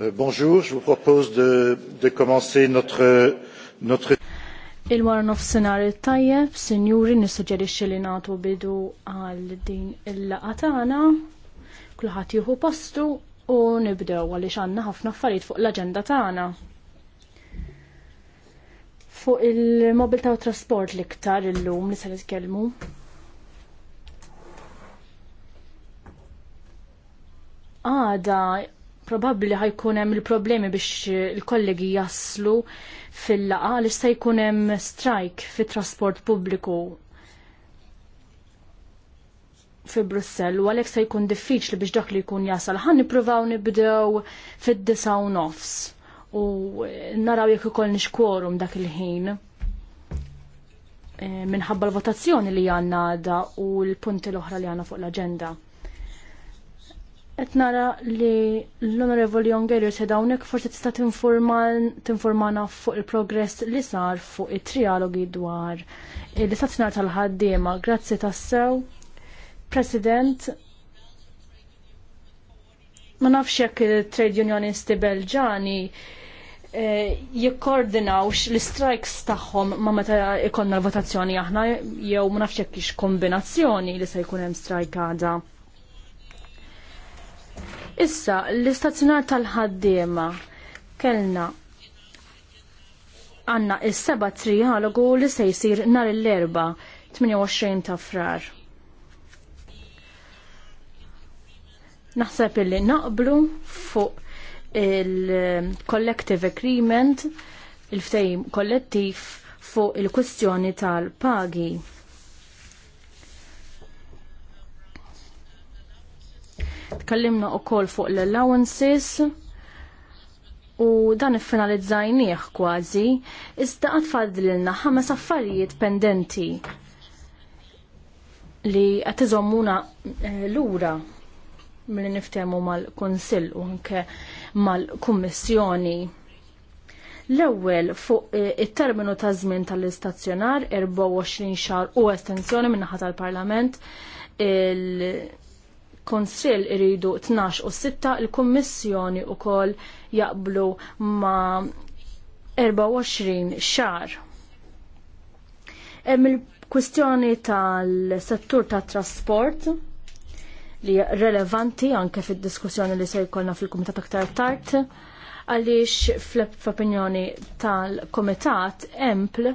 Euh, bonjour, je vous propose de, de commencer notre... notre... Il-wara nofsenar il-tajjeb, sinjuri nissuġġerixxi li nagħtu bidu għal din il-laqa tagħna, kulħadd jieħu postu u nibdew għaliex għandna ħafna affarijiet fuq l-aġenda tagħna. Fuq il-mobil ta' trasport l-iktar illum li se nitkellmu. Għada Probabbli ħajkun hemm il-problemi biex il-kollegi jaslu fil-laqa li se jkun hemm strajk fit-trasport pubbliku fi Brussell u għalhekk se jkun diffiċli biex dak li jkun jasal. Ħan nippruvaw nibdew fid-disa u nofs u naraw jekk ikoll kworum dak il-ħin eh, minħabba l-votazzjoni li għanna għadha u l-punti l-oħra li għanna fuq l-agenda. Etnara nara li l-Onorevoli Ongerio se dawnek forse tista' tinformana fuq il-progress li sar fuq it-trialogi dwar l-istazzjonar tal-ħaddiema. Grazzi tassew. President, ma nafx jekk trade unionisti Belġani eh, jikkoordinawx l-strikes tagħhom ma meta ikonna l-votazzjoni aħna jew ma nafx jekk kombinazzjoni li se jkun hemm strike għada. Issa, l-istazzjonar tal-ħaddiema kellna għanna is-seba trialogu li se jsir nhar l-erba 28 ta' frar. Naħseb illi naqblu fuq il-collective agreement, il-ftejim kollettiv fuq il-kwestjoni tal-pagi. Tkellimna wkoll fuq l-allowances u dan iffinalizzajnieh kważi, iżda qatt fadlilna ħames affarijiet pendenti li qed iżommuna eh, lura milli niftehmu mal-Kunsill u anke mal-Kummissjoni. L-ewwel fuq eh, it-terminu ta' żmien tal-istazzjonar 24 xahar u estensjoni min-naħa tal-Parlament il il-Konsil iridu 12 u 6, il-Kommissjoni u kol jaqblu ma 24 xar. Hemm il-kwistjoni tal-settur tat trasport li relevanti anke fid-diskussjoni li se jkollna fil-Kumitat aktar tard għaliex fl-opinjoni tal-Komitat EMPL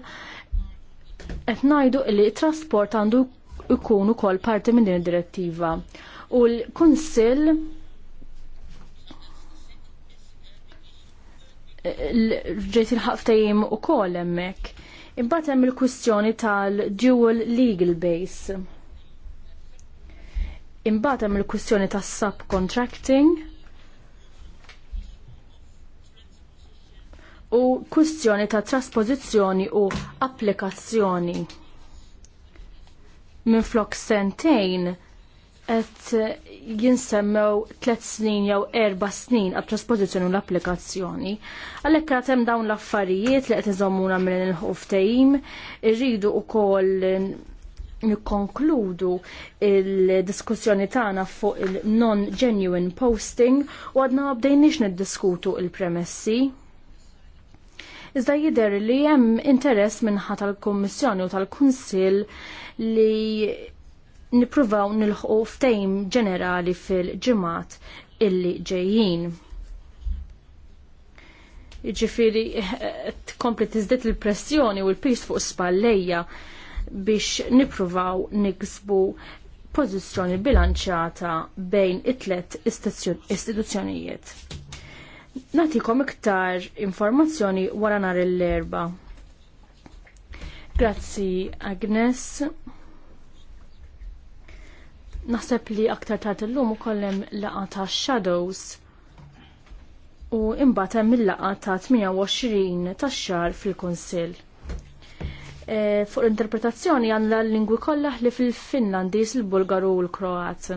qed ngħidu li t trasport għandu jkun ukoll parti minn din id-direttiva u l-Kunsill ġejt il-ħaftajim u kol emmek. Imbatem hemm il-kwistjoni tal-dual legal base. Imbatem hemm il kustjoni tas-subcontracting u kwistjoni ta' traspożizzjoni u applikazzjoni. Minn flok sentejn qed jinsemmew tliet snin jew erba' snin għat trasposizzjoni u l-applikazzjoni. Għalhekk qed hemm dawn l-affarijiet li qed iżommuna minn il ftehim, irridu wkoll nikkonkludu il-diskussjoni tagħna fuq il-non genuine posting u għadna bdejniex niddiskutu il-premessi. Iżda jidher li hemm interess minħa tal-Kummissjoni u tal-Kunsill li nipruvaw nilħqu ftejm ġenerali fil ġimgħat illi ġejjin. Ġifiri, eh, tkompli izdet il-pressjoni u l-pis fuq spallejja biex nipruvaw niksbu pożizzjoni bilanċjata bejn it-tlet istituzzjonijiet. Natikom iktar informazzjoni wara nhar l-erba. Grazzi Agnes. Naħseb li aktar tard illum ukoll hemm laqgħa ta' shadows u imbagħad hemm il-laqgħa ta' 28 tax-xahar fil-Kunsill. E, fuq l-interpretazzjoni għandna l-lingwi kollha li fil-Finlandiż, il-Bulgaru u l-Kroat.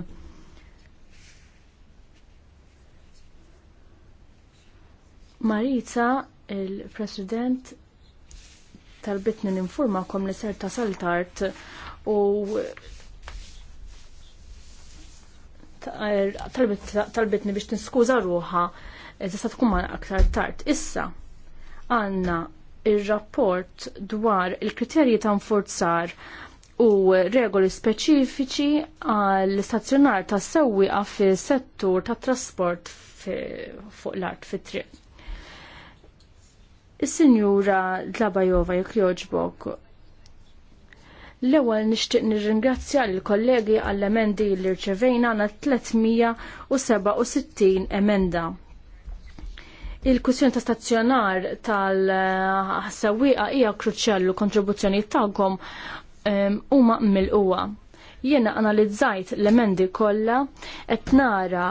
Marita, il-President tal-bitni n-informakom li ser tasal tard u talbitni biex tinskuża ruħa eh, tista' tkun ma aktar tard. Issa għandna il rapport dwar il-kriterji ta' nforzar u regoli speċifiċi għall istazzjonar ta' sewwieqa fis settur tat trasport fuq l-art fit-triq. Is-Sinjura Dlabajova jekk jogħġbok L-ewwel nixtieq nirringrazzja l kollegi għall emendi li rċevejna għandna 367 emenda. Il-kwistjoni ta' stazzjonar tal-sewwieqa hija kruċjali u kontribuzzjoni tagħkom huma mill-huwa. Jiena analizzajt l-emendi kollha qed nara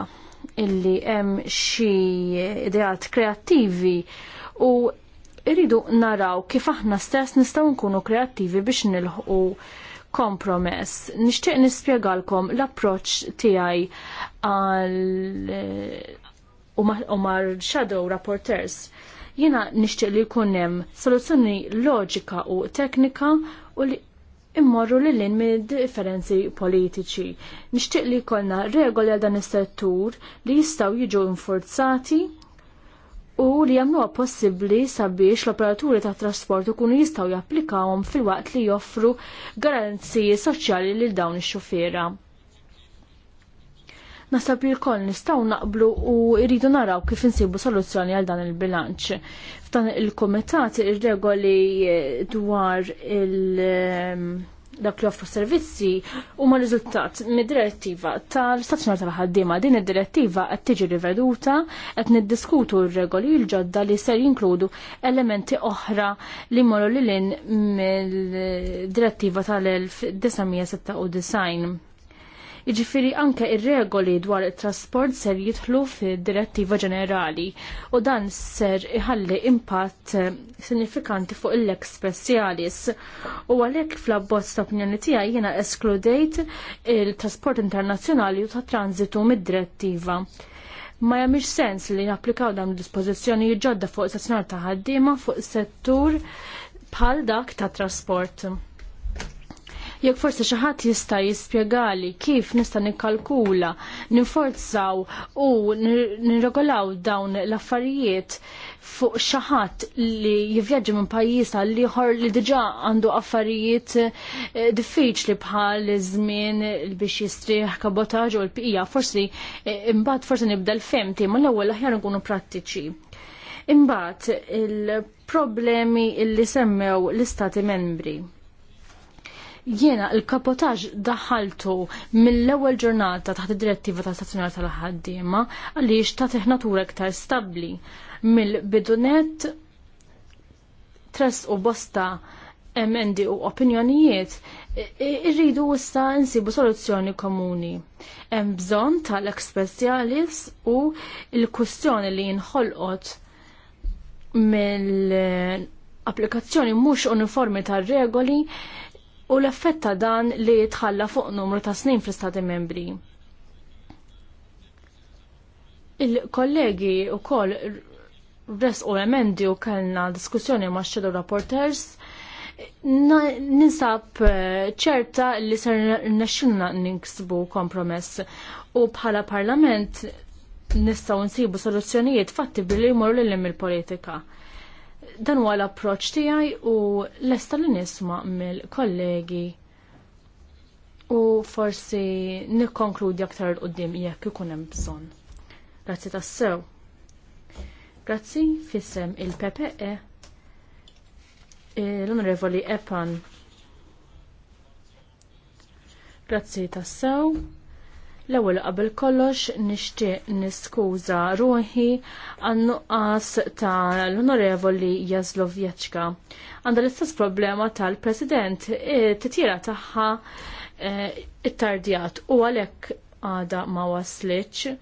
illi hemm xi ideat kreattivi u irridu naraw kif aħna stess nistgħu nkunu kreattivi biex nilħu kompromess. Nixtieq nispjegalkom l-approċċ tiegħi għal eh, u mar shadow rapporters. Jiena nixtieq li jkun hemm soluzzjoni loġika u teknika u li immorru li l-in mid differenzi politiċi. Nixtieq li jkollna regoli għal dan is-settur li jistgħu jiġu infurzati u li jamluha possibbli sabiex l-operaturi ta' trasport ikunu jistgħu japplikawhom fil-waqt li joffru garanziji soċjali lil dawn ix-xufiera. Nasab li l-koll nistaw naqblu u irridu naraw kif insibu soluzzjoni għal dan il-bilanċ. F'dan il-komitat ir-regoli dwar il-, -regoli, dwar il dak li offru servizzi huma riżultat mid-direttiva tal istazzjonar tal-ħaddiema. Din id-direttiva qed tiġi riveduta qed niddiskutu r-regoli l-ġodda li ser jinkludu elementi oħra li morru lilin mill-direttiva tal-1996. Jiġifieri anke ir-regoli dwar it-trasport ser jidħlu fid-direttiva ġenerali u dan ser iħalli impatt eh, sinifikanti fuq il-lek specialis. U għalhekk fl-abbozz ta' opinjoni tiegħi jiena eskludejt il-trasport internazzjonali u ta' transitu mid-direttiva ma jamiex sens li napplikaw dawn dispozizjoni ġodda fuq stazzjonar ta' ħaddiema fuq settur bħal dak ta' trasport. Jekk forsi xi ħadd jista' jispjegali kif nista' nikkalkula, ninforzaw u nirregolaw dawn l-affarijiet fuq xi ħadd li jivvjaġġa minn pajjiż għal ieħor li diġà għandu affarijiet eh, diffiċli bħal żmien biex jistrieħ kabotaġ u l-bqija, forsi eh, imbagħad forsi nibda l-femti, ma l-ewwel aħjar nkunu prattiċi. Imbagħad il-problemi li semmew l-istati membri. Jiena il-kapotaġ daħaltu mill-ewwel ġurnata taħt id-direttiva tal stazzjonar tal-ħaddiema għaliex ta' teħnatura iktar stabbli mill-bidunet tress u bosta emendi u opinjonijiet irridu issa nsibu soluzzjoni komuni. Hemm bżonn tal-expressjalis u l-kustjoni li jinħolqot mill-applikazzjoni mhux uniformi tar-regoli u l-effett ta' dan li tħalla fuq numru ta' snin fl-Istati membri. Il-kollegi u koll res u emendi u kellna diskussjoni ma' Shadow rapporters, ninsab eh, ċerta li ser nexxinna ninksbu kompromess u bħala parlament nistaw nsibu soluzzjonijiet fatti billi jmorru l-lim il-politika dan huwa l-approċ tiegħi u lesta li nisma' mill-kollegi u forsi nikkonkludi aktar l qudiem jekk ikun hemm bżonn. Grazzi tassew. Grazzi fissem il-PPE l-Onorevoli Epan. Grazzi tassew. L-ewwel qabel kollox nixtieq niskuża ruħi għan-nuqqas tal-Onorevoli Jazlovjaċka. Għandha l-istess problema tal-President e, titjira tagħha e, it-tardjat u għalhekk għada ma waslitx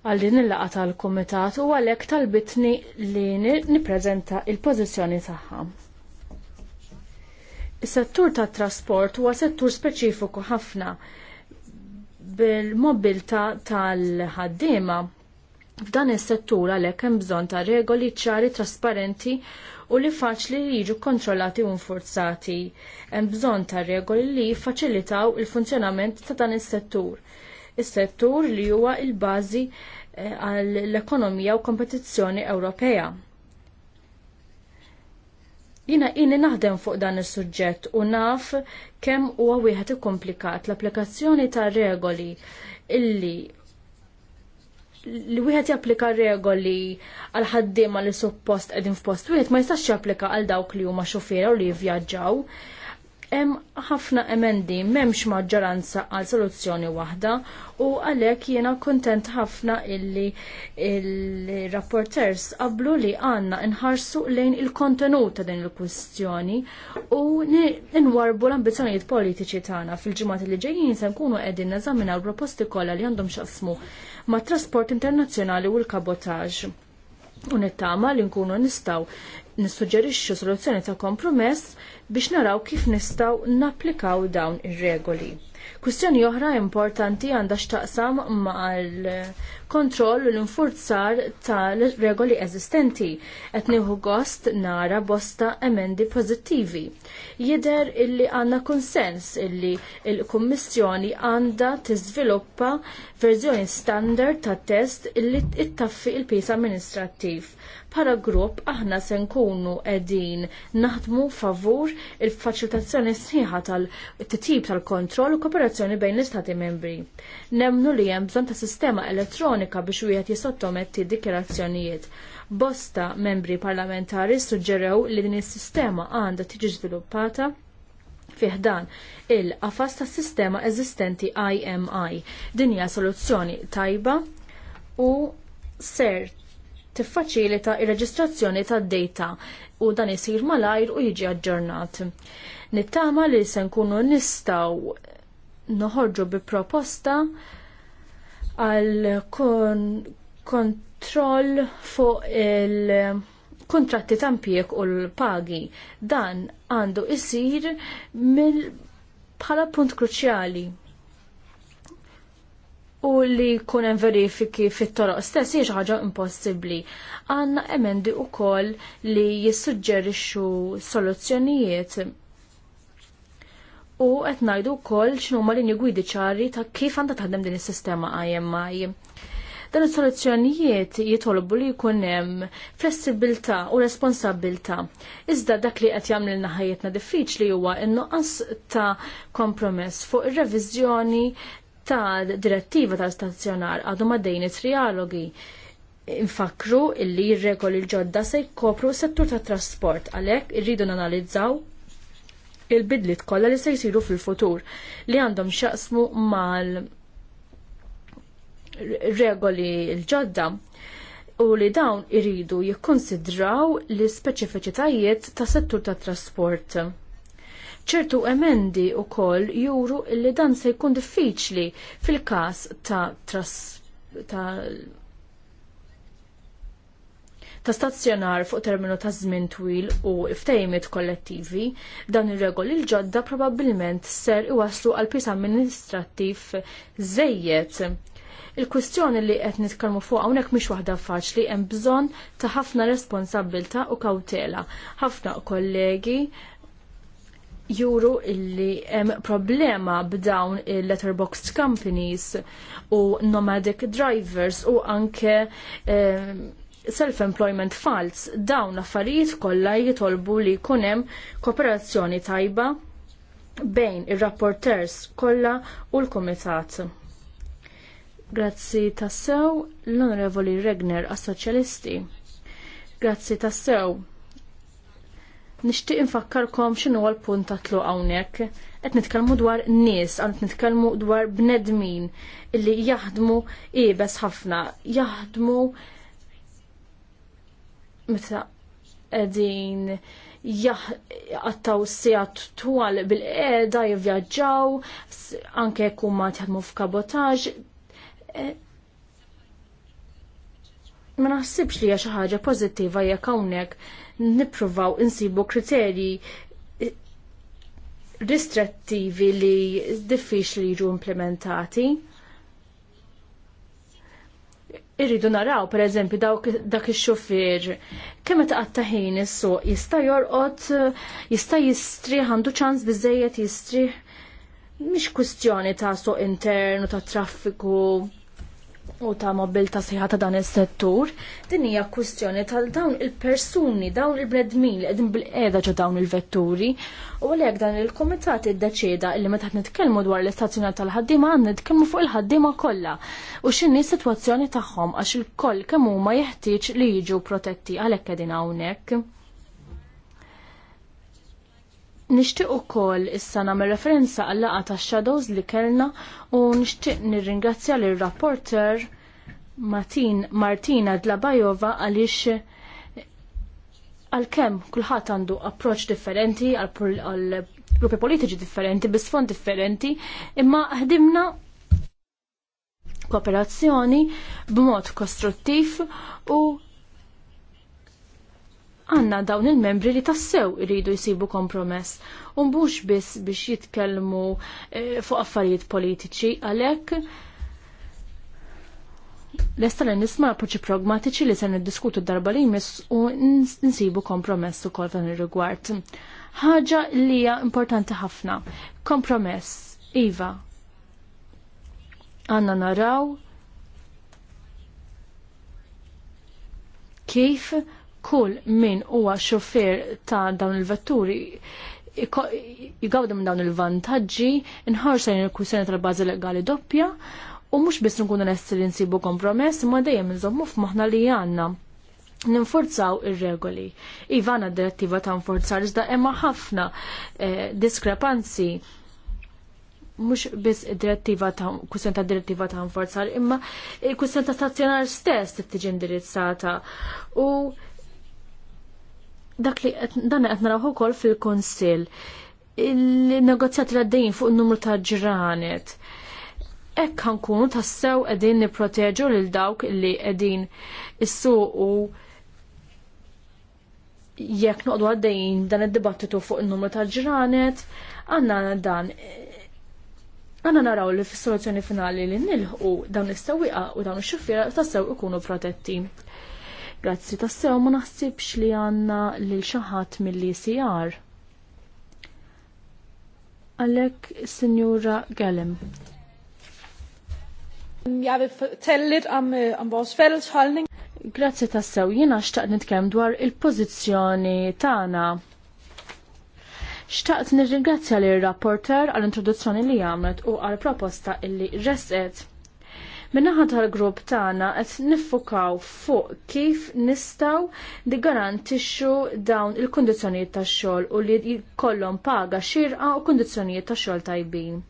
għal din il-laqa tal-Kumitat u għalhekk talbitni li nippreżenta il-pożizzjoni tagħha. Is-settur tat-trasport huwa settur speċifiku ħafna bil-mobilta tal-ħaddiema. F'dan is-settur għalhekk hemm bżonn ta' regoli ċari trasparenti u li faċli li jiġu kontrollati u nforzati. Hemm bżonn ta' regoli li jiffaċilitaw il-funzjonament ta' dan is-settur. Is-settur li huwa l bażi eh, għall-ekonomija u kompetizzjoni Ewropea. Jina jini naħdem fuq dan is-suġġett u naf kemm huwa wieħed ikkomplikat l-applikazzjoni ta' regoli illi li wieħed japplika regoli għal ħaddiema li suppost qegħdin f'post wieħed ma jistax japplika għal dawk li huma xufiera u li jivvjaġġaw. Hemm ħafna emendi m'hemmx maġġoranza għal soluzzjoni waħda u għalhekk jiena kuntent ħafna illi il-rapporters qablu li għandna nħarsu lejn il-kontenut ta' din il-kwistjoni u nwarbu l-ambizzjonijiet politiċi tagħna fil-ġimgħat li ġejjin se nkunu qegħdin l proposti kollha li għandhom x'aqsmu mat trasport internazzjonali u l-kabotaġġ u nittama li nkunu nistaw nissuġġerixxu soluzzjoni ta' kompromess biex naraw kif nistgħu napplikaw dawn ir-regoli. Kwistjoni oħra importanti għandha x'taqsam mal kontroll u l-infurzar tal-regoli eżistenti qed nieħu gost nara bosta emendi pożittivi. Jidher illi għandna konsens illi l-Kummissjoni il għandha tiżviluppa verżjoni standard ta' test illi ttaffi il-pis amministrattiv Para grupp aħna se nkunu qegħdin naħdmu favur il-faċilitazzjoni sħiħa tal titjib tal-kontroll u kooperazzjoni bejn l-Istati membri. Nemnu li hemm bżonn ta' sistema elettronika biex wieħed jisottometti dikjerazzjonijiet. Bosta membri parlamentari suġġerew li din is-sistema għandha tiġi żviluppata fiħdan il-qafas tas sistema eżistenti IMI. Din hija soluzzjoni tajba u ser tiffaċilita r reġistrazzjoni tad-data u dan isir malajr u jiġi aġġornat. Nittama li se nkunu nistgħu noħorġu bi proposta għal kontroll fuq il- kontratti tampijek u l-pagi. Dan għandu isir mill bħala punt kruċjali u li jkun hemm verifiki fit-toroq stess jiex ħaġa impossibbli. Għanna emendi wkoll li jissuġġerixxu soluzzjonijiet u qed ngħidu wkoll ma linji gwidi ċari ta' kif għandha taħdem din is-sistema IMI. Dan is-soluzzjonijiet jitolbu li jkun hemm flessibilità u responsabilità. Iżda dak li qed jagħmel naħajjetna diffiċli huwa in-nuqqas ta' kompromess fuq ir-reviżjoni ta' direttiva tal-stazzjonar għadu ma' it trialogi. Infakru illi regoli l-ġodda se jkopru settur ta' trasport għalhekk irridu nanalizzaw il-bidlit kollha li se jsiru fil-futur li għandhom xaqsmu mal regoli l-ġodda u li dawn irridu jikkonsidraw l-speċifiċitajiet ta' settur ta' trasport ċertu emendi u koll juru li dan se jkun diffiċli fil-kas ta' tras ta' ta' stazzjonar fuq terminu ta' żmien twil u ftejmiet kollettivi, dan ir-regoli l-ġodda probabbilment ser iwaslu għal pis amministrattiv żejjed. Il-kwistjoni li qed nitkellmu fuq hawnhekk mhix waħda faċli hemm bżonn ta' ħafna responsabilta' u kawtela. Ħafna kollegi juru illi hemm problema b'dawn il-letterboxed companies u nomadic drivers u anke eh, self-employment falls dawn l-affarijiet kollha jitolbu li jkun hemm kooperazzjoni tajba bejn ir-rapporters kollha u l-kumitat. Grazzi tassew l-Onorevoli Regner għas-Soċjalisti. Grazzi tassew. Nixtieq infakkarkom x'inhu għal punt ta' tluq hawnhekk. Qed nitkellmu dwar nies, qed nitkellmu dwar bnedmin illi jaħdmu ibes ħafna, jaħdmu meta qegħdin jaqattaw s-sijat twal bil-qeda, jivvjaġġaw, anke kumma tħadmu f'kabotaġ. E, ma naħsibx li hija xi ħaġa pożittiva jekk hawnhekk nippruvaw insibu kriterji ristrettivi li diffiċli jiġu implementati irridu naraw, per eżempju, dak il-xofir, kemm ta' taħin is-suq jista' jorqod, jista' jistri għandu ċans biżejjed jistrih. Mhix kwistjoni ta' suq internu, ta' traffiku, u ta' mobilta siħa ta' dan is-settur, din hija kwistjoni tal dawn il-persuni, dawn il-bnedmin li qegħdin bil-qiegħda ġo dawn il-vetturi. U għalhekk dan il-kumitat iddeċieda li meta taħt nitkellmu dwar l-istazzjonar tal ħaddima għandna fuq il-ħaddiema kollha u xinni situazzjoni sitwazzjoni tagħhom għax il-koll kemm huma jeħtieġ li jiġu protetti għalhekk qegħdin hawnhekk. Nixtieq ukoll issa nagħmel referenza għalla laqgħa tax-shadows li kellna u nixtieq nirringrazzja lir rapporter Martin Martina Dlabajova għaliex għalkemm kulħadd għandu approċċ differenti għal gruppi politiċi differenti, bisfond differenti, imma ħdimna kooperazzjoni b'mod kostruttiv u għanna dawn il-membri li tassew iridu jisibu kompromess. Umbux biss biex jitkellmu eh, fuq affarijiet politiċi għalek Lesta li nisma approċċi pragmatiċi li se niddiskutu darba li jmiss u nsibu kompromess ukoll dan ir-rigward. Ħaġa li hija importanti ħafna. Kompromess. Iva. Għanna naraw kif kull min huwa xofer ta' dawn il-vetturi jgawda minn dawn il-vantaġġi, nħarsa l kwistjoni tal-bażi legali doppja u mhux biss nkunu lesti li nsibu kompromess, ma dejjem nżommu f'maħna li għandna ninforzaw ir-regoli. Iva għandna direttiva ta' nforzar iżda hemm ħafna eh, diskrepanzi mux biss direttiva ta' kusen ta' direttiva ta' nforzar imma kusen ta' stazzjonar stess tiġi indirizzata u dak li dan qed naraw ukoll fil-Kunsill il-negozjati għaddejjin fuq il-numru ta' ġranet. Ekk ħankunu tassew qegħdin nipproteġu lil dawk li qegħdin s-suqu. jekk noqdu għaddejjin dan id-dibattitu fuq il-numru ta' ġranet, għandna dan għanna naraw li fis-soluzzjoni finali li nilħu dawn is-sewwieqa u dawn ix-xufiera tassew ikunu protetti. Grazzi tassew ma naħsibx li għanna lil xaħat mill-ICR. Għalek, Signora Gallem. Jeg tellit għam bos eh, fels ħalning. Grazzi tassew, jina xtaqt nitkem dwar il-pozizjoni tagħna. Xtaqt nirringrazzja lir rapporter għall-introduzzjoni li għamlet u għall proposta illi resqet Minnaħa tal-grupp tagħna qed niffukaw fuq kif nistgħu garantixxu dawn il-kundizzjonijiet tax-xogħol u li jkollhom paga xirqa u kundizzjonijiet tax-xogħol tajbin.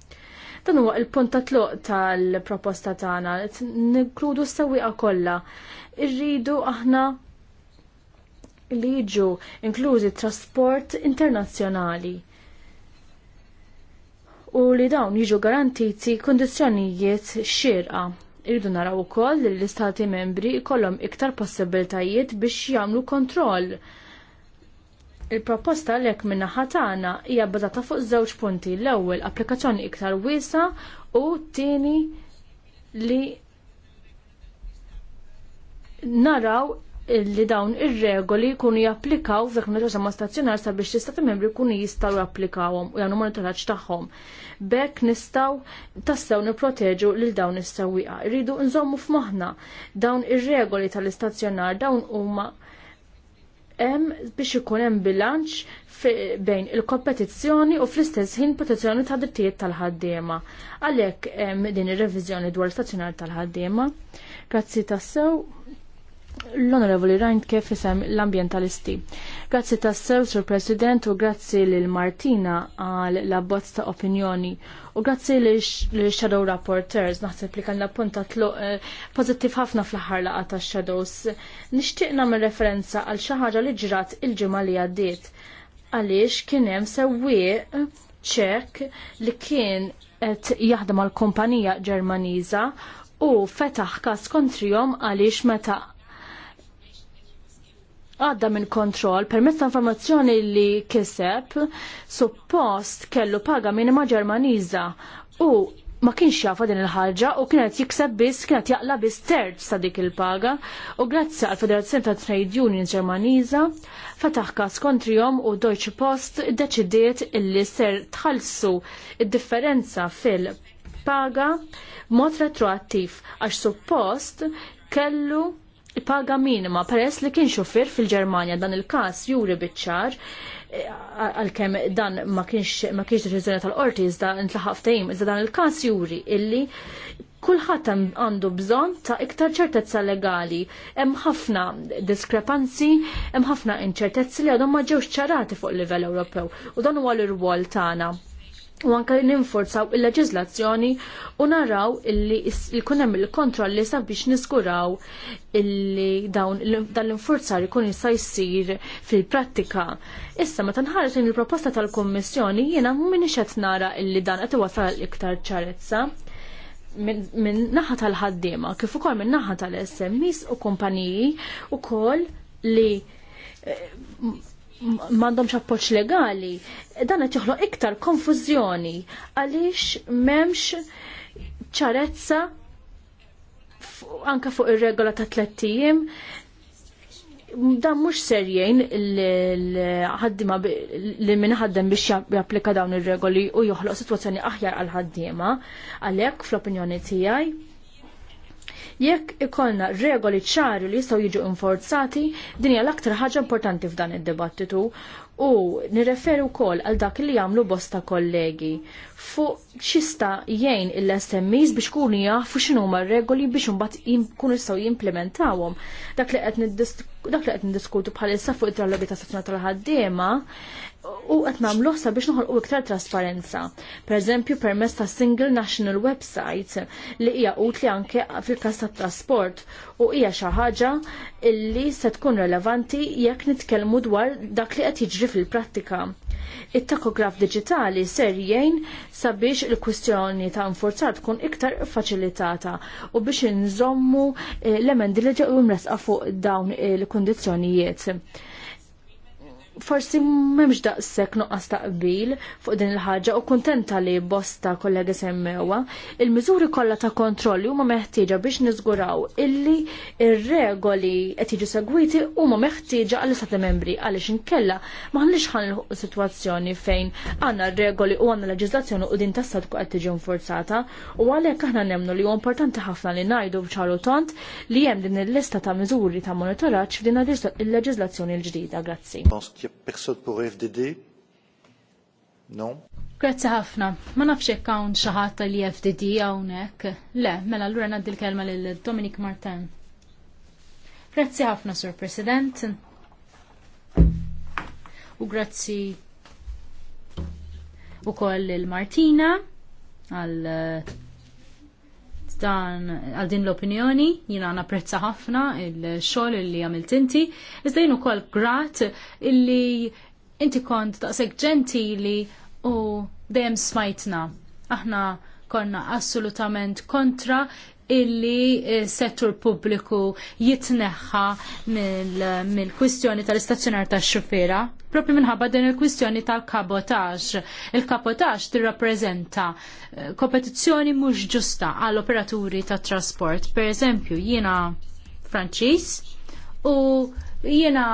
Dan huwa il-punt ta' tluq tal-proposta tagħna qed nikludu s-sewwieqa kollha. Irridu aħna li jiġu inklużi trasport internazzjonali u li dawn jiġu garantiti kondizzjonijiet xirqa Irridu naraw ukoll li l-istati membri jkollhom iktar possibiltajiet biex jagħmlu kontroll. Il-proposta lek minna ħatana hija bbażata fuq żewġ punti. L-ewwel applikazzjoni iktar wiesa u t-tieni li naraw li dawn ir-regoli jkunu japplikaw fek meta ma stazzjonar sabiex l-istati membri jkunu jistgħu japplikawhom u jagħmlu monitoraġġ tagħhom. Bekk nistgħu tassew nipproteġu lil dawn is-sewwieqa. Irridu nżommu f'moħħna dawn ir-regoli tal-istazzjonar dawn huma hemm biex ikun hemm bilanċ bejn il-kompetizzjoni u fl-istess ħin protezzjoni ta' drittijiet tal-ħaddiema. Għalhekk hemm din ir-reviżjoni dwar l-istazzjonar tal-ħaddiema. Grazzi tassew l-Onorevoli Rajnt kif isem l-ambientalisti. Grazzi ta' sew, Sur President, u grazzi lil Martina għal la bozz ta' opinjoni. U grazzi lil Shadow Rapporteurs, naħseb li kanna punta tlu eh, pozittiv ħafna fl-ħar laqa ta' Shadows. Nixtieq nagħmel referenza għal xi ħaġa li ġrat il-ġimgħa li għaddiet. Għaliex kien hemm sewwieq ċek li kien qed jaħdem għal kumpanija Ġermaniża u fetaħ kas kontrihom għaliex meta għadda minn kontroll permezz ta' informazzjoni li kiseb suppost kellu paga minima Ġermaniża u ma kienx jafa din il-ħaġa u kienet jikseb biss, kienet jaqla biss terz sa' dik il-paga u grazzi għal Federazzjoni ta' Trade Union Ġermaniża fetaħ kas kontrihom u Deutsche Post iddeċidiet illi ser tħallsu il differenza fil-paga mod retroattiv għax suppost kellu paga minima peress li kien xofir fil-Ġermanja dan il-każ juri biċ-ċar eh, għalkemm dan ma kienx ma kienx deċiżjoni tal-qorti iżda intlaħaq ftehim iżda dan il-każ juri illi kulħadd għandu bżonn ta' iktar ċertezza legali. Hemm ħafna diskrepanzi, hemm ħafna inċertezzi li għadhom ma ġewx ċarati fuq il livell Ewropew u dan huwa l-irwol tagħna u anka li ninforzaw il-leġizlazzjoni u naraw illi jkun hemm il-kontrolli sabiex niskuraw illi dawn l-infurzar ikun jista' jsir fil-prattika. Issa meta li il-proposta tal-Kummissjoni jiena m'iniex qed nara illi dan qed iwasal iktar ċarezza minn naħa tal-ħaddiema kif ukoll minn naħa tal-SMEs u kumpaniji ukoll li eh, m'għandhomx appoġġ legali, dan qed joħloq iktar konfużjoni għaliex m'hemmx ċarezza anke fuq ir-regola ta' tlettijiem dan mhux serjejn l-ħaddima li minħaddem biex japplika dawn ir-regoli u joħloq sitwazzjoni aħjar għal ħaddiema għalhekk fl-opinjoni tiegħi Jekk ikollna regoli ċari li jistgħu jiġu inforzati, din hija l-aktar ħaġa importanti f'dan id-dibattitu u nirreferi wkoll għal dak li jagħmlu bosta kollegi fuq xista jgħin il-SMEs biex kunu jafu x'inhuma regoli biex imbagħad jkunu jistgħu jimplementawhom. Dak li qed dak li qed niddiskutu bħalissa fuq it-tralogi ta' sitna tal-ħaddiema u qed nagħmluh sabiex noħolqu iktar trasparenza. Pereżempju permess ta' Single National Website li hija utli anke fil-każ tat-trasport u hija xi ħaġa li se tkun relevanti jekk nitkellmu dwar dak li qed jiġri fil-prattika. It-takograf diġitali ser jgħin sabiex il-kwistjoni ta' nforzat tkun iktar faċilitata u biex inżommu eh, l-emendi li ġew imresqa fuq dawn il-kundizzjonijiet forsi m'hemmx daqshekk nuqqas ta' qbil fuq din il-ħaġa u kuntenta li bosta kollega semmewa, il-miżuri kollha ta' kontrolli huma meħtieġa biex niżguraw illi ir-regoli qed jiġu segwiti huma meħtieġa għall istati membri għaliex inkella m'aħniex ħanilħu sitwazzjoni fejn għandna regoli u għandna leġiżlazzjoni u din tassa tkun qed tiġi forzata u għalhekk aħna nemnu li huwa importanti ħafna li ngħidu b'ċaru tont li hemm din il-lista ta' miżuri ta' monitoraġġ f'din il-leġiżlazzjoni l-ġdida. Grazzi personne pour FDD? Non? Grazzi ħafna. Ma nafx jekk hawn xi ħadd li FDD hawnhekk. Le, mela allura ngħaddi l-kelma lil Dominik Martin. Grazzi ħafna, Sur President. U grazzi u koll il-Martina għal eh, dan għal din l-opinjoni, jina napprezza ħafna il-xol li għamilt inti, iżda jien ukoll grat illi inti kont daqshekk ġentili u dejjem smajtna. Aħna konna assolutament kontra illi eh, settur pubbliku jitneħħa mill-kwistjoni tal-istazzjonar tax xufiera propri minħabba din il-kwistjoni tal-kabotaġ. Il-kabotaġ tirrappreżenta eh, kompetizzjoni mhux ġusta għall operaturi tat trasport. Per eżempju, jiena Franċiż u jiena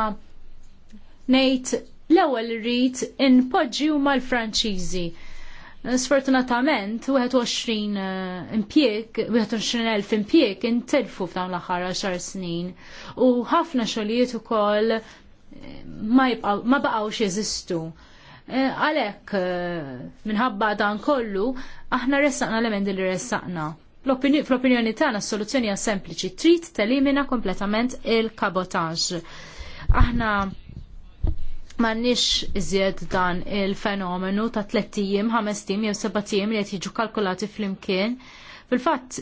ngħid l-ewwel rrid inpoġġi huma l-Franċiżi Sfortunatament, 21 impjek, 21.000 impjek intelfu f'dawn l-aħħar 10 snin u ħafna xogħlijiet ukoll eh, ma, ma baqgħux jeżistu. Eh, għalhekk eh, minħabba dan kollu, aħna ressaqna l li ressaqna. Fl-opinjoni tagħna s-soluzzjoni hija sempliċi, trid telimina kompletament il-kabotaġġ. Aħna M'għandniex iżjed dan il-fenomenu ta' tlettijiem, ħamestijiem jew sebatijiem li qed jiġu kalkulati flimkien. Fil-fatt,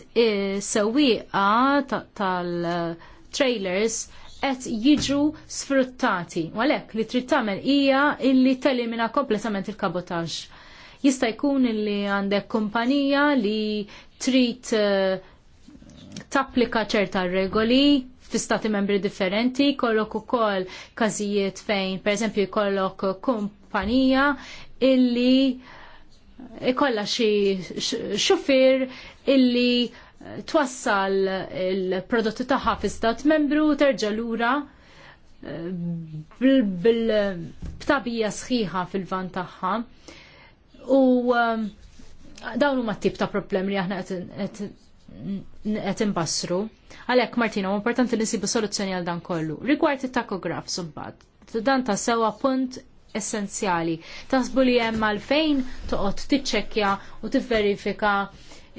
sewwieqa tal-trailers qed jiġu sfruttati. u għalhekk li trid tagħmel hija illi telimina kompletament il-kabotaġġ. Jista' jkun illi għandek kumpanija li trid eh, tapplika ċerta regoli fl stati membri differenti, kollok ukoll każijiet fejn, pereżempju jkollok kumpanija illi ikolla xi xufir illi twassal il-prodotti tagħha fi stat membru terġa' lura eh, bil-btabija sħiħa fil-van tagħha. U eh, dawn huma tip ta' problemi li aħna qed qed imbassru. Għalhekk Martina, huwa importanti li nsibu soluzzjoni għal dan kollu. Rigward it-takograf subbad, dan ta' sewa punt essenzjali. Tasbu li hemm għalfejn toqgħod tiċċekkja u tivverifika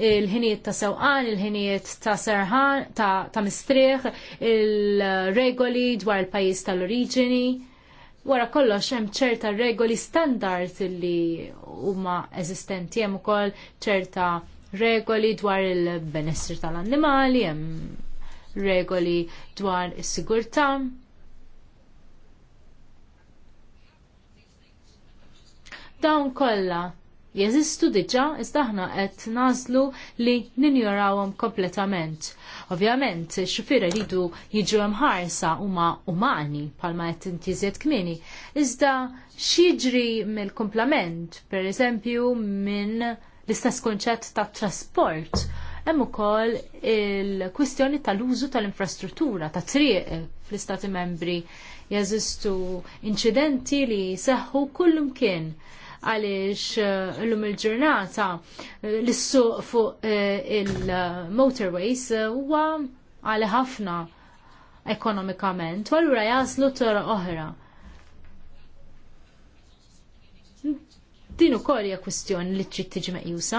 il-ħinijiet ta' sewqan, il-ħinijiet ta' serħan, ta', ta mistrieħ, il-regoli dwar il-pajjiż tal-oriġini. Wara kollox hemm ċerta regoli standard li huma eżistenti hemm ukoll ċerta regoli dwar il-benessri tal-annimali, hemm regoli dwar is-sigurtà. Dawn kollha jeżistu diġà iżda aħna qed nażlu li ninjorawhom kompletament. Ovvjament, x'ifier xufier iridu jiġu ħarsa huma umani bħalma qed intiżiet kmieni. Iżda x'jiġri mill-kumplament, pereżempju minn l-istess konċett ta' trasport. Hemm ukoll il-kwistjoni tal-użu tal-infrastruttura, ta' triq fl-Istati membri jeżistu inċidenti li seħħu kullimkien għaliex eh, l-lum il-ġurnata eh, l-suq fuq eh, il-motorways huwa għali ħafna ekonomikament, u allura jaslu t-tora oħra Din ukoll hija kwistjoni li trid tiġi meqjusa.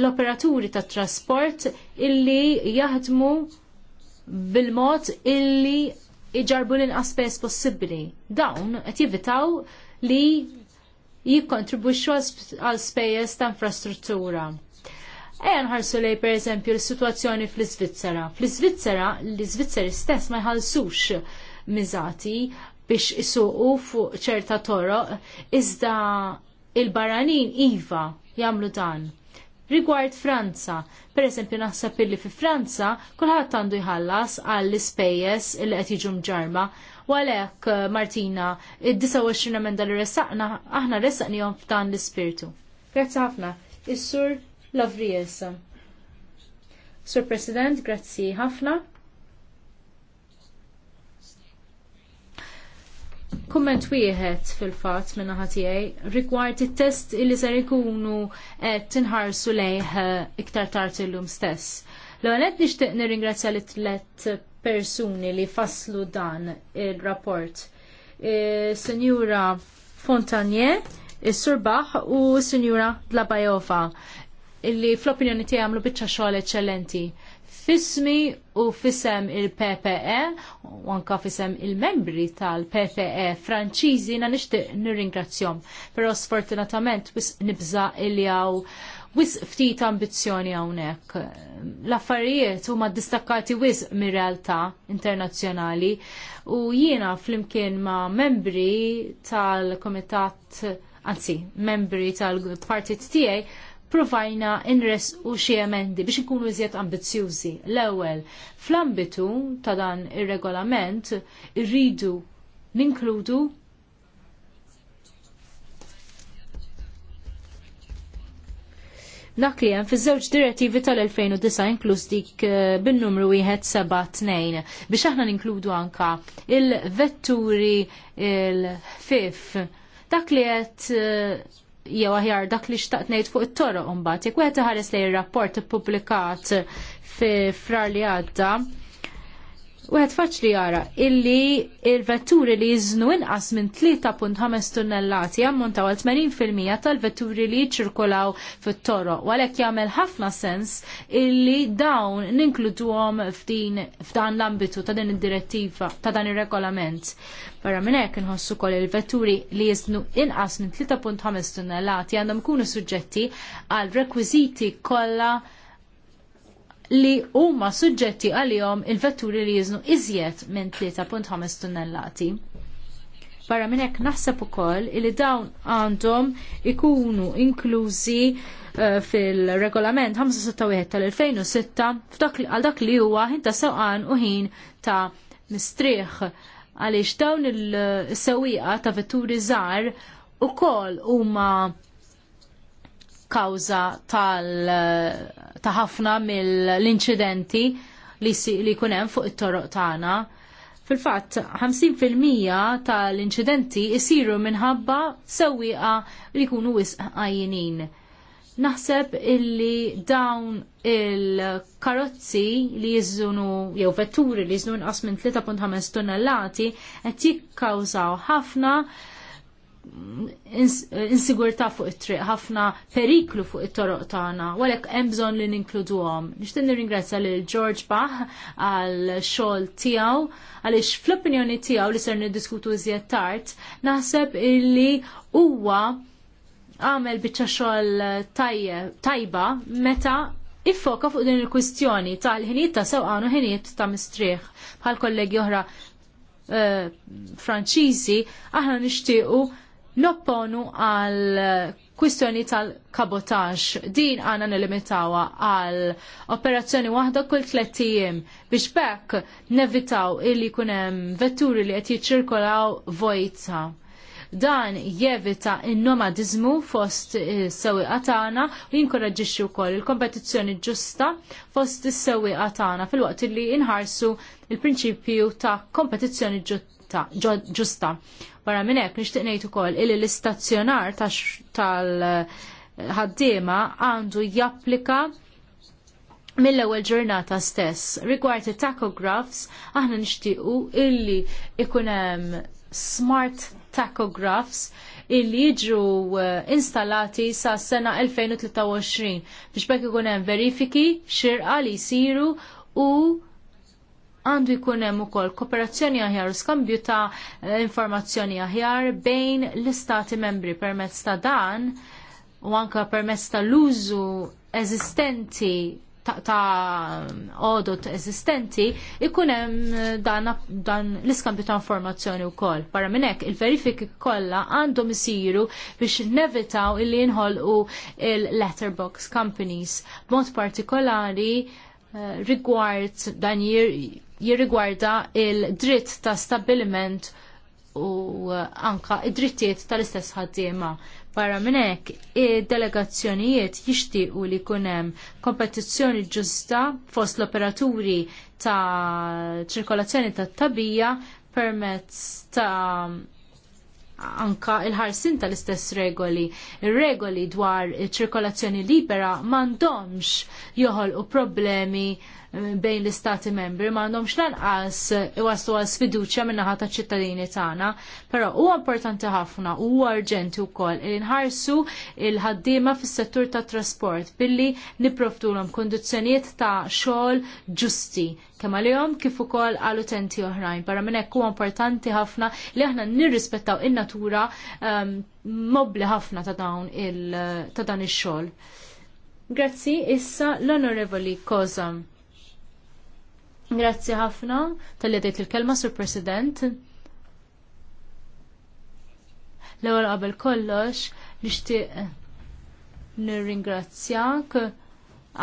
L-operaturi tat trasport illi jaħdmu bil-mod illi iġarbu l-inqas spess possibbli. Dawn qed jivitaw li jikkontribwixxu għal spejjeż ta' infrastruttura. Ejja nħarsu lej per eżempju l-situazzjoni fl svizzera fl svizzera l-Iżvizzeri stess ma jħallsux miżati biex isuqu fuq ċerta toroq, iżda il-baranin iva jagħmlu dan. Rigward Franza, per esempio naħseb illi fi Franza kulħadd għandu jħallas għall ispejjeż li qed jiġu mġarma eh, u għalhekk Martina id-29 emenda li ressaqna aħna ressaqnihom f'dan l-ispirtu. Grazzi ħafna. Is-sur Lavries. Sur President, grazzi ħafna. Kumment wieħed fil-fatt minn tiegħi rigward it-test li ser ikunu qed tinħarsu lejh eh, iktar tard illum stess. L-għalet nixtieq nirringrazzja li tlet persuni li faslu dan il-rapport. Eh, senjura Fontanier, Is-Sur eh, u u senjura Dlabajova illi fl-opinjoni tiegħi għamlu biċċa xogħol eċċellenti fismi u fisem il-PPE u anka fisem il-membri tal-PPE franċiżi na nixtieq nirringrazzjom. Però sfortunatament wis nibża il-jaw wis ftit ambizzjoni hawnhekk. L-affarijiet huma distakkati wis mir-realtà internazzjonali u jiena flimkien ma' membri tal-Komitat anzi, membri tal-partit tiegħi provajna inres u xie emendi biex nkunu iżjed ambizzjużi. L-ewwel, fl-ambitu ta' dan ir-regolament irridu ninkludu dak li hemm fiż-żewġ direttivi tal-2009 inkluż dik eh, bin-numru wieħed 172 biex aħna ninkludu anka il-vetturi il-fif dak li qed eh, jew aħjar dak li xtaqt ngħid fuq it-toroq imbagħad. Jekk wieħed iħares lejn ir-rapport ippubblikat fi frar li għadda, U għed faċli jara illi il-vetturi li jiznu inqas minn 3.5 tunnellati jammontaw għal 80% tal-vetturi li jċirkolaw fit-toro. għalhekk jagħmel ħafna sens illi dawn ninkluduhom f'dan l-ambitu ta' din id-direttiva ta' dan ir-regolament. Barra minn hekk inħossu kol il-vetturi li jiznu inqas minn 3.5 tunnellati għandhom ikunu suġġetti għal rekwiżiti kollha li huma suġġetti għalihom il-vetturi li jiżnu iżjed minn 3.5 tonnellati. Barra minn hekk naħseb ukoll li dawn għandhom ikunu inklużi eh, fil-regolament 561 tal-2006 għal dak li huwa ħin ta' sewqan u ħin ta' mistrieħ għaliex dawn il-sewwieqa eh, ta' vetturi żgħar ukoll huma kawża ta' ħafna mill-inċidenti li, li hemm fuq it-toroq tagħna. Fil-fatt, 50% tal-inċidenti jsiru minħabba sewwieqa li jkunu wisqajjinin. Naħseb illi dawn il-karozzi li jizzunu, jew vetturi li jizzunu inqas minn 3.5 tonnellati, qed jikkawżaw ħafna insigurtà fuq it-triq, ħafna periklu fuq it-toroq tagħna, għalhekk hemm bżonn li ninkluduhom. Nixtieq nirringrazzja lil George Bach għal xogħol tiegħu għaliex fl-opinjoni tiegħu li ser niddiskutu iżjed tard, naħseb illi huwa għamel biċċa xogħol tajba meta iffoka fuq din il-kwistjoni tal-ħinijiet ta' sewqan u ħinijiet ta' mistrieħ bħal kollegi oħra eh, Franċiżi aħna nixtiequ nopponu għal kwistjoni tal-kabotaġġ. Din għana nelimitawa għal operazzjoni waħda kull tlettijim biex bekk nevitaw illi kunem vetturi li qed jiċirkolaw vojta. Dan jevita il-nomadizmu fost is-sewi għatana u jinkoraġġixxu wkoll il-kompetizzjoni ġusta fost is-sewi għatana fil-waqt li inħarsu il-prinċipju ta' kompetizzjoni ġusta. Barra minn hekk nixtieq ngħid ukoll illi l-istazzjonar tal-ħaddiema għandu japplika mill-ewwel ġurnata stess. Rigward it-tachographs aħna nixtiequ illi ikun hemm smart tachographs illi jiġru eh, installati sa sena 2023 biex bekk ikun hemm verifiki xirqa li jsiru u għandu jkun hemm ukoll kooperazzjoni aħjar u skambju ta' eh, informazzjoni aħjar bejn l-istati membri permezz ta' dan u anke permezz tal-użu eżistenti ta', ta odot eżistenti ikun hemm eh, dan, dan l-iskambju ta' informazzjoni wkoll. Barra minn hekk il-verifiki kollha għandhom isiru biex nevitaw illi jinħolqu il-letterbox companies b'mod partikolari eh, rigward dan jir jirrigwarda il-dritt ta' stabiliment u uh, anka id-drittijiet tal-istess ħaddiema. Barra minn hekk id-delegazzjonijiet jixtiequ li jkun hemm kompetizzjoni ġusta fost l-operaturi ta' ċirkolazzjoni tat tabija permezz ta' anka il-ħarsin tal-istess regoli. Ir-regoli dwar ċirkolazzjoni libera m'għandhomx joħolqu problemi Eh, bejn l-istati membri ma għandhomx lanqas iwaslu għal sfiduċja min-naħa taċ ċittadini tagħna, però huwa importanti ħafna u huwa urġenti wkoll li nħarsu il-ħaddiema fis-settur tat trasport billi nipprovdulhom kundizzjonijiet ta' xogħol ġusti kemm għalihom kif ukoll għal utenti oħrajn. Barra minn hekk huwa importanti ħafna li aħna nirrispettaw in-natura ehm, mobli ħafna ta' dawn il ta' dan ix-xogħol. Grazzi, issa l-Onorevoli Kozam. Grazzi ħafna tal-li il-kelma sur President. L-ewwel qabel kollox nixtieq nirringrazzjak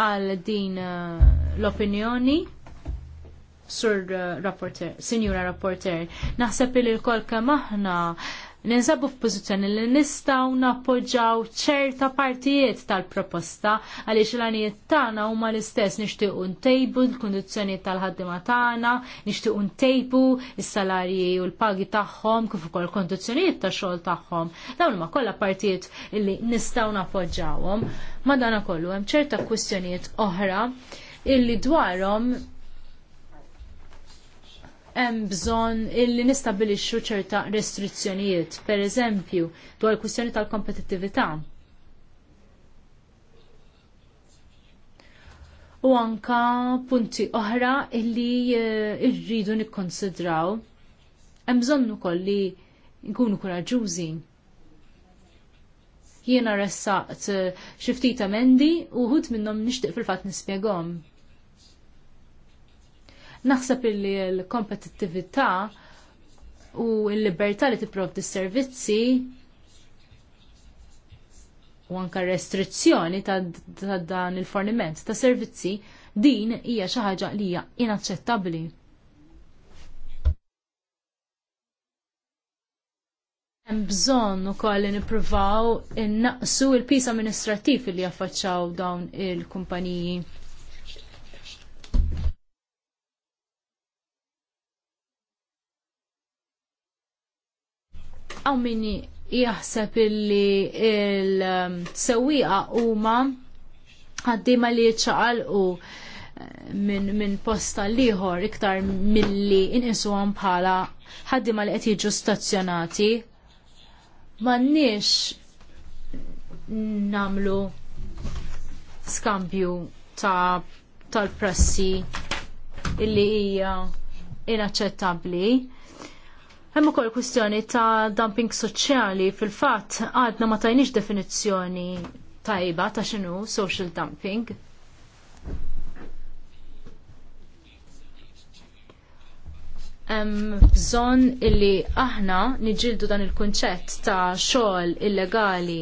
għal din eh, l-opinjoni sur eh, rapporter, sinjura rapporter. Naħseb li l-kol kemm aħna ninsabu f'pożizzjoni li nistgħu nappoġġaw ċerta partijiet tal-proposta għaliex l-għanijiet tagħna huma l-istess nixtiequ ntejbu l-kundizzjonijiet tal-ħaddiema tagħna, nixtiequ ntejbu s-salarji u l-pagi tagħhom kif ukoll kondizzjonijiet tax-xogħol tagħhom. Dawn huma kollha partijiet li nistgħu nappoġġawhom. Madana kollu hemm ċerta kwistjonijiet oħra illi dwarhom hemm bżonn illi nistabilixxu ċerta restrizzjonijiet, pereżempju dwar il-kwistjoni tal-kompetittività. u anka punti oħra illi eh, irridu nikkonsidraw. Hemm bżonn ukoll li nkunu kuraġużi. Jiena ressaqt eh, xi ftit emendi u ħut minnhom nixtieq fil-fatt nispjegahom. Naħseb illi l-kompetittività u l-libertà li tipprovdi s-servizzi u anka restrizzjoni ta', ta dan il-forniment ta' servizzi din hija xi ħaġa li hija inaċċettabbli. Hemm bżonn ukoll li nippruvaw innaqsu l-pis amministrattiv li jaffaċċaw dawn il-kumpaniji. għaw minni jaħseb illi il-sewiqa huma għaddima li ċaqalqu eh, minn min posta liħor iktar milli inqisu bħala ħaddima li qed jiġu stazzjonati m'għandniex namlu skambju ta' tal-prassi illi hija inaċċettabbli Hemm ukoll kwistjoni ta' dumping soċjali fil-fatt għadna ma tajniex definizzjoni tajba ta' xinu social dumping. hemm bżonn illi aħna niġildu dan il-kunċett ta' xogħol illegali.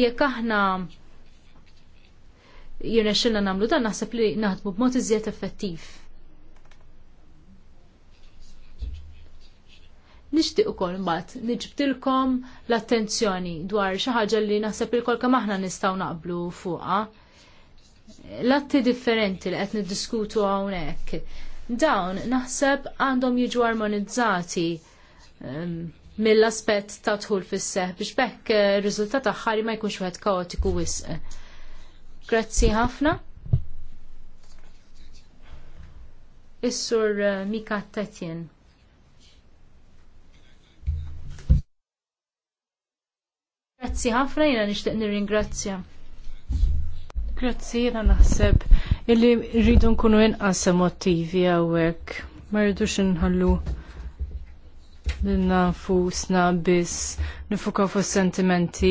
Jekk aħna jirnexxilna nagħmlu dan naħseb li naħdmu b'mod iżjed effettiv. Nixtieq ukoll mbagħad niġbtilkom l-attenzjoni dwar xi ħaġa li naħseb ilkoll kemm aħna nistgħu naqblu fuqha. L-atti differenti li qed niddiskutu hawnhekk. Dawn naħseb għandhom jiġu armonizzati ehm, mill-aspett ta' tħul fis-seħ biex bekk ir-riżultat eh, aħħari ma jkunx wieħed kaotiku wisq. Grazzi ħafna. Is-sur eh, Mika Tetjen. Grazzi ħafna jiena nixtieq nirringrazzja. Grazzi jiena naħseb illi rridu nkunu inqas emotivi hawnhekk. Ma rridux inħallu l-nafusna biss nifukaw fuq sentimenti.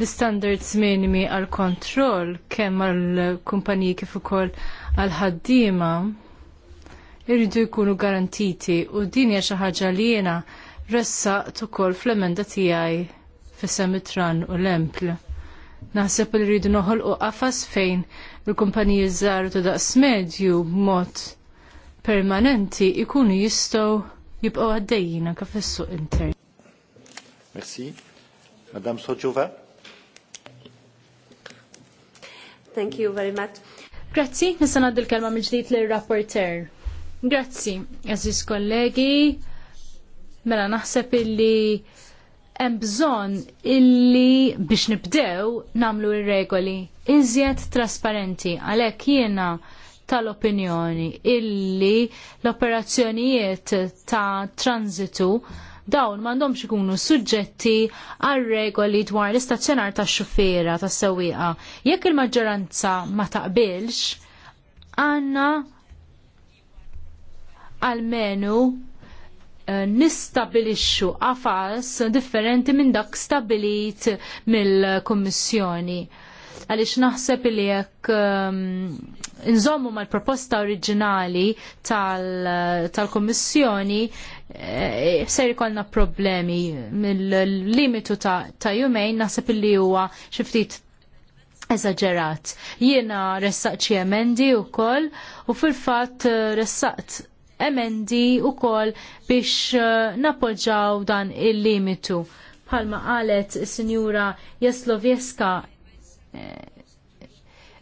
L-standards minimi għal kontroll kemm għal kumpaniji kif ukoll għal ħaddiema irridu jkunu garantiti u din hija xi ħaġa li jiena ressaqt ukoll fl-emenda tiegħi fis semitran u l-empl. Naħseb li rridu noħolqu qafas fejn il-kumpaniji żgħar ta' daqs medju b'mod permanenti jkunu jistgħu jibqgħu għaddejjin anke fis-suq intern. Merci. Madame Sojova. Thank you very much. Grazzi, nisa naddu l-kelma mill-ġdid l-rapporter. Grazzi, għaziz kollegi, mela naħseb illi hemm bżonn illi biex nibdew namlu ir-regoli iżjed trasparenti għalhekk jiena tal-opinjoni illi l-operazzjonijiet ta' transitu dawn m'għandhomx ikunu suġġetti għal regoli dwar l-istazzjonar tax xufiera tas sewwieqa. Jekk il-maġġoranza ma taqbilx, għandna għalmenu Eh, nistabilixxu għafas differenti minn dak stabilit mill-Kummissjoni. Għaliex naħseb li jekk inżommu ehm, mal-proposta oriġinali tal-Kummissjoni eh, ser ikolna problemi mill-limitu ta', jumejn naħseb li huwa xi ftit Jiena ressaqċi xi emendi wkoll u fil-fatt eh, ressaqt emendi u kol biex eh, napoġġaw dan il-limitu. Palma qalet sinjura Jaslovjeska eh,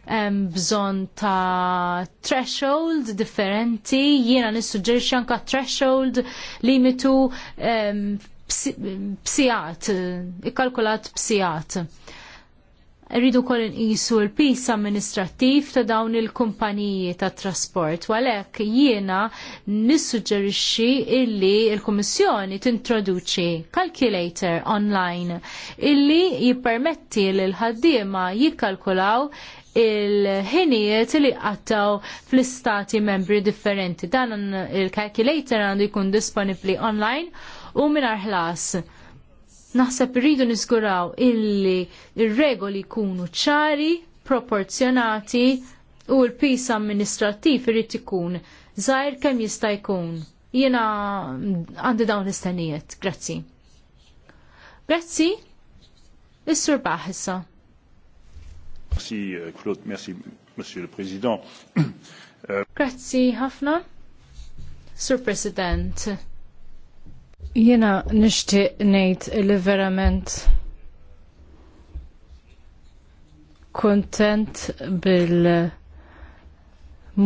hemm bżonn ta' threshold differenti, jiena nissuġġerixxi anke threshold limitu eh, psijat, ikkalkulat psijat rridu kol nqisu l-pis amministrattiv ta' dawn il-kumpaniji ta' trasport. Walek jiena nissuġġerixxi illi l-Kummissjoni tintroduċi calculator online illi jippermetti lil ħaddiema jikkalkulaw il-ħinijiet li qattaw fl-istati membri differenti. Dan il-calculator għandu jkun disponibli online u minn ħlas Naħseb irridu nisguraw illi il regoli kunu jkunu ċari, proporzjonati u l pisa amministrattiv irid ikun zaħir kemm jista' jkun. Jiena għandi dawn l-istenijiet. Grazzi. Grazzi. Is-sur issa. Merci euh, Claude, merci Monsieur le Président. Grazzi ħafna. Sur President. Jena nishtiq nejt li verament kontent bil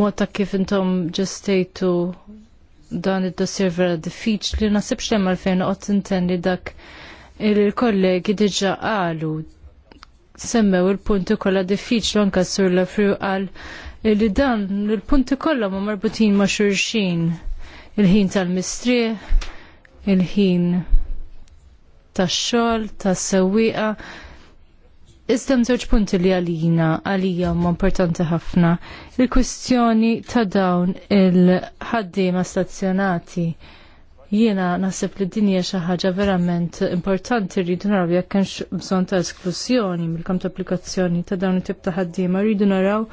mota kif intom ġestejtu dan id-dossier vera diffiċ li nasibx li malfejn qed intendi dak il-kollegi diġa qalu semmew il-punti kollha diffiċli anke sur la fru għal li dan il-punti kollha ma marbutin ma' xulxin il-ħin tal-mistrieħ il-ħin tax-xogħol, tas-sewwieqa. Istem żewġ punti li għalina għalija huma importanti ħafna. Il-kwistjoni ta' dawn il-ħaddiema stazzjonati. Jiena naħseb li din hija xi ħaġa verament importanti rridu naraw jekk hemmx bżonn ta' esklużjoni mill-kamp ta' applikazzjoni ta' dawn it-tip ta' ħaddiema rridu naraw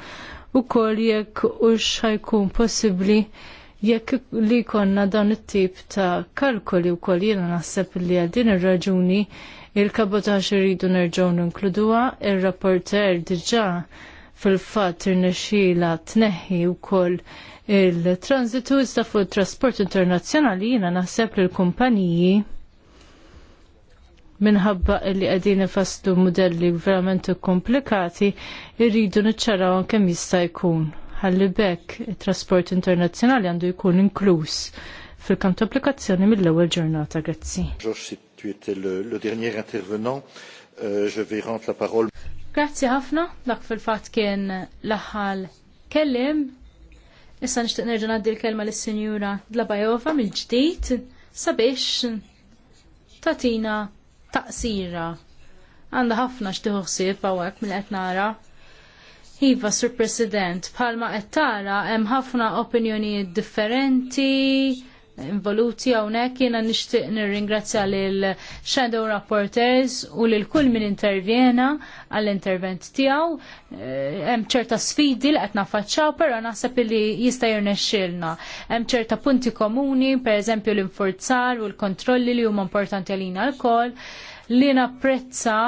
ukoll jekk hux ħajkun possibbli jekk li konna dawn it-tip ta' kalkoli u koll jena naħseb li għaddin ir-raġuni il kabotaċ irridu nerġaw ninkluduha, ir-rapporter diġà fil-fatt irnexxiela tneħħi wkoll il-transitu iżda fuq trasport internazzjonali jiena naħseb li l-kumpaniji minħabba li qegħdin ifasslu modelli verament komplikati irridu niċċaraw kemm jista' jkun ħalli bekk trasport internazzjonali għandu jkun inkluż fil-kamp applikazzjoni mill-ewwel ġurnata. Grazzi. George, tu étais dernier intervenant. Euh, je la Grazzi ħafna, dak fil-fatt kien l-aħħal kellim. Issa nixtieq nerġa' ngħaddi l-kelma lis-Sinjura Dlabajova mill-ġdid sabiex tatina taqsira. Għandha ħafna xtieħu ħsieb hawnhekk mill qed nara Iva, Sur President, palma tara hemm ħafna opinjonijiet differenti, involuti hawnhekk jiena nixtieq nirringrazzja lil Shadow Rapporters u lil kull min intervjena għall-intervent tiegħu. Eh, hemm ċerta sfidi li qed naffaċċaw, però naħseb li jista' jirnexxielna. Hemm ċerta punti komuni, pereżempju l-infurzar u l-kontrolli li huma importanti għalina l-kol, li napprezza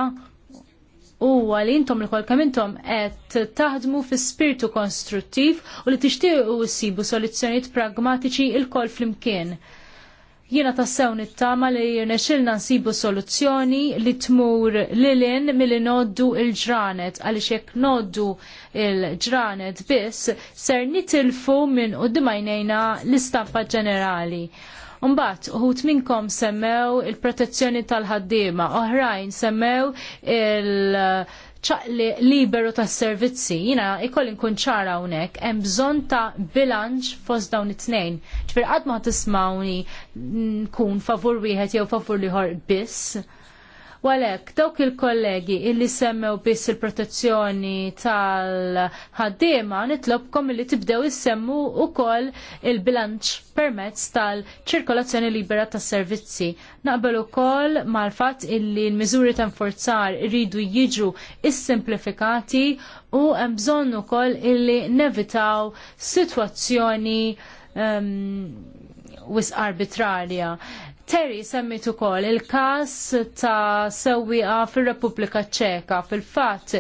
huwa li intom l-kol kemm intom qed taħdmu fi spiritu konstruttiv u li tixtiequ issibu soluzzjonijiet pragmatiċi il-kol fl-imkien. Jiena tassew nittama li jirnexilna nsibu soluzzjoni li tmur lilin milli noddu il-ġranet għaliex jekk noddu il-ġranet biss ser nitilfu minn u dimajnejna l-istampa ġenerali. Umbat, uħut minnkom semmew il-protezzjoni tal-ħaddima, oħrajn semmew il- ċaqli liberu ta' servizzi, jina ikoll nkun ċara unek, hemm bżon ta' bilanċ fost dawn it-tnejn. Ġifier qatt ma tismawni nkun favur wieħed jew favur liħor biss Walek, dawk il-kollegi illi semmew biss il-protezzjoni tal-ħaddiema nitlobkom illi tibdew u koll il-bilanċ permezz tal-ċirkolazzjoni libera tas-servizzi. Naqbel ukoll mal-fatt illi l-miżuri ta' nforzar iridu jiġu is-simplifikati u hemm bżonn ukoll illi nevitaw sitwazzjoni um, wis arbitrarja. Terry semmit ukoll il-każ ta' sewwieqa fir-Repubblika Ċeka fil-fatt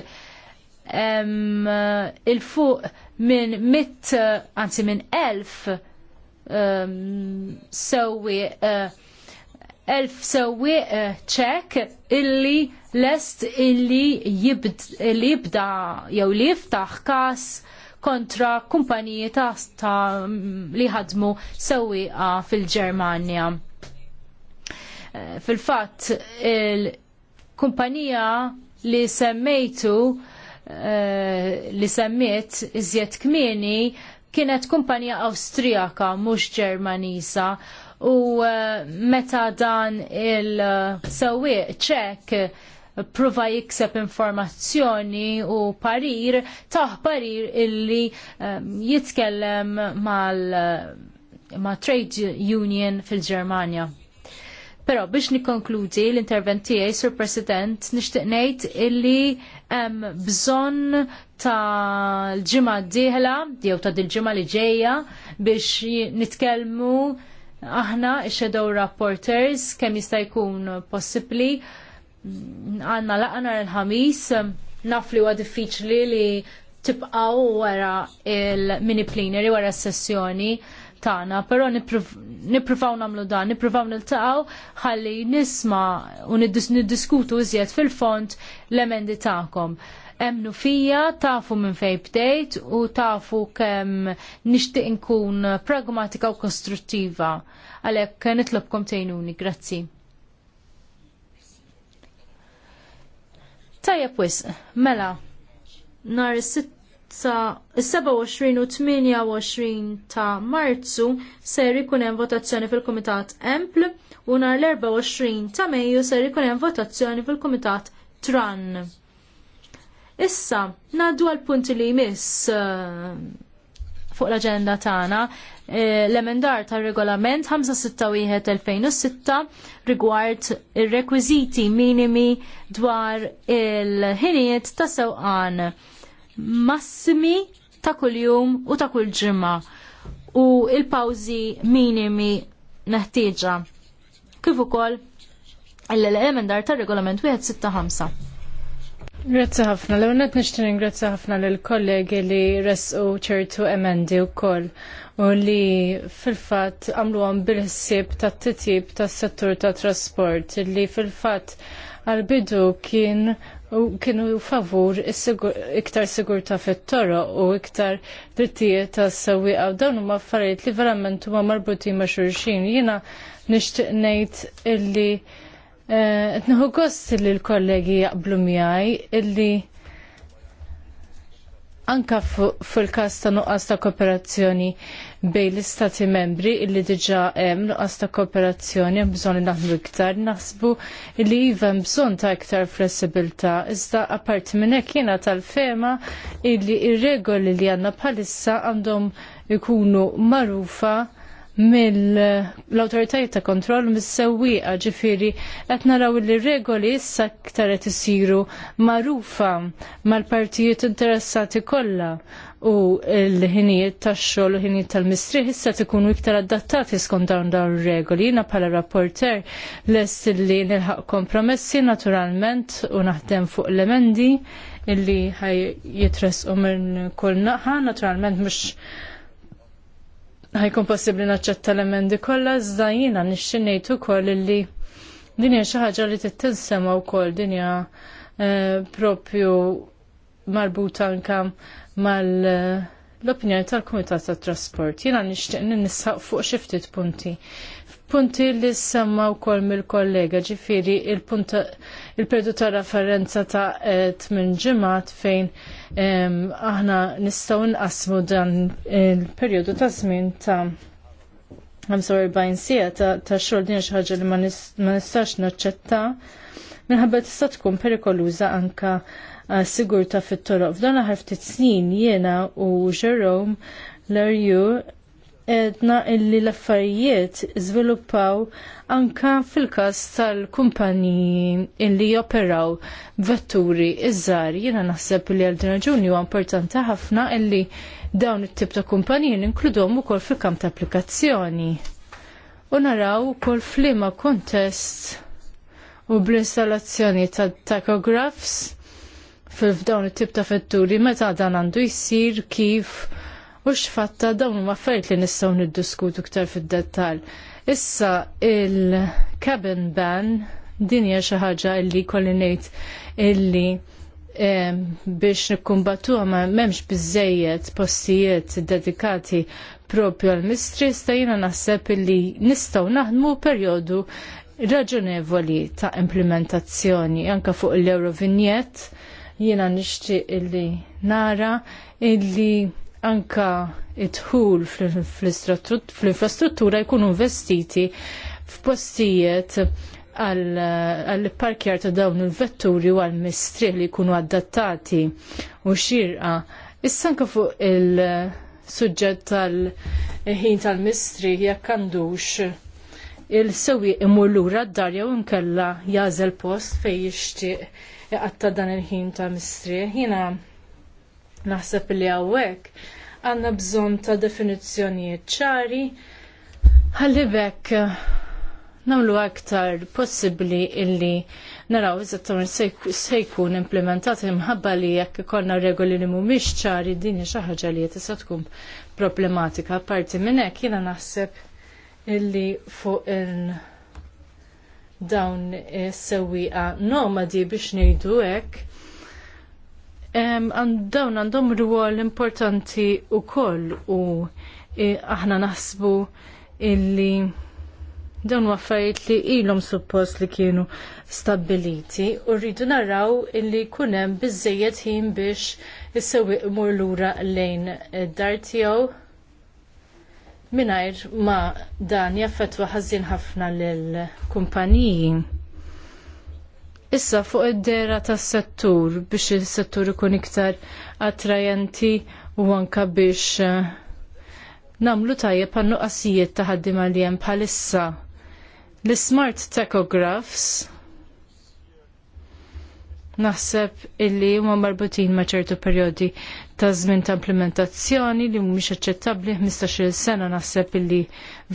il-fuq minn mit anzi minn elf um, sewi eh, elf sewi eh, ċek illi lest illi jibd, illi jibda jew li jiftaħ kas kontra kumpaniji ta' li ħadmu sewwieqa fil-Ġermanja Eh, fil-fatt il-kumpanija li semmejtu eh, li semmiet iżjed kmieni kienet kumpanija Awstrijaka mhux Ġermanisa u eh, meta dan il-sewwieq ċek prova jikseb informazzjoni u parir, taħ parir illi jitkellem mal ma trade union fil-Germania. Però biex nikkonkludi l-intervent tiegħi sur President nixtieq ngħid illi hemm bżonn ta' l-ġimgħa d-dieħla jew ta' dil-ġimgħa li ġejja biex nitkellmu aħna ix shadow rapporters kemm jista' jkun possibbli għandna laqgħa nhar il-ħamis naf li huwa diffiċli li tibqgħu wara il-mini plenary wara s-sessjoni Tana, però nippruvaw nagħmlu dan, nippruvaw niltaqgħu ħalli nisma' u niddiskutu iżjed fil-font l-emendi tagħkom. Emnu fija, tafu minn fej bdejt u tafu kemm nixtieq nkun pragmatika u kostruttiva. Għalhekk nitlobkom tgħinuni, grazzi. Tajja wis, mela, nhar is sa 27 u 28 ta' Marzu ser ikun hemm votazzjoni fil-Kumitat Empl u nhar l-24 ta' Mejju ser ikun hemm votazzjoni fil-Kumitat Tran. Issa, ngħaddu għal punti li jmiss uh, fuq l-aġenda tagħna eh, l-emendar tar regolament 561-2006 rigward ir-rekwiżiti minimi dwar il-ħinijiet ta' sewqan massimi ta' kuljum u ta' kull ġimma u il-pawzi minimi neħtieġa. Kif ukoll l-elementar ta' regolament 165. Grazzi ħafna, l għonet nishtin ingrazzi ħafna l-kollegi li resqu ċertu emendi u koll u li fil-fat għamlu għam bil-ħsib ta' t tas ta' settur ta' trasport li fil-fat għal-bidu kien u kienu favur iktar sigur fit-toro u iktar drittijiet ta' sawi sawiqa u dawn huma affarijiet li verament huma marbuti ma' xurxin. Jiena nixtieq ngħid illi eh, qed gost li l-kollegi jaqblu miegħi illi anka fil-każ ta' nuqqas ta' kooperazzjoni Bej l-istati membri illi diġa hemm nuqqas ta' kooperazzjoni hemm bżonn naħdmu iktar naħsbu li iva hemm bżonn ta' iktar flessibilità iżda apparti minn hekk jiena tal-fema illi ir-regoli li għandna bħalissa għandhom ikunu magħrufa mill-autoritajiet ta' kontroll mis-sewwieqa ġifieri qed naraw li regoli issa aktar qed isiru magħrufa mal-partijiet interessati kollha u l-ħinijiet tax-xogħol u ħinijiet tal-mistrieħ issa tikun iktar adattati skont dawn dawn ir-regoli. Jiena bħala rapporter lest li nilħaq kompromessi naturalment u naħdem fuq l-emendi illi ħaj jitresqu minn kull naħa, naturalment mhux ħajkun possibbli naċċetta l-emendi kollha, iżda jiena nixxinejt ukoll illi din hija xi ħaġa li tittinsema wkoll dinja hija eh, propju marbuta anka mal-opinjoni tal-Kumitat tat Trasport. Jiena nixtieq nisħaq fuq xi ftit punti. Punti li semma wkoll mill-kollega ġifieri il-perdu ta' referenza ta' tmien ġimgħat fejn aħna nistgħu nqasmu dan il-perjodu ta' żmien ta' 45 sija ta' xogħol din xi ħaġa li ma nistax naċċetta minħabba tista' tkun perikoluża anka sigurta fit-toroq. F'dan aħar ftit snin jiena u Jerome Larju edna illi l-affarijiet żviluppaw anka fil-każ tal-kumpaniji illi joperaw vetturi iż-żar. Jiena naħseb li għal din raġuni huwa importanti ħafna illi dawn it-tip ta' kumpaniji ninkludhom ukoll fil-kamp ta' applikazzjoni. U naraw ukoll f'liema kontest u bl-installazzjoni ta' tachografs fil-fdawn it-tip ta' fetturi meta dan għandu jsir kif u x'fatta dawn huma affarijiet li nistgħu niddiskutu ktar fid-dettall. Issa il-cabin ban din hija xi ħaġa li kolli ngħid illi biex nikkumbattuha ma m'hemmx biżejjed postijiet dedikati propju għal mistri ta' jiena naħseb illi nistgħu naħdmu perjodu raġunevoli ta' implementazzjoni anke fuq l eurovignette jiena nixtieq illi nara illi anka idħul fl-infrastruttura jkunu investiti f'postijiet għall-parkjar ta' dawn il-vetturi u għall-mistrieħ li jkunu adattati u xirqa. Issa anka fuq il-suġġett tal-ħin tal-mistri jekk għandux il-sewi imur lura d-dar jew inkella jażel post fejn jixtieq għatta dan il-ħin ta' mistri. Jina naħseb li għawek għanna bżon ta' definizjonijiet ċari għalli bekk namlu aktar possibli illi naraw eżattament se jkun implementat imħabba li jekk ikollna regoli li mhumiex ċari din xaħġa xi ħaġa li tista' tkun problematika. Parti minn hekk jiena naħseb illi fuq il dawn is-sewwieqa nomadi biex ngħidu hekk. Dawn għandhom rwol importanti wkoll u e, aħna naħsbu illi dawn affarijiet li ilhom suppost li kienu stabiliti u rridu naraw illi jkun hemm jim ħin biex is-sewwieq imur lura lejn dartijaw. dar tiegħu Minajr ma dan jaffetwa ħażin ħafna lill-kumpaniji. Issa fuq id-dera tas-settur biex is-settur ikun iktar attrajenti u anka biex eh, namlu tajjeb għan nuqqasijiet ta' ħaddim li hemm bħalissa. L-smart tachographs naħseb illi huma marbutin ma' ċertu perjodi ta' żmien ta' implementazzjoni li mhumiex aċċettabbli 15-il sena naħseb illi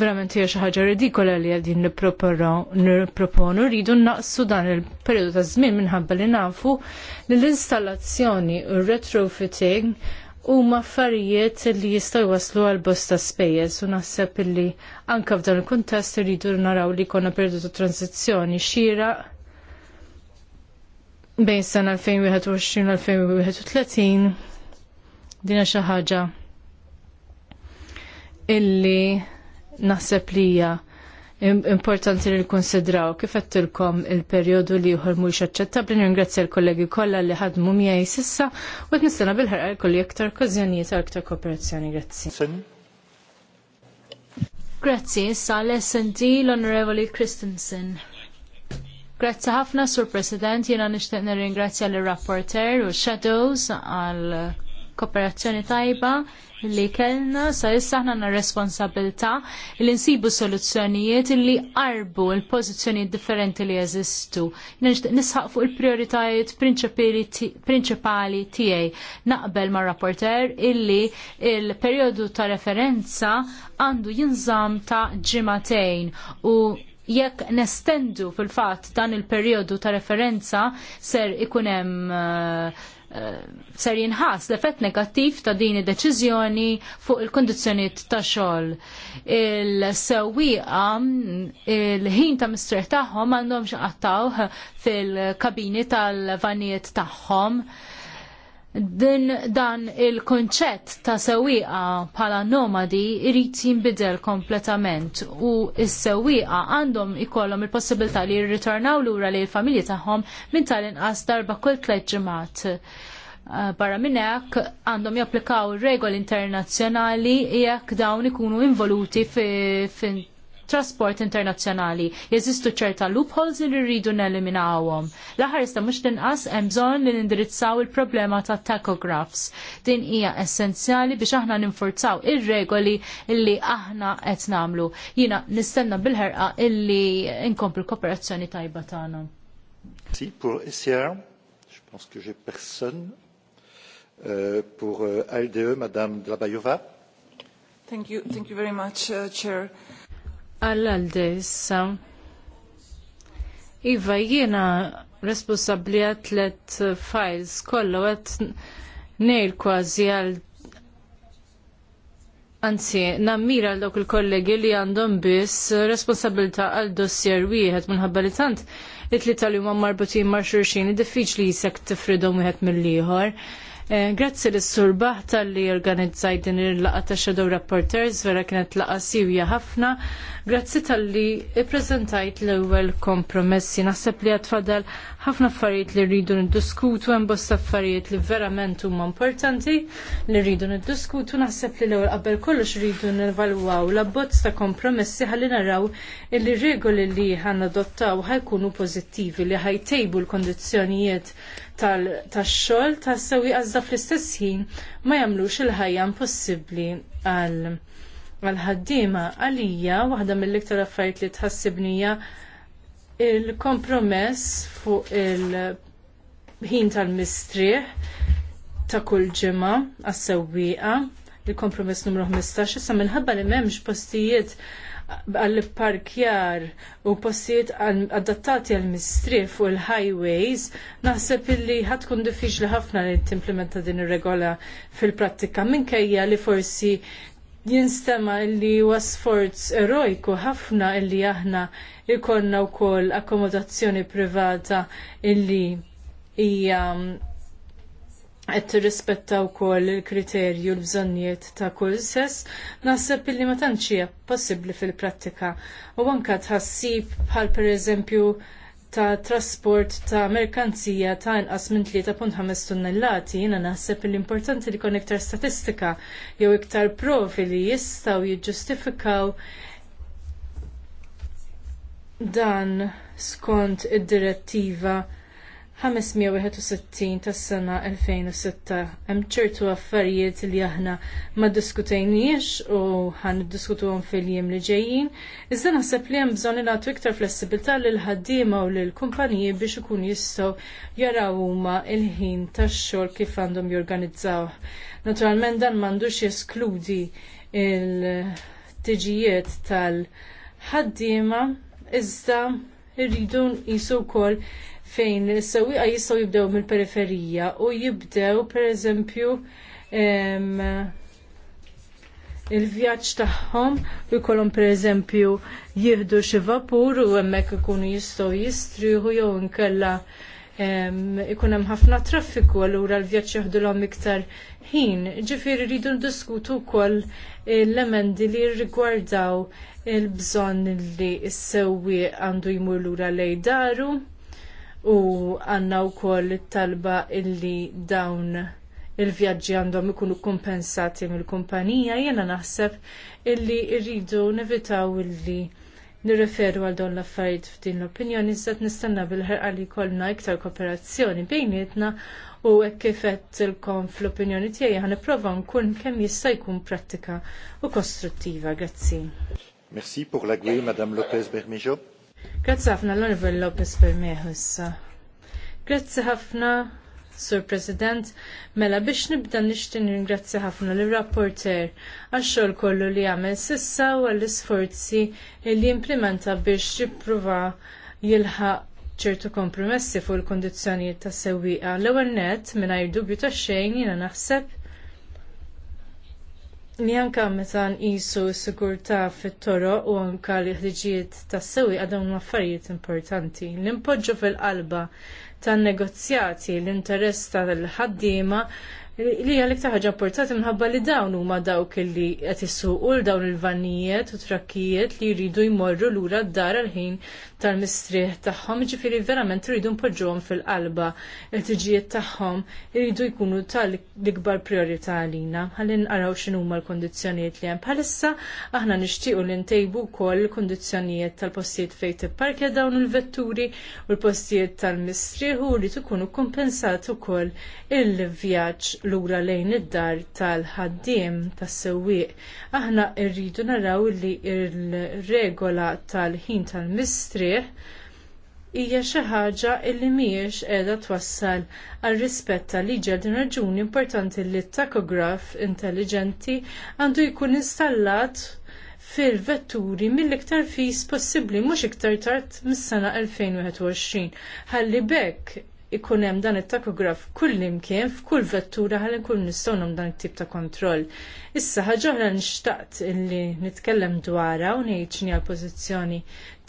verament hija xi ħaġa ridikola li qegħdin nipproponu rridu naqsu dan il-perjodu ta' żmien minħabba li nafu li l-installazzjoni u retrofitting huma affarijiet li jistgħu waslu għal bosta spejjeż u naħseb illi anke f'dan il-kuntest irridu naraw li jkollna perjodu ta' tranzizzjoni xieraq bejn sena 2021-2030 Dina xi ħaġa illi naħseb li hija importanti li nkonsidraw kif għattilkom il-periodu li juħor mux aċċettabli ringrazzja l-kollegi kollha li ħadmu miegħi sissa u qed nistenna bil-ħarqa jkolli aktar kważjonijiet u aktar kooperazzjoni. Grazzi. Grazzi, issa l-SND l-Onorevoli Christensen. Grazzi ħafna, Sur President, Jiena nixtieq nirringrazzja l-rapporter u shadows għal kooperazzjoni tajba li kellna sa issa aħna għandna responsabilità li nsibu soluzzjonijiet li qarbu l-pożizzjonijiet differenti li jeżistu. Nisħaq fuq il-prioritajiet prinċipali tiegħi naqbel ma' rapporter illi il-perjodu ta' referenza għandu jinżam ta' ġimatejn u jekk nestendu fil fatt dan il-perjodu ta' referenza ser ikun hemm uh, Eh, ser jinħas l-effett negattiv ta' din id-deċiżjoni fuq il-kondizzjonijiet ta' xogħol. Il-sewwieqa il-ħin ta' mistrieħ tagħhom għandhom xaqtawħ fil-kabini tal-vanijiet tagħhom din dan il-konċett ta' sewwieqa bħala nomadi jrid jinbidel kompletament u s-sewwieqa għandhom ikollhom il-possibilità li jirritornaw lura li l familji tagħhom minn tal-inqas darba kull tliet ġimgħat uh, barra minn hekk għandhom japplikaw regoli internazzjonali jekk dawn ikunu involuti fi fin trasport internazzjonali. Jeżistu ċerta loopholes li rridu neliminawhom. L-aħħar sta mhux tinqas hemm bżonn li nindirizzaw il-problema ta' tachographs. Din hija essenzjali biex aħna ninfurzaw ir-regoli li aħna qed nagħmlu. Jiena nistenna bil-ħerqa illi inkomplu kooperazzjoni tajba tagħna. Si, pour SCR, je pense que j'ai personne. Euh, pour euh, ALDE, Madame Dlabayova. Thank you, thank you very much, uh, Chair għall-għalde Iva, jiena responsabli għatlet files kollu għat nejl kważi għal Anzi, nammira għal dawk il-kollegi li għandhom biss responsabilta għal dossier wieħed minħabba li tant it-tlieta li huma marbutin mar xulxin diffiċli jisek tifridhom wieħed mill-ieħor. Eh, grazzi lis sur Baħta li organizzaj din il-laqa ta' Shadow Reporters, vera kienet laqa siwja ħafna. Grazzi tal-li i-prezentajt l-ewwel kompromessi. Naħseb li għatfadal ħafna affarijiet li rridu niddiskutu hemm bosta affarijiet li verament huma importanti li rridu niddiskutu. Naħseb li l-ewwel qabel kollox rridu n-valwaw la bozz ta' kompromessi ħalli naraw il-regoli li ħanna adottaw ħajkunu pożittivi li ħajtejbu l-kondizzjonijiet tax-xogħol tas sewwieqa għażda fl-istess ħin ma jagħmlux il-ħajja impossibbli għal ħaddiema għalija waħda mill-iktar affarijiet li tħassibnija il-kompromess fuq il-ħin tal-mistrieħ ta' kull ġimgħa għas-sewwieqa il-kompromess numru 15 issa minħabba li m'hemmx postijiet għall-parkjar u postijiet adattati għall mistrif u l-highways, naħseb illi ħatkun diffiċli ħafna li timplementa din ir-regola fil-prattika minkejja li forsi jinstema li huwa sforz erojku ħafna illi aħna ikonna wkoll akkomodazzjoni privata illi hija mm, qed tirrispetta wkoll il-kriterju l-bżonnijiet ta' kull sess, naħseb li ma tantx hija possibbli fil-prattika. U anke tħassib bħal pereżempju ta' trasport ta' merkanzija ta' inqas minn 3.5 tonnellati, jiena naħseb l-importanti li kon iktar statistika jew iktar provi li jistgħu jiġġustifikaw dan skont id-direttiva 561 tas-sena 2006 hemm ċertu affarijiet li aħna ma diskutejniex u ħan diskutuhom fil-jiem li ġejjin, iżda naħseb li hemm bżonn nagħtu iktar flessibilità lil ħaddiema u lil kumpaniji biex ikun jistgħu jaraw huma il-ħin tax-xogħol kif għandhom jorganizzaw. Naturalment dan m'għandux jeskludi il-tiġijiet tal-ħaddiema iżda rridu nqisu wkoll fejn is-sewwieqa jistgħu jibdew mill-periferija u jibdew pereżempju il-vjaġġ tagħhom u jkollhom pereżempju jieħdu xi vapur u hemmhekk ikunu jistgħu jistrieħu jew inkella ikun hemm ħafna traffiku allura l-vjaġġ jaħdulhom iktar ħin. Ġifieri rridu ndiskutu wkoll l-emendi li rigwardaw il-bżonn li s-sewwieq għandu jmur lura lejn daru u għanna u koll talba illi dawn il-vjaġġi għandhom ikunu kompensati mill-kumpanija, jena naħseb illi irridu nevitaw illi nirreferu għal dawn l-affarijiet f'din l-opinjoni, zat nistenna bil ħer li kollna iktar kooperazzjoni bejnietna u hekk kif qedtilkom fl-opinjoni tiegħi ħanipprova nkun kemm jista' jkun prattika u kostruttiva. Grazzi. Merci pour la Madame Lopez Bermejo. Grazzi ħafna l-Onorevoli Lopez Bermejo issa. Grazzi ħafna, Sur President, mela biex nibda nishtin ringrazzi ħafna l rapporter għax-xogħol kollu li għamil sissa u għall-isforzi li implementa biex jipprova jilħaq ċertu kompromessi fuq il kundizzjonijiet ta' sewwieqa l-ewwel nett mingħajr dubju ta' xejn jiena naħseb li anke meta nqisu s-sigurtà fit-toroq u anka l ħtiġijiet tas-sewi għadhom affarijiet importanti. Li npoġġu fil-qalba tan-negozjati l-interess tal-ħaddiema li għalik taħġa importanti minħabba li dawn huma dawk li qed isuqu l dawn il-vanijiet u trakkijiet li jridu jmorru lura d-dar għal-ħin tal-mistrieħ tagħhom, jiġifieri verament iridu npoġġuhom fil-qalba il-tiġijiet tagħhom iridu jkunu tal-ikbar priorità għalina. Ħalli naraw x'inhuma l kundizzjonijiet li hemm bħalissa aħna nixtiequ li ntejbu wkoll il-kundizzjonijiet tal-postijiet fejn tipparkja dawn il-vetturi u l-postijiet tal-mistrieħ u li tkunu kompensat ukoll il-vjaġġ lura lejn id-dar tal-ħaddiem tas-sewwieq. Aħna rridu naraw li r regola tal-ħin tal-mistrieħ fih hija xi ħaġa li mhijiex qiegħda twassal għal rispett tal-liġi din raġuni importanti li t-takograf intelligenti għandu jkun installat fil-vetturi mill-iktar fis possibbli mhux iktar tard mis-sena 2021. Ħalli bekk ikun hemm dan it-takograf kull imkien f'kull vettura ħalli nkun nistgħu nagħmlu dan it-tip ta' kontroll. Issa ħaġa oħra nixtaqt illi nitkellem dwarha u ngħid x'inhi l-pożizzjoni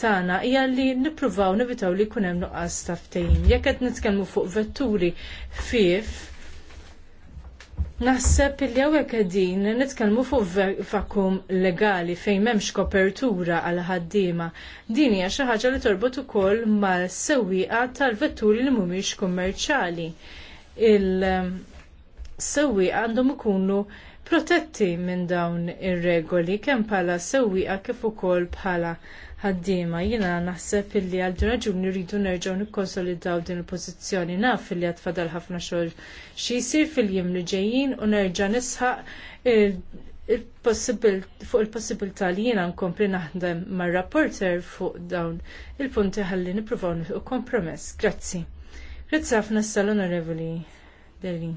tagħna hija li nippruvaw nevitaw li jkun hemm nuqqas ta' ftehim. Jekk qed nitkellmu fuq vetturi fif Naħseb il hawnhekk qegħdin nitkellmu fuq vakum legali fejn m'hemmx kopertura għal ħaddiema. Din hija xi ħaġa li torbot ukoll mal-sewwieqa tal-vetturi li mhumiex kummerċjali. Il-sewwieqa għandhom ikunu protetti minn dawn ir-regoli kemm bħala sewwieqa kif ukoll bħala ħaddiema. Jiena naħseb illi għal din raġuni rridu nerġgħu nikkonsolidaw din il-pożizzjoni. Naf illi għad fadal ħafna xogħol xi jsir fil-jiem li ġejjin u nerġa' nisħaq fuq il-possibilità li jiena nkompli naħdem mar-rapporter fuq dawn il-punti ħalli nippruvaw nilqu kompromess. Grazzi. Grazzi ħafna sal-Onorevoli Delli.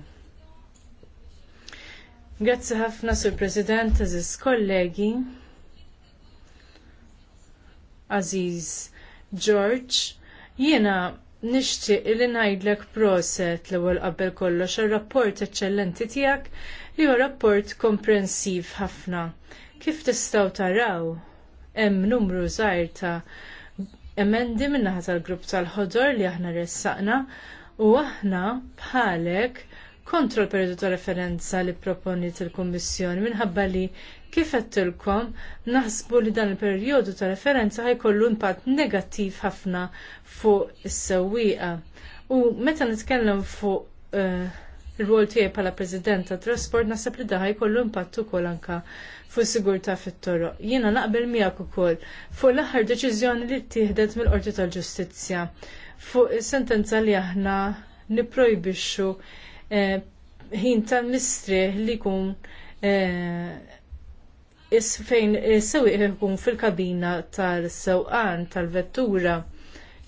Grazzi ħafna sur President, eżis kollegi. Aziz George. Jiena nixtieq li ngħidlek proset l-ewwel qabel kollox ir-rapport eċċellenti tiegħek li huwa rapport komprensiv ħafna. Kif tistaw taraw hemm numru żgħir ta' emendi min-naħa tal-grupp tal-ħodor li aħna ressaqna u aħna bħalek kontra l-periodu ta' referenza li proponiet il-Kommissjoni minħabba li Kif għedtilkom, naħsbu li dan il-perjodu ta' referenza ħajkollu impatt negattiv ħafna fuq is-sewwieqa. U meta nitkellem fuq eh, ir-rwol tiegħi bħala President tat Trasport naħseb li daħaj jkollu impatt ukoll anke fuq sigurtà fit-toroq. Jiena naqbel miegħek ukoll fuq l-aħħar deċiżjoni li ttieħdet mill-Qorti tal-Ġustizzja fuq is-sentenza li aħna nipprojbixxu eh, ħin tal-mistrieħ li jkun eh, is fejn is-sewwieq ikun fil-kabina tal-sewqan tal-vettura.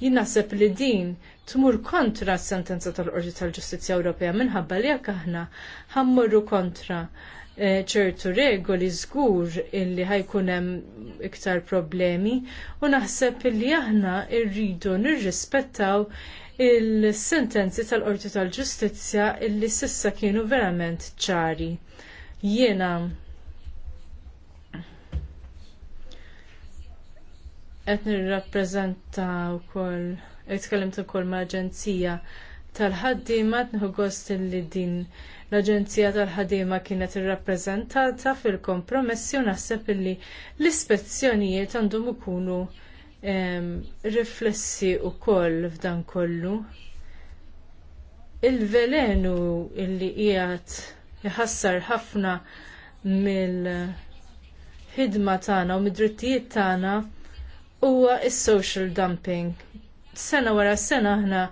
Jien naħseb li din tmur kontra s-sentenza tal-Qorti tal-Ġustizzja Ewropea minħabba li jekk aħna ħammurru kontra e, ċertu regoli żgur illi ħajkun hemm iktar problemi u naħseb li aħna rridu nirrispettaw il-sentenzi tal-Qorti tal-Ġustizzja illi sissa kienu verament ċari. Jiena qed nirrappreżenta wkoll itkellimt ukoll mal aġenzija tal-ħaddiema tnieħu gost li din l-Aġenzija tal-ħaddiema kienet irrappreżentata fil-kompromessi u naħseb illi l-ispezzjonijiet għandhom ikunu riflessi wkoll f'dan kollu. Il-velenu illi qiegħed iħassar ħafna mill-ħidma tagħna u mid-drittijiet tagħna huwa is-social dumping. Sena wara sena aħna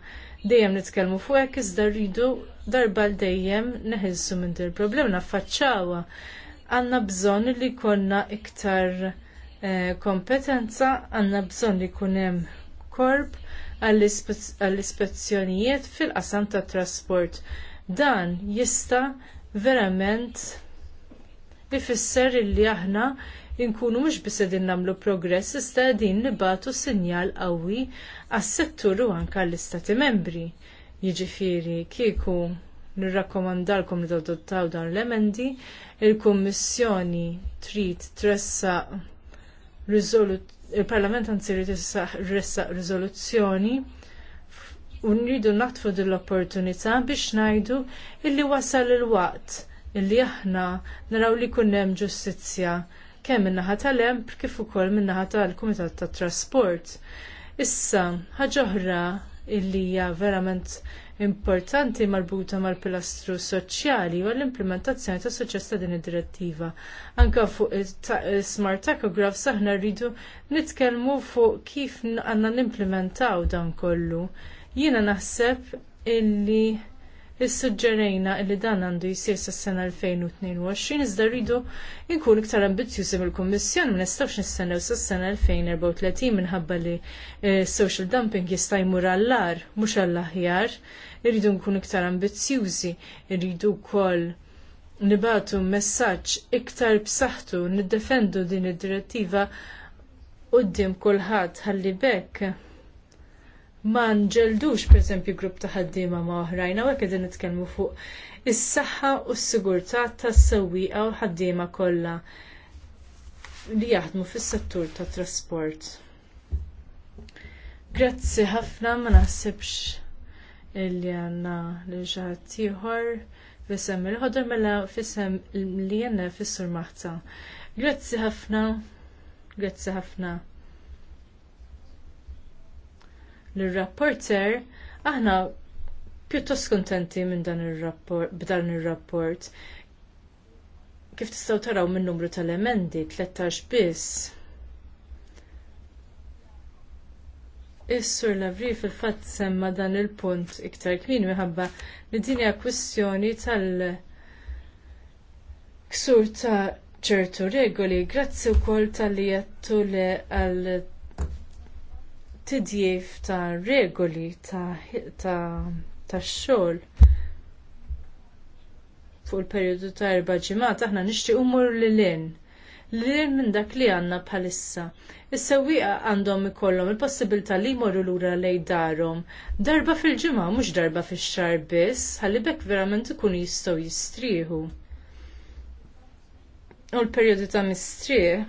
dejjem nitkellmu fuq hekk iżda rridu darba dejjem neħilsu minn il problema naffaċċawha. Għandna bżonn li jkollna iktar eh, kompetenza, għandna bżonn li jkun hemm korp għall-ispezzjonijiet fil-qasam tat trasport. Dan jista' verament ifisser illi aħna inkunu mhux biss qegħdin nagħmlu progress iżda qegħdin nibatu sinjal qawwi għas-settur u anke għall-istati membri. Jiġifieri kieku nirrakkomandalkom li tadottaw dan l-emendi, il-Kummissjoni trid tressaq il-Parlament anzi trid tressaq riżoluzzjoni u nridu naħtfu din l-opportunità biex ngħidu illi wasal il-waqt illi aħna naraw li jkun hemm ġustizzja kemm min-naħa tal-emp kif ukoll min-naħa tal-Kumitat tat-Trasport. Issa, ħaġa oħra illi hija verament importanti marbuta mal-pilastru soċjali u l-implementazzjoni ta' suċċess ta' din id-direttiva. Anke fuq smart tachographs aħna rridu nitkellmu fuq kif għandna nimplementaw dan kollu. Jiena naħseb illi issuġġerejna li dan għandu jsir sas-sena 2022 iżda rridu nkun iktar ambizjużi mill-Kummissjoni ma nistgħux nistennew sas-sena 2034 minħabba li eh, social dumping jista' jmur għall-ar mhux għall-aħjar. Irridu nkun iktar ambizjużi, irridu wkoll nibatu messaġġ iktar b'saħħtu niddefendu din id-direttiva quddiem kulħadd ħalli bekk ma nġeldux pereżempju grupp ta' ħaddiema ma' oħrajn hawnhekk qegħdin nitkellmu fuq is-saħħa u s-sigurtà tas-sewwieqa u ħaddiema kollha li jaħdmu fis-settur tat trasport. Grazzi ħafna ma naħsibx illi għandna li ġaħat ieħor f'isem il-ħodor mela f'isem li għandna fis-sur maħta. Grazzi ħafna, grazzi ħafna l-rapporter, aħna pjuttost kontenti minn dan rapport b'dan ir-rapport. Kif tistgħu taraw min numru tal-emendi 13 biss. Is-sur Lavri fil-fatt semma dan il-punt iktar kmin minħabba li din hija kwistjoni tal- ksur ta' ċertu regoli, grazzi wkoll tal-li jattu li għal tidjif ta' regoli ta' xogħol fuq il-perjodu ta' erba ġimgħat aħna nixtiequ mmur lilin. Lilin minn dak li għandna bħalissa. Is-sewwieqa għandhom ikollhom il-possibilità li jmorru lura lejn darhom. Darba fil-ġimgħa mhux darba fix-xahar biss, ħallibek verament ikunu jistgħu jistrieħu. U l-perjodu ta' mistrieħ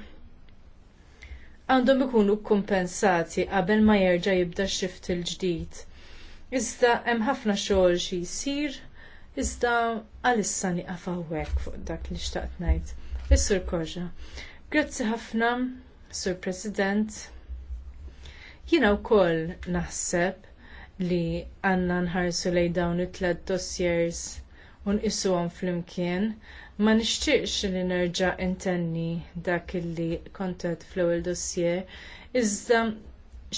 għandhom ikunu kompensati qabel ma jerġa' jibda x-xift il-ġdid. Iżda hemm ħafna xogħol xi jsir, iżda għalissa nieqaf hawnhekk fuq dak li xtaqt ngħid. Is-Sur Grazzi ħafna, Sur President. Jiena wkoll naħseb li għandna nħarsu lejn dawn it-tlet dossiers u nqisuhom flimkien Ma nixtieqx li nerġa' intenni dak illi kontet fl-ewwel dossier, iżda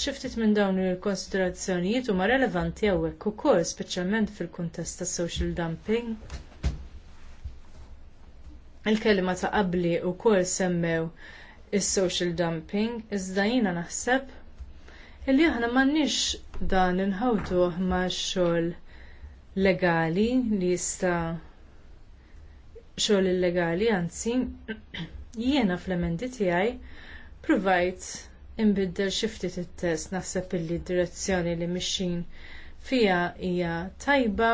xi ftit minn dawn il-konsiderazzjonijiet huma relevanti hawnhekk ukoll, speċjalment fil-kuntest tas-social dumping. Il-kelma ta' qabli wkoll semmew is-social dumping, iżda jiena naħseb illi aħna m'għandniex dan inħawtuh max xogħol legali li jista' xogħol illegali, anzi, jiena fl-emendi tiegħi provajt inbiddel xi ftit it-test naħseb illi d-direzzjoni li mixin fiha hija tajba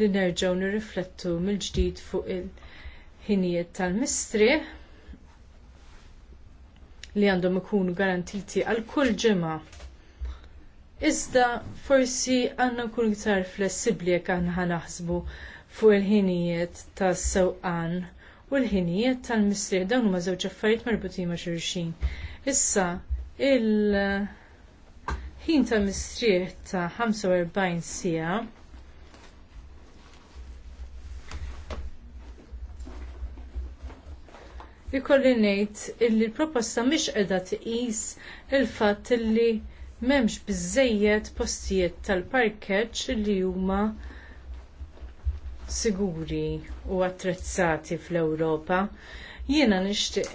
li nerġgħu nirriflettu mill-ġdid fuq il-ħinijiet tal mistri li għandhom ikunu garantiti għal kull ġimgħa. Iżda forsi għandna nkunu iktar flessibbli jekk aħna ħanaħsbu fuq il-ħinijiet tas sewqan u l-ħinijiet tal-mistrieħ dawn huma żewġ affarijiet marbutin ma' xulxin. Issa il-ħin tal-mistrieħ ta' 45 siegħa Ikolli ngħid illi l-proposta mhix qiegħda tqis il-fatt illi m'hemmx biżżejjed postijiet tal-parkeġġ li huma siguri u attrezzati fl-Ewropa. Jiena nixtieq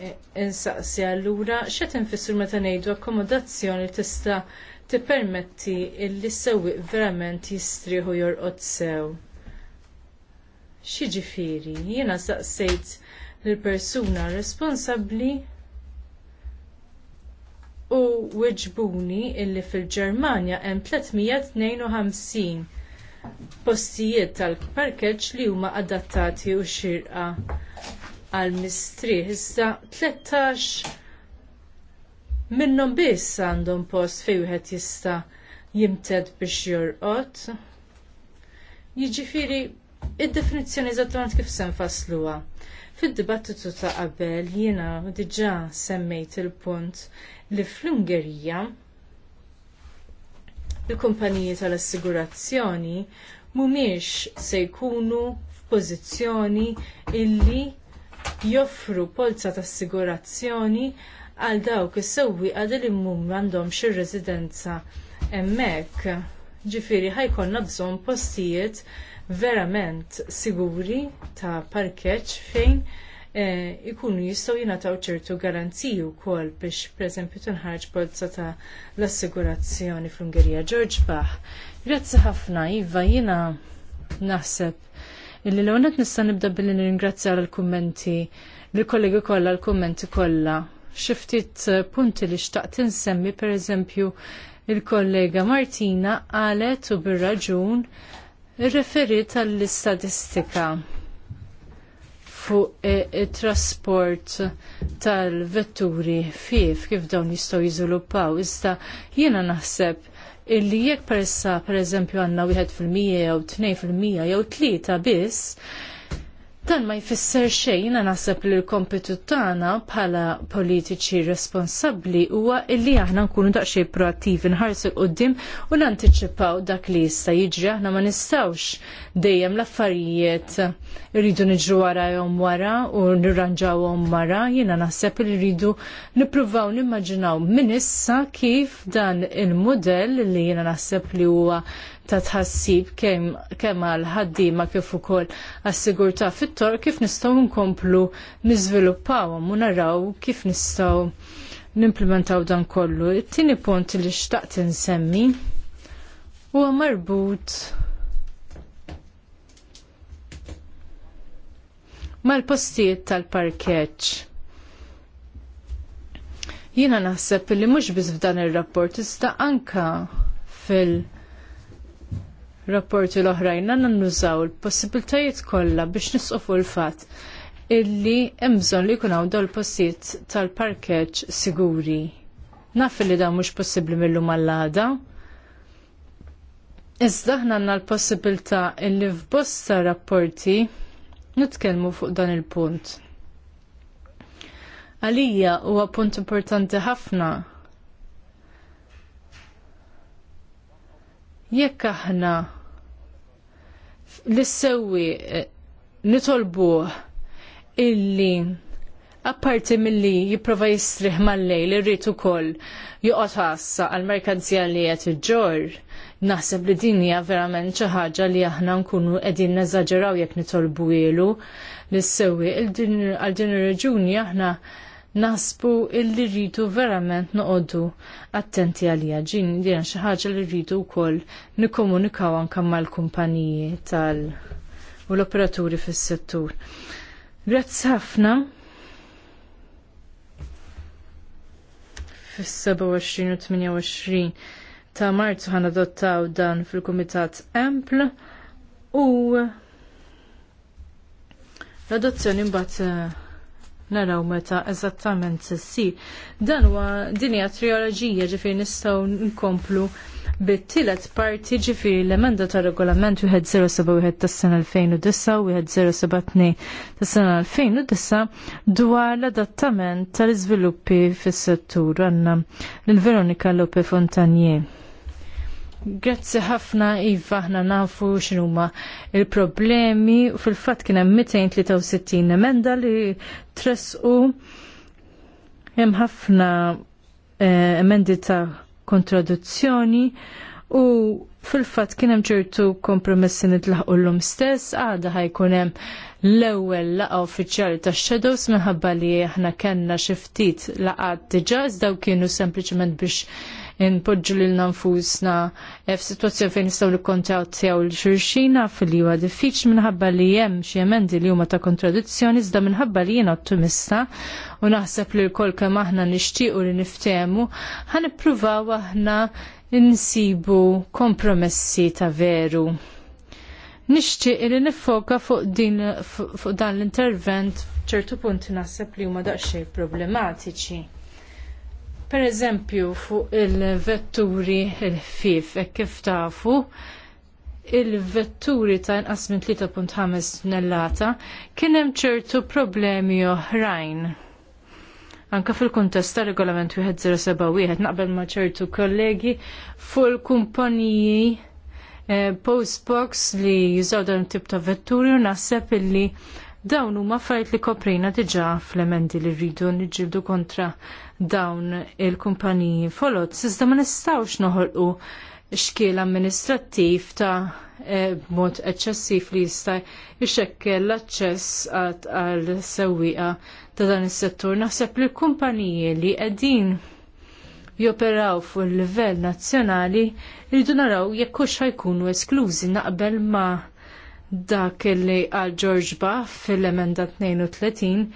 insaqsi allura x'qed infissru meta ngħidu akkomodazzjoni tista' tippermetti li s-sewwieq verament jistrieħu jorqod sew. X'jiġifieri, jiena staqsejt lill persuna responsabbli u wiġbuni illi fil-Ġermanja hemm 352 postijiet tal-parkeġġ li huma adattati u xirqa għal mistrieħ Iżda 13 minnhom biss għandhom post fejn wieħed jista' jimted biex jorqod. Jiġifieri id-definizzjoni eżattament kif se nfassluha. Fid-dibattitu ta' qabel jiena diġà semmejt il-punt li fl-Ungerija il-kumpaniji tal-assigurazzjoni mhumiex se jkunu f'pożizzjoni illi joffru polza ta' assigurazzjoni għal dawk is-sewwieqa li mmum għandhomx ir-residenza hemmhekk. Ġifieri ħajkonna bżonn postijiet verament siguri ta' parkeġġ fejn Eh, ikunu jistgħu jingħataw ċertu garanziji wkoll biex pereżempju tinħarġ bolza ta' l-assigurazzjoni fl-Ungerija. George Bach, grazzi ħafna, Iva, jiena naħseb illi l-għonet nista' nibda billi nirringrazzja l-kummenti l-kollegi kollha l-kummenti kollha. Xi ftit punti li xtaqt insemmi pereżempju il-kollega Martina qalet u bir-raġun referi tal-istatistika fuq it-trasport e, e, tal-vetturi fif kif dawn jistgħu jiżviluppaw. Iżda jiena naħseb illi jekk peressa pereżempju għandna wieħed fil-mija jew tnejn fil-mija jew tlieta biss, Dan ma jfisser xejn naħseb li l-kompetu tagħna bħala politiċi responsabbli huwa illi aħna nkunu daqsxejn proattivi nħarsu qudiem u nantiċipaw dak li jista' jiġri aħna ma nistgħux dejjem l-affarijiet rridu niġru warahom wara u nirranġawhom wara jiena naħseb li rridu nippruvaw nimmaġinaw minn issa kif dan il-mudell li jiena naħseb li huwa ta' tħassib kemm għal ħaddiema kif ukoll għas-sigurtà fit-tor kif nistgħu nkomplu niżviluppawhom u naraw kif nistgħu nimplementaw dan kollu. It-tieni punt li xtaqt insemmi huwa marbut mal-postijiet tal-parkeġġ jina naħseb li mhux biss f'dan ir rapport iżda anka fil- rapporti l-oħrajn għanna nużaw l possibiltajiet kollha biex nisqofu l-fatt illi hemm bżonn li jkun hawn dawn postijiet tal-parkeġġ siguri. Naf li da mhux possibbli mill-lum għall-għada. Iżda aħna għandna l-possibilità illi f'bosta rapporti nitkellmu fuq dan il-punt. Għalija huwa punt importanti ħafna Jekk aħna l-sewwi eh, nitolbuh illi apparti milli jipprova jistrih mal-lejl irrid ukoll joqgħod ħassa għall merkanzija li qed iġġor, naħseb li din hija verament xi ħaġa li aħna nkunu qegħdin neżaġeraw jekk nitolbu ilu l-sewwi għal din ir-raġuni aħna nasbu illi rridu verament noqogħdu attenti għalija ġin dien xi ħaġa li rridu wkoll nikkomunikaw anke mal-kumpaniji tal u l-operaturi fis-settur. Grazzi ħafna. Fis-27 u 28 ta' Marzu ħan adottaw dan fil-Kumitat Empl u l-adozzjoni mbagħad eh, naraw meta eżattament s-sir. Dan huwa dinja trioloġija ġifir nistgħu nkomplu bit-tielet parti ġifiri l-emenda ta' regolament 1071 tas-sena 2009 u 1072 tas-sena 2009 dwar l-adattament tal-iżviluppi fis-settur għandna l-Veronika Lope Fontanier. Grazzi ħafna Iva ħna nafu x'inhuma il-problemi u fil-fatt kien hemm 263 emenda li tresqu hemm ħafna eh, emendi ta' kontraduzzjoni u fil-fatt kien hemm ċertu kompromessi nitlaħqu llum stess għada ħajkun hemm l-ewwel laqgħa uffiċjali tax-Shadows minħabba li aħna kellna xi ftit laqgħat diġà iżda kienu sempliċement biex npoġġu lil f eh, f'sitwazzjoni fejn nistgħu nikkontattjaw l xulxina fil-li huwa diffiċ minħabba li hemm xi emendi li huma ta' kontradizzjoni iżda minħabba li jiena ottimista u naħseb li l-kol kemm aħna nixtiequ li niftehmu nippruvaw aħna insibu kompromessi ta' veru. Nixtieq li niffoka fuq din fuq dan l-intervent ċertu punti naħseb li huma daqsxejn problematiċi. Per eżempju, fuq il-vetturi il e kif tafu, il-vetturi ta' inqas minn 3.5 nellata kien hemm ċertu problemi oħrajn. Anka fil-kuntest ta' regolament 1071 naqbel ma' ċertu kollegi fuq il-kumpaniji e, postbox li jużaw dan tip ta' vetturi u naħseb illi dawn huma fajt li koprina diġà fl-emendi li rridu niġġieldu kontra dawn il-kumpaniji folot, iżda ma nistawx noħolqu xkiel amministrattiv ta' e, mod eċċessiv li jista' jxekkel l-aċċess għal sewwieqa ta' dan is-settur. Naħseb li l-kumpaniji li qegħdin joperaw fuq il-livell nazzjonali jridu naraw jekk hux ħajkunu esklużi naqbel ma' dak li għal George Baff fil-emenda 32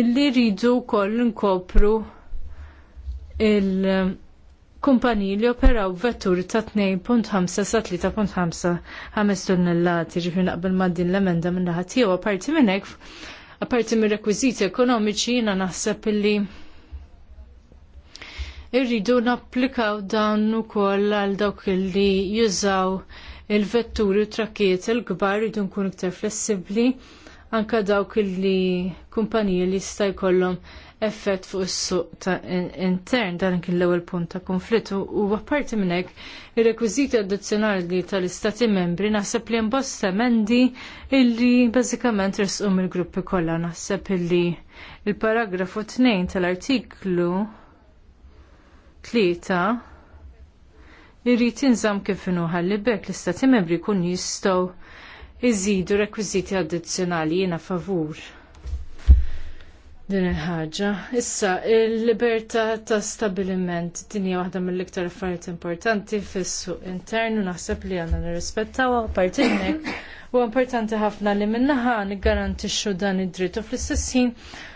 illi rridu koll nkopru il-kumpaniji li operaw vetturi ta' 2.5 sa 3.5 ħames tonnellati ġifri naqbel ma' din l-emenda minna naħat jew apparti minn hekk, apparti minn rekwiżiti ekonomiċi jiena naħseb illi irridu napplikaw dan ukoll għal dawk li jużaw il-vetturi u trakkiet il-kbar irridu nkunu iktar flessibbli anke dawk li kumpaniji li jista' jkollhom effett fuq is-suq ta' intern dan kien l-ewwel punt ta' konflitt u apparti minn hekk ir-rekwiżiti addizzjonali tal-Istati membri naħseb li mbost emendi illi bażikament resqu mill-gruppi kollha naħseb illi l paragrafu 2 tal-artiklu 3 irrid jinżamm kif li bekk l-Istati membri jkun jistgħu iżidu rekwiżiti addizzjonali jiena favur din il-ħaġa. Issa, il-libertà ta' stabiliment din hija waħda mill-iktar affarijiet importanti fis-suq internu naħseb li għandna nirrispettaw apparti hekk u importanti ħafna li min-naħa niggarantixxu dan id-dritt u fl-istess ħin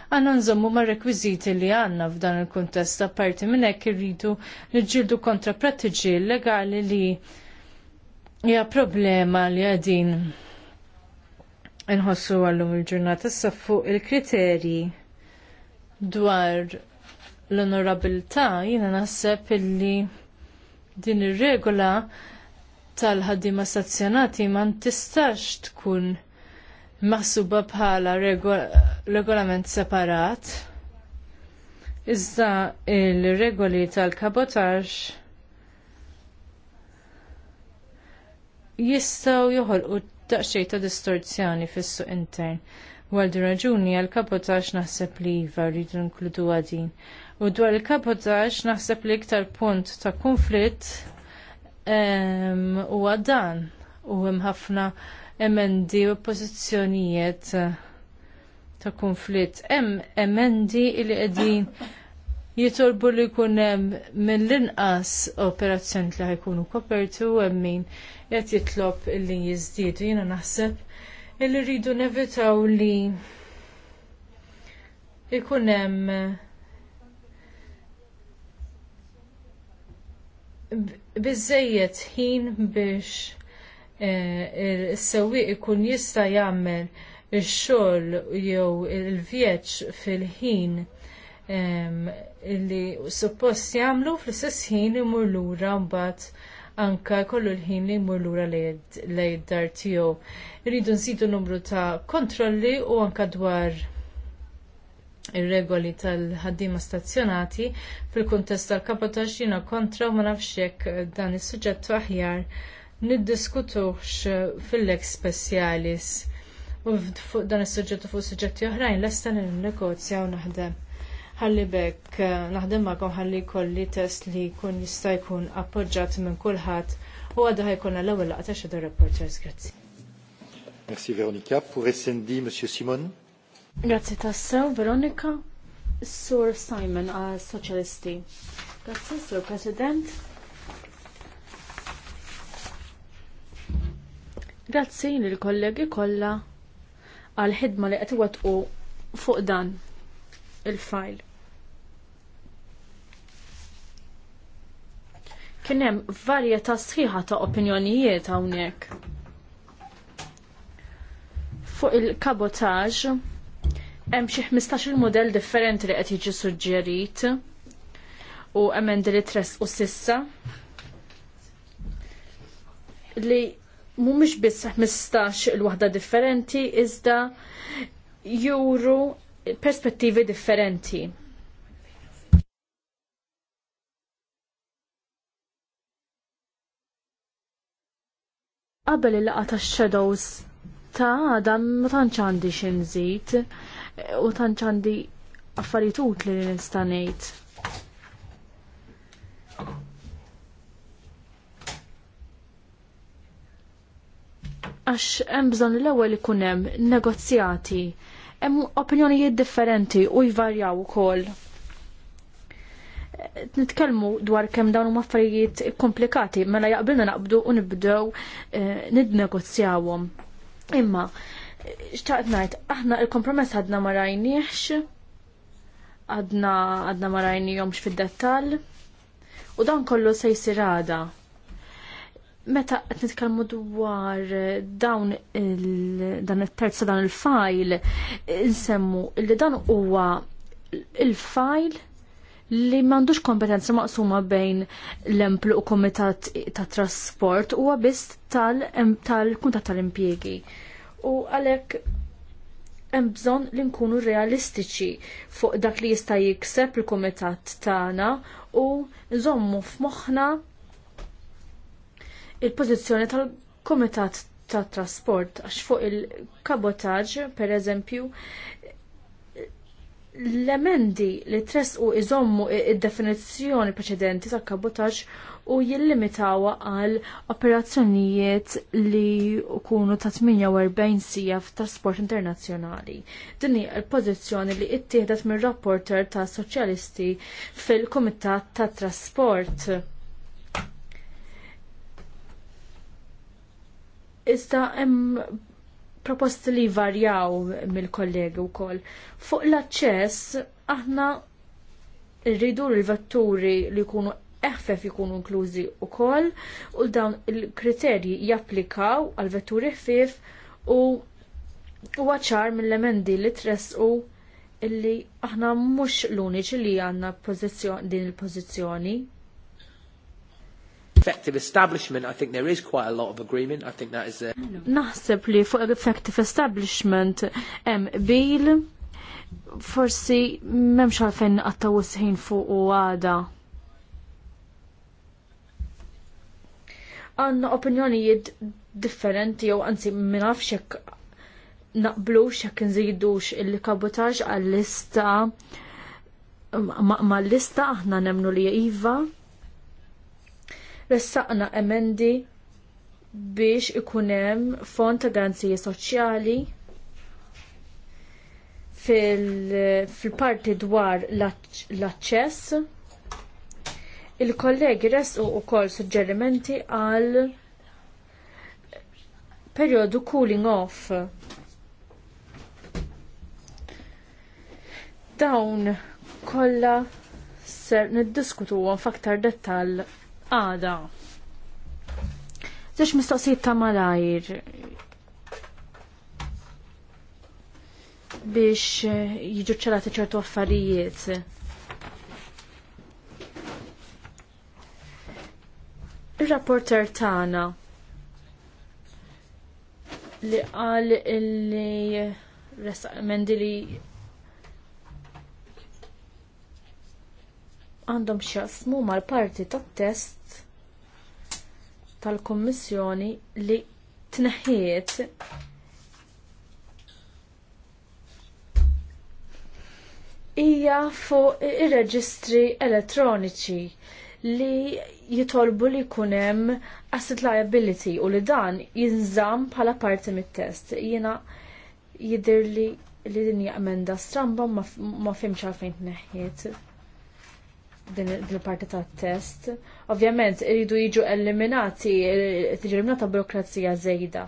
għandna nżommu mar-rekwiżiti li għandna f'dan il kuntest apparti minn hekk irridu niġġieldu kontra prattiġi legali li hija problema li għadin inħossu għallum il-ġurnata sa fuq il-kriterji dwar l-onorabilità jiena naħseb illi din ir-regola tal-ħaddiema stazzjonati ma tistax tkun maħsuba bħala regolament separat. Iżda il-regoli tal-kabotaġ jistaw joħolqu daqsxejn ta' distorzjoni fis-suq intern. Għal raġuni għal kapotax naħseb li jiva rridu nkludu għadin. U dwar il kapotax naħseb li iktar punt ta' konflitt u għadan u hemm ħafna emendi u oppożizzjonijiet eh, ta' konflitt. Hemm emendi li qegħdin jitolbu li jkun hemm mill-inqas operazzjoni li ħajkunu kopertu hemm min qed jitlob li jiżdiedu jiena naħseb illi rridu nevitaw li ikun hemm eh, ħin biex eh, is-sewwieq ikun jista' jagħmel ix-xogħol jew il-vjeġġ fil-ħin eh, li suppost jagħmlu fl-istess ħin imur lura mbagħad anka kollu l-ħin li jmur lura lejn dar tiegħu. Irridu nsidu numru ta' kontrolli u anka dwar ir-regoli tal-ħaddiema stazzjonati fil-kuntest tal-kapotax jiena kontra u ma nafx hekk dan is-suġġett aħjar niddiskutux fil-lek specialis u dan is suġġettu fuq suġġetti oħrajn lesta nil-negozja u naħdem ħalli bekk eh, naħdem magħkom ħalli kolli test li jkun jista' jkun appoġġjat minn kulħadd u għadu ħajkolna l-ewwel laqgħa ta' Reporters. Grazzi. Merci Veronika. Pour SND, Monsieur Simon. Grazzi tassew, Veronika. Sur Simon a Socialisti. Grazzi, Sur President. Grazzi lill-kollegi kollha għal ħidma li qed iwettqu fuq dan il file Kien hemm varjetà sħiħa ta' opinjonijiet hawnhekk. Fuq il-kabotaġ hemm xi 15-il mudell differenti li qed jiġi suġġerit u emendi li tres u sissa li mhumiex biss 15 il-waħda differenti iżda juru perspettivi differenti Qabel il-laqa tax shadows ta' għada ma tantx għandi xinżid u tantx għandi affarijiet utli li nista' ngħid. Għax hemm bżonn l-ewwel ikun hemm negozjati, hemm opinjonijiet differenti u jvarjaw ukoll nitkellmu dwar kemm dawn huma affarijiet komplikati, mela jaqbilna naqbdu u nibdew eh, nidnegozjawhom. Imma xtaqt ngħid aħna il-kompromess għadna ma rajniex, għadna għadna ma rajniehomx fid-dettall, u dan kollu se jsir għada. Meta qed nitkellmu dwar dawn dan it-terza dan il-fajl, insemmu li dan huwa il-fajl li m'għandux kompetenza maqsuma bejn l-emplu u komitat ta' trasport huwa biss tal-kuntat tal impiegi U għalhekk hemm bżonn li nkunu realistiċi fuq dak li jista' jikseb il-kumitat tagħna u nżommu f'moħħna il-pożizzjoni tal-kumitat tat trasport għax fuq il-kabotaġġ pereżempju L-emendi li u iżommu id-definizzjoni preċedenti ta' Kabotax u jillimitawa għal operazzjonijiet li kunu ta' 48 sija f'trasport internazzjonali. Din hija l-pożizzjoni li ttieħdet mir rapporter ta' soċjalisti fil-Kumitat ta' Trasport. Iżda hemm proposti li varjaw mill-kollegi wkoll. Fuq l-aċċess aħna rridu l-vetturi li jkunu eħfef ikunu inklużi wkoll u dawn il-kriterji japplikaw għal vetturi ħfief u huwa ċar mill-emendi li tresqu illi aħna mhux l-uniċi li għandna din il-pożizzjoni effective establishment, I think there is quite a lot of agreement. I think that is there. Uh, Naħseb li fuq effective establishment hemm bil forsi m'hemmx għalfejn qattaw sħin fuq u għada. Għanna opinjonijiet differenti jew anzi min nafx naqblux hekk nżidux il-kabotaġ għall-lista ma' lista aħna nemnu li iva ressaqna emendi biex ikun hemm fond ta' garanzija soċjali fil-parti dwar l aċċess il-kollegi resqu u kol suġġerimenti għal periodu cooling off. Dawn kolla ser niddiskutu għan faktar dettal għada. Zax mistoqsijiet ta' malajr biex eh, jiġu ċelati ċertu affarijiet. Il-rapporter tana li għal li resaqmendi li għandhom xasmu mal-parti tat test tal kummissjoni li tneħħiet hija fuq ir-reġistri elettroniċi li jitolbu li jkun hemm asset liability u li dan jinżamm bħala parti mit-test. Jiena jidher li li din hija emenda stramba ma fimx għalfejn tneħħiet din il-parti ta' test. Ovvjament, iridu jiġu eliminati, tiġi eliminata burokrazija zejda.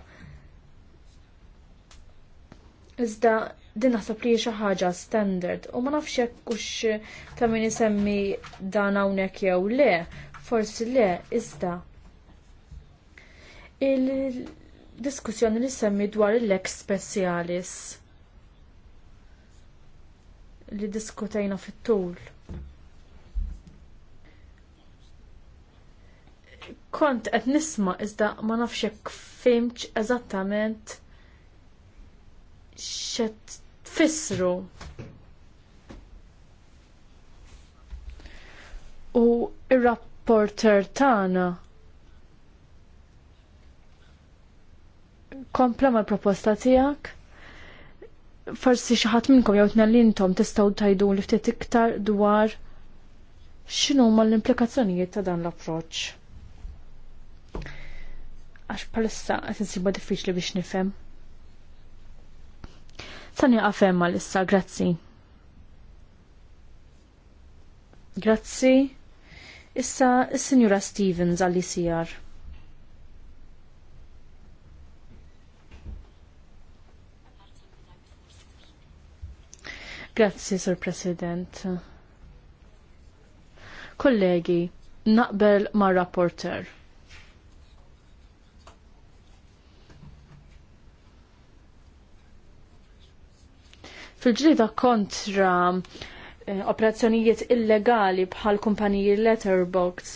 Iżda, din naħseb li xi ħaġa standard u ma nafx hekk hux ta' min isemmi dan hawnhekk jew le, forsi le, iżda. Il-diskussjoni li semmi dwar il-lex specialis li diskutejna fit-tul kont qed nisma' iżda ma nafx hekk fimx eżattament x'qed tfissru. U ir-rapporter tagħna kompla mal-proposta tiegħek forsi xi ħadd minnkom jew tnellintom tistgħu tajdu li ftit iktar dwar x'inhuma l-implikazzjonijiet ta' dan l-approċċ għax palissa qed insibu diffiċli biex nifhem. Sani għafem għal-issa, grazzi. Grazzi. Issa, il-Signora Stevens għalli sijar. Grazzi, Sir President. Kollegi, naqbel ma' rapporter fil-ġrida kontra eh, operazzjonijiet illegali bħal kumpaniji letterbox.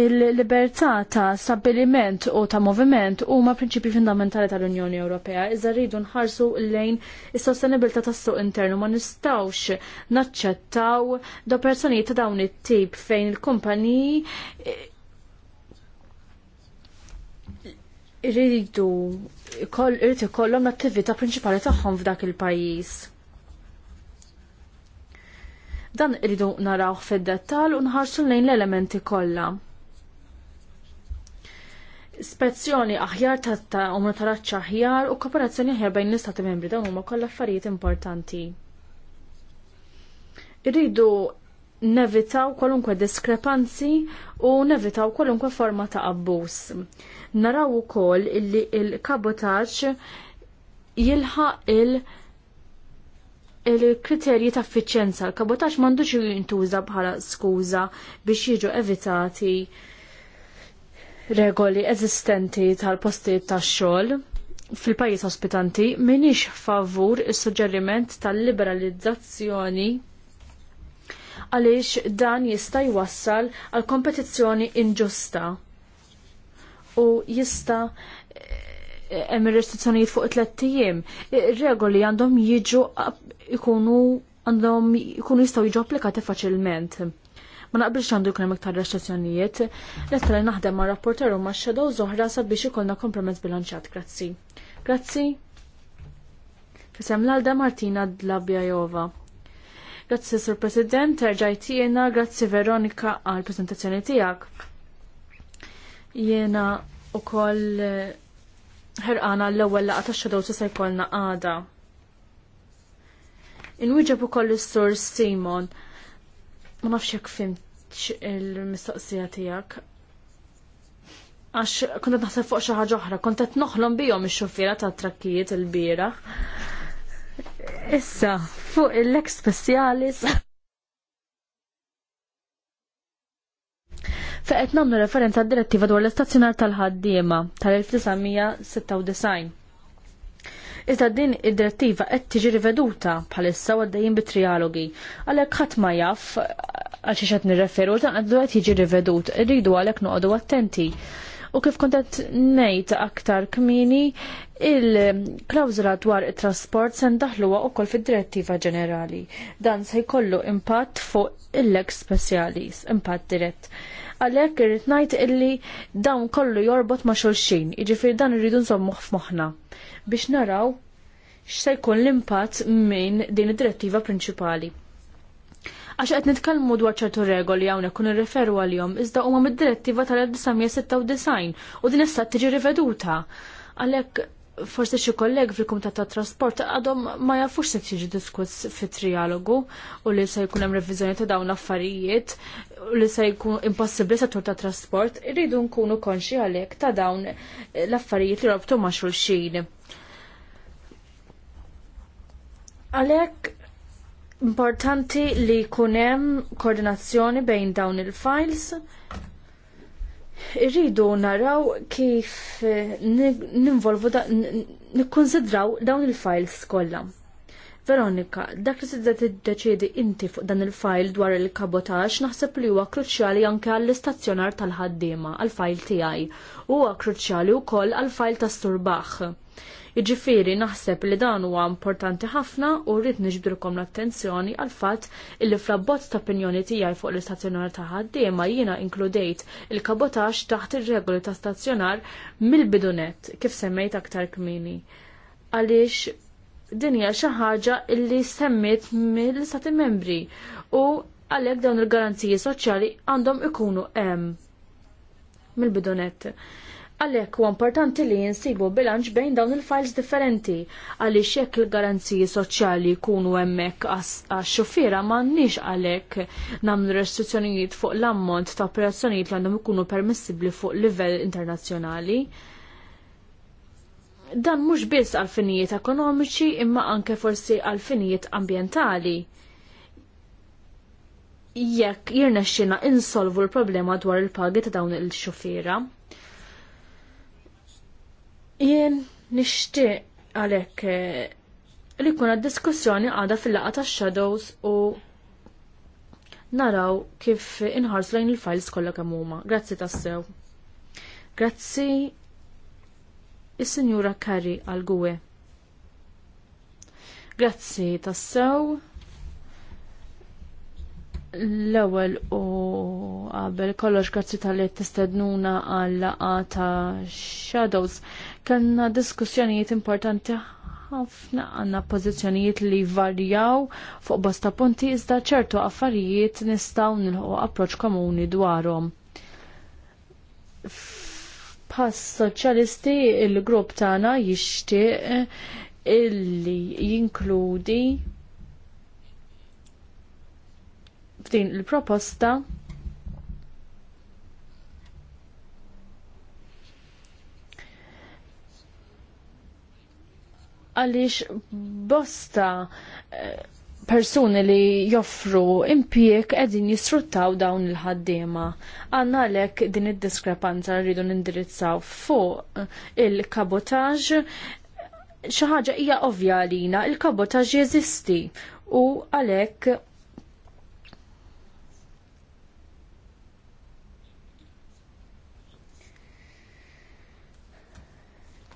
Il-libertà ta' stabiliment u ta' moviment huma prinċipi fundamentali tal-Unjoni Ewropea. Iżda rridu nħarsu lejn is-sostenibilità tas-suq internu ma nistgħux naċċettaw operazzjonijiet ta' dawn it-tip fejn il-kumpaniji eh, irridu irrid ikollhom l-attività prinċipali tagħhom f'dak il-pajjiż Dan irridu narawh fid-dettal u nħarsu lejn l-elementi kollha. Spezzjoni aħjar ta' u monitoraġġ aħjar u kooperazzjoni aħjar bejn l-istati membri dawn huma kollha affarijiet importanti. Irridu nevitaw kwalunkwe diskrepanzi u nevitaw kwalunkwe forma ta' abbus. Naraw ukoll illi il-kabotaġġ jilħaq il-, -il il-kriterji ta' effiċjenza l-kabotaġġ m'għandux jintuża bħala skuża biex jiġu evitati regoli eżistenti tal-postijiet tax-xogħol fil-pajjiż ospitanti m'iniex favur is-suġġeriment tal-liberalizzazzjoni għaliex dan jista' jwassal għal kompetizzjoni inġusta u jista' hemm restrizzjonijiet fuq tliet ijiem, regoli għandhom jiġu ikunu għandhom ikunu jistgħu jiġu applikati faċilment. Ma naqbilx għandu jkun hemm iktar restrizzjonijiet, lesta li naħdem ma' rapporter u ma' xedow zoħra sabiex ikollna kompromess bilanċat, grazzi. Grazzi. Fisem l-Alda Martina Dlabjajova. Grazzi, Sur President, terġajtijena, grazzi Veronika għal-prezentazzjoni tijak. Jena u koll ħerqana l-ewwel laqgħa tax-xadow se jkollna għada. Inwieġeb ukoll is-sur Simon. Ma nafx jekk fimt il-mistoqsija tiegħek. Għax kont qed naħseb fuq xi ħaġa oħra, kont qed noħlom bihom ix-xufiera tat-trakkijiet il-bira. Issa, fuq il-lek specialis. fejn qed nagħmlu referenza direttiva dwar l-istazzjonar tal-ħaddiema tal-1996. Iżda din id-direttiva qed tiġi riveduta bħalissa għaddejjin bit-trialogi. Għalhekk ħadd ma jaf għal xi qed nirreferu dan għandu qed jiġi rivedut, irridu għalhekk noqogħdu attenti. U kif kont qed ngħid aktar kmini, il-klawżla dwar it-trasport se ndaħluha wkoll fid-direttiva ġenerali. Dan se jkollu impatt fuq il-lek speċjalis, impatt dirett għalhekk irrid ngħid illi dawn kollu jorbot ma' xulxin, jiġifieri dan irridu nżommuh f'moħħna biex naraw x'se jkun l-impatt minn din id-direttiva prinċipali. Għax qed nitkellmu dwar ċertu regoli hawnhekk kun irreferu għalihom iżda huma mid-direttiva tal-1996 u din issa tiġi riveduta. Għalhekk forse xi kolleg fil-Kumitat tat Trasport għadhom ma jafux se tiġi diskuss fit-trialogu u li se jkun hemm reviżjoni ta' dawn l-affarijiet u li se jkun impossibbli settur ta' trasport irridu nkunu konxi għalhekk ta' dawn l-affarijiet li robtu ma' xulxin. Għalhekk importanti li jkun hemm koordinazzjoni bejn dawn il-files Irridu naraw kif eh, ninvolvu nikkonsidraw dawn il-files kollha. Veronika, dak li tidda tiddeċiedi inti fuq dan il file dwar il-kabotaġġ naħseb li huwa kruċjali anke għall-istazzjonar tal-ħaddiema għall file tiegħi. Huwa kruċjali wkoll għall-fajl tas-surbaħ. Iġifiri, naħseb li dan huwa importanti ħafna u rrid niġbdilkom l-attenzjoni għal fatt illi fl-abbozz ta' opinjoni tiegħi fuq l-istazzjonar ta' ħaddiema jiena inkludejt il-kabotaġġ taħt ir-regoli ta' stazzjonar mill-bidunet kif semmejt aktar kmini. Għaliex din hija xi ħaġa illi semmiet mill-istati membri u għalhekk dawn il-garanziji soċjali għandhom ikunu hemm mill-bidunet. Għalhekk huwa importanti li jinsibu bilanċ bejn dawn il-files differenti għaliex jekk il-garanziji soċjali jkunu hemmhekk għax-xufiera m'għandniex għalhekk nagħmlu restrizzjonijiet fuq l-ammont ta' operazzjonijiet li għandhom ikunu permissibli fuq livell internazzjonali dan mhux biss għal finijiet ekonomiċi imma anke forsi għal finijiet ambjentali. Jekk jirnexxina insolvu l-problema dwar il-pagi ta' dawn il-xufiera. Jien nixtieq għalhekk eh, li kuna diskussjoni għada fil-laqa ta' shadows u naraw kif inħarsu lejn il-files kollha kemm huma. Grazzi tassew. Grazzi is-Sinjura Kari għal gwe Grazzi tassew. L-ewwel u qabel kollox kazzi tal-li tistednuna għal laqa ta' Shadows. Kellna diskussjonijiet importanti ħafna għandna pożizzjonijiet li varjaw fuq bosta punti iżda ċertu affarijiet nistgħu nilħu approċċ komuni dwarhom. Pass soċjalisti il-grupp tagħna jixtieq illi jinkludi f'din il-proposta għaliex bosta eh, persuni li joffru impjek edin jisfruttaw dawn il-ħaddiema. Għanna lek din id-diskrepanza rridu nindirizzaw fuq il-kabotaġ. ħaġa hija ovvja għalina, il-kabotaġ jeżisti u għalek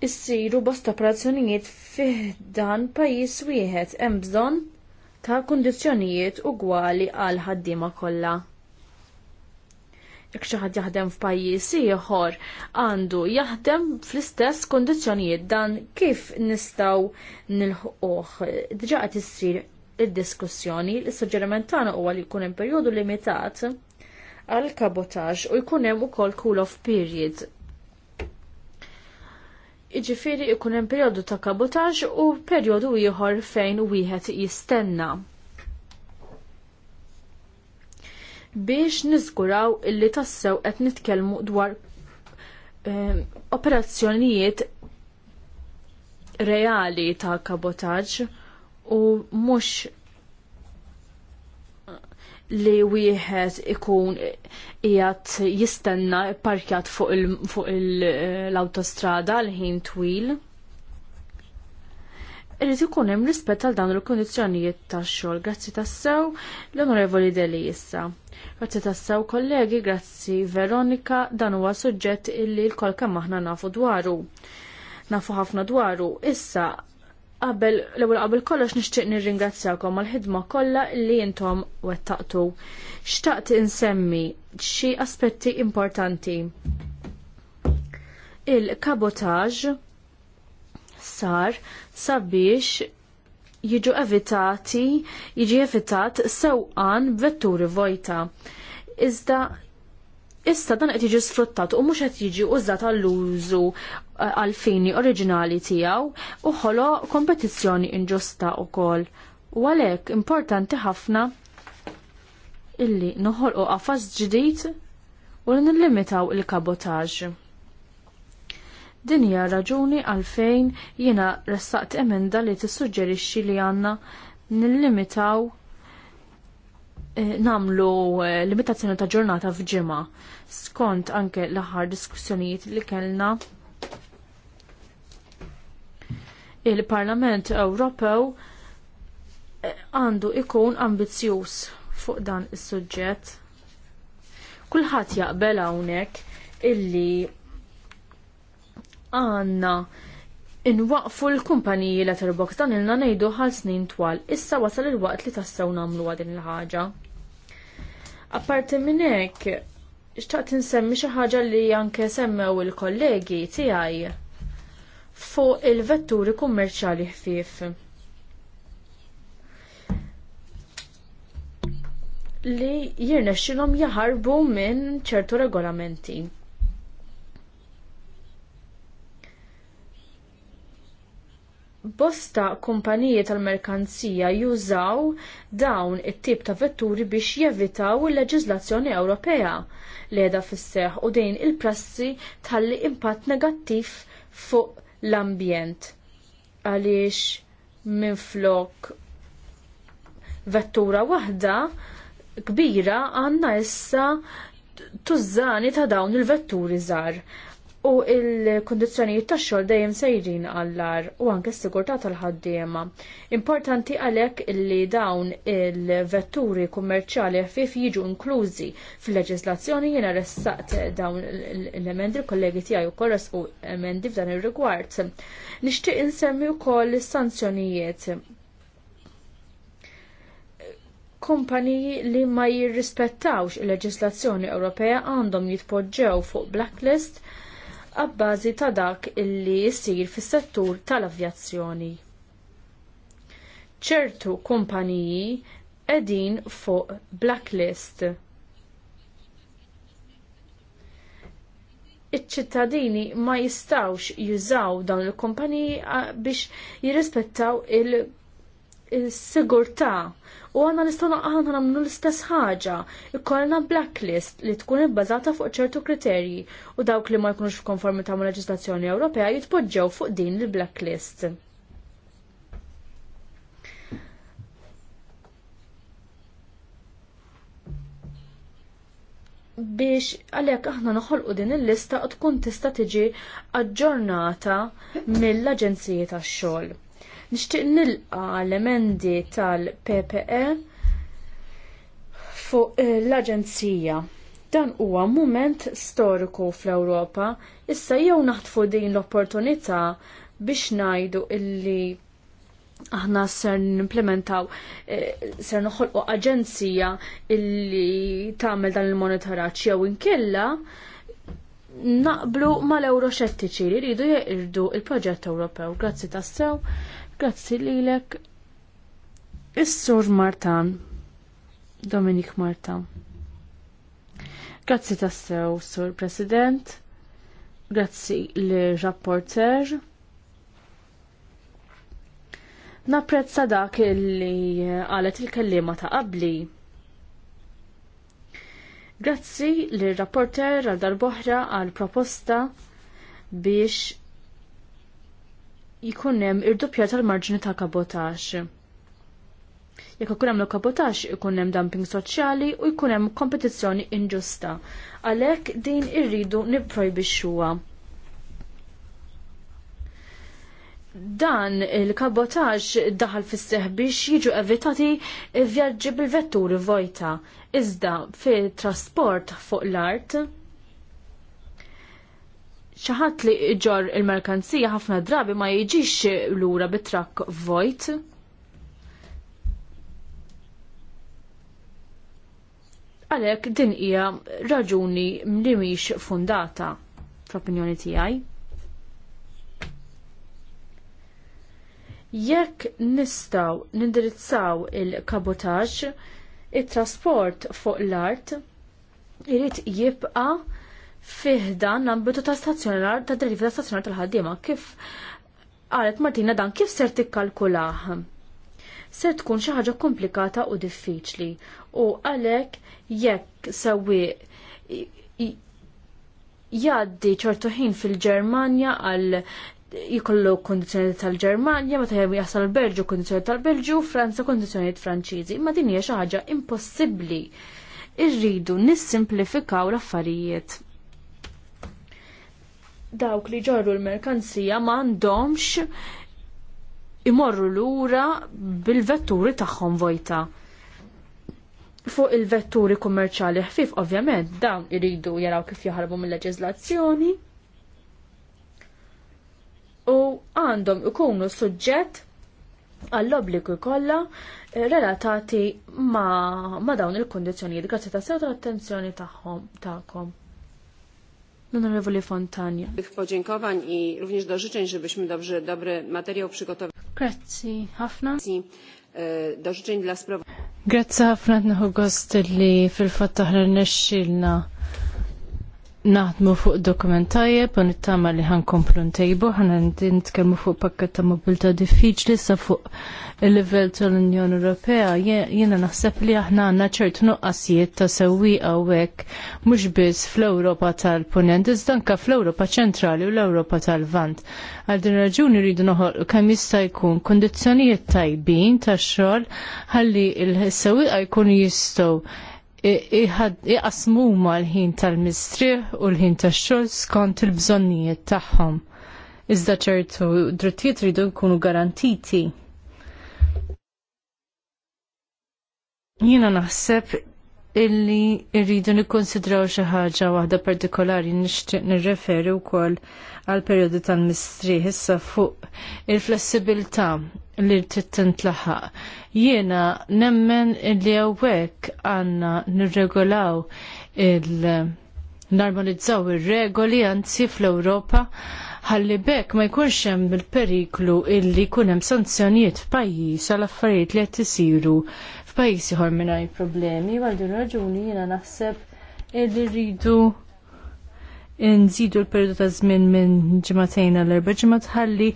issiru bosta operazzjonijiet fih dan pajjiż wieħed hemm bżonn ta' kundizzjonijiet ugwali għal ħaddiema kollha. Jekk xi ħadd jaħdem f'pajjiż ieħor għandu jaħdem fl-istess kundizzjonijiet dan kif nistgħu nilħuh. Diġà qed issir id-diskussjoni, il-suġġeriment tagħna huwa li jkun hemm perjodu limitat għal kabotaġġ u jkun hemm ukoll cool off period Iġifiri ikun hemm perjodu ta' kabotaġġ u perjodu ieħor fejn wieħed jistenna. Biex niżguraw illi tassew qed nitkellmu dwar eh, operazzjonijiet reali ta' kabotaġġ u mhux li wieħed ikun qiegħed jistenna parkjat fuq l-awtostrada l ħin twil. Irrid ikun hemm rispett għal dawn il-kundizzjonijiet tax-xogħol. Grazzi tassew l-Onorevoli Deli issa. Grazzi tassew kollegi, grazzi Veronika, dan huwa suġġett illi l-kol kemm aħna nafu dwaru nafu ħafna dwaru. Issa, Qabel l-ewwel qabel kollox nixtieq nirringrazzjakom għall-ħidma kollha li intom wettaqtu. Xtaqt insemmi xi aspetti importanti. Il-kabotaġ sar sabiex jiġu evitati, jiġi evitat sewqan b'vetturi vojta. Iżda Issa dan qed jiġi sfruttat u mhux qed jiġi użat għall-użu għalfini oriġinali tiegħu u ħolo kompetizzjoni inġusta wkoll. U għalhekk importanti ħafna illi u għafas ġdid u li nillimitaw il-kabotaġġ. Din hija raġuni għalfejn jiena restaqt emenda li tissuġġerixxi li għandna nillimitaw eh, namlu eh, limitazzjoni ta' ġurnata f'ġimgħa skont anke l-aħħar diskussjonijiet li kellna il-Parlament Ewropew eh, għandu ikun ambizjuż fuq dan is-suġġett. Kulħadd jaqbel hawnhekk illi għandna inwaqfu l-kumpaniji la terbok dan ilna ngħidu ħal snin twal. Issa wasal il-waqt li tassew nagħmlu din il-ħaġa. Apparti minn hekk, xtaqt insemmi xi ħaġa li anke semmew il-kollegi tiegħi fuq il-vetturi kummerċali ħfief. Li jirnexxilhom jaħarbu minn ċertu regolamenti. Bosta kumpaniji tal-merkanzija jużaw dawn it-tip ta' vetturi biex jevitaw il-leġiżlazzjoni Ewropea li fis fisseħ u din il-prassi tal-impatt negattiv fuq l-ambjent għaliex minflok vettura waħda kbira għandna issa tużżani ta' dawn il-vetturi żgħar u il kondizjoni tax xogħol dejjem sejrin għallar u anke s-sigurtà tal-ħaddiema. Importanti għalhekk li dawn il-vetturi kummerċali ħfief jiġu inklużi fil-leġislazzjoni jena ressaqt dawn l-emendi l-kollegi tiegħi wkoll u emendi f'dan ir-rigward. Nishtiq insemmi wkoll is-sanzjonijiet kumpaniji li ma jirrispettawx il-leġislazzjoni Ewropea għandhom jitpoġġew fuq blacklist għabbażi ta' dak illi jsir fis-settur tal-avjazzjoni. ċertu kumpaniji qegħdin fuq blacklist. iċ-ċittadini ma jistawx jużaw dawn il-kumpaniji biex jirrispettaw il- sigurtà u għanna nistgħu għanna nagħmlu l-istess ħaġa. Ikollna blacklist li tkun ibbażata fuq ċertu kriterji u dawk li ma jkunux f'konformità mal leġislazzjoni Ewropea jitpoġġew fuq din il-blacklist. biex għalhekk aħna noħolqu din il-lista tkun tista' tiġi aġġornata mill aġenzija tax-xogħol. Nixtieq nilqa l-emendi tal-PPE fuq eh, l-Aġenzija. Dan huwa mument storiku fl-Ewropa, issa jew naħtfu din l-opportunità biex ngħidu illi aħna ser nimplementaw eh, ser noħolqu aġenzija illi tagħmel dan il-monitoraġġ jew inkella naqblu mal-euroxettiċi li jridu jeqirdu il-proġett Ewropew. Grazzi tassew. Grazzi lilek. Is-sur Martan. Dominik Marta. Grazzi tassew, sur President. Grazzi li rapporter Napprezza dak li għalet il-kellima ta' qabli. Grazzi li rapporter għal darboħra għal proposta biex jkun hemm irdoppja tal-marġni ta' kabotax. Jekk ikun hemm kabotax ikun hemm dumping soċjali u jkun hemm kompetizzjoni inġusta. Għalhekk din irridu nipprojbixxuha. Dan il-kabotax daħal fis seħħ biex jiġu evitati vjaġġi bil-vetturi vojta. Iżda fit trasport fuq l-art xi ħadd li ġor il-merkanzija ħafna drabi ma jiġix lura bit bitrak vojt. Għalhekk din hija raġuni li fundata fl-opinjoni tiegħi. Jekk nistaw nindirizzaw il kabotax it-trasport fuq l-art irid jibqa' fiħda nambitu ta' stazzjonar ta' derivi ta' stazzjonar tal-ħaddiema. Kif għalet Martina dan kif ser tikkalkulah? Ser tkun xi ħaġa komplikata u diffiċli u għalhekk jekk sewwi jgħaddi ċertu ħin fil-Ġermanja għal jikollu kondizjoni tal-Ġermanja, meta jasal l-Belġu kondizjoni tal-Belġu, Franza kondizjoni Franċiżi. Ma din hija xi ħaġa impossibbli. Irridu nissimplifikaw l-affarijiet dawk li ġorru l-merkanzija ma għandhomx imorru lura bil-vetturi tagħhom vojta. Fuq il-vetturi kummerċali ħfif, ovvjament, dawn iridu jaraw kif jaħarbu mill-leġiżlazzjoni u għandhom ikunu suġġett għall-obbligu kollha eh, relatati ma, ma dawn il kundizzjonijiet Grazzi ta' sew attenzjoni tagħhom tagħkom. L-Onorevoli Fontania. Tych podziękowań i również do życzeń, żebyśmy dobrze, dobry materiał przygotowali. Grazie, Hafna. E, do życzeń dla sprawy. Grazie, Hafna, na gost li fil-fat taħra nexxilna naħdmu fuq dokument tajjeb u nittama li ħankomplu ntejbu, ħana nitkellmu fuq pakket ta' mobilità diffiċli sa fuq il-livell tal-Unjoni Ewropea, jiena naħseb li aħna għandna ċert nuqqasijiet ta' sewwieqa hekk mhux biss fl-Ewropa tal-Punent, iżda anke fl-Ewropa ċentrali u l-Ewropa tal-Vant. Għal din raġuni rridu noħolqu kemm jista' jkun kundizzjonijiet tajbin tax-xogħol ħalli l-sewwieqa jkunu jistgħu Iqasmu ma l-ħin tal-mistrieħ u l-ħin tax-xogħol skont il-bżonnijiet tagħhom. Iżda ċertu drittijiet rridu jkunu garantiti. Jiena naħseb illi irridu nikkonsidraw xi ħaġa waħda partikolari nixtieq nirreferi wkoll għal perjodu tal-mistrieħ issa fuq il-flessibilità li trid tintlaħaq. Jiena nemmen illi hawnhekk għandna nirregolaw il- normalizzaw ir-regoli anzi fl-Ewropa ħalli bekk ma jkunx hemm il-periklu illi jkun hemm sanzjonijiet f'pajjiż għal affarijiet li qed isiru f'pajjiż ieħor mingħajr problemi, għal raġuni jiena naħseb illi rridu nżidu l-periodu ta' żmien minn ġimagħtejn l erba' ġimgħa tħalli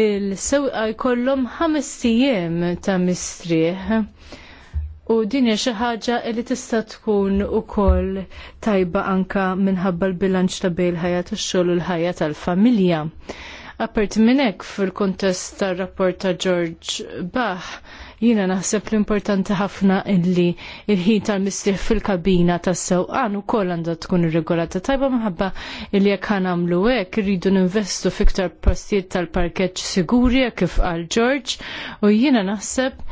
l-sewqa jkollhom ħames ijiem ta' mistrieħ. U din hija xi ħaġa li tista' tkun ukoll tajba anka minħabba l-bilanċ ta' bejn il-ħajja tax-xogħol u l-ħajja tal-familja. Apparti minn hekk fil kuntest tar-rapport ta' George Bach, Jiena naħseb l-importanti ħafna illi il-ħin tal-mistrieħ fil-kabina tas-sewqan ukoll għandha tkun irregolata tajba minħabba illi jekk nagħmlu hekk irridu ninvestu fiktar postijiet tal-parkeġġ siguri kif qal George u jiena naħseb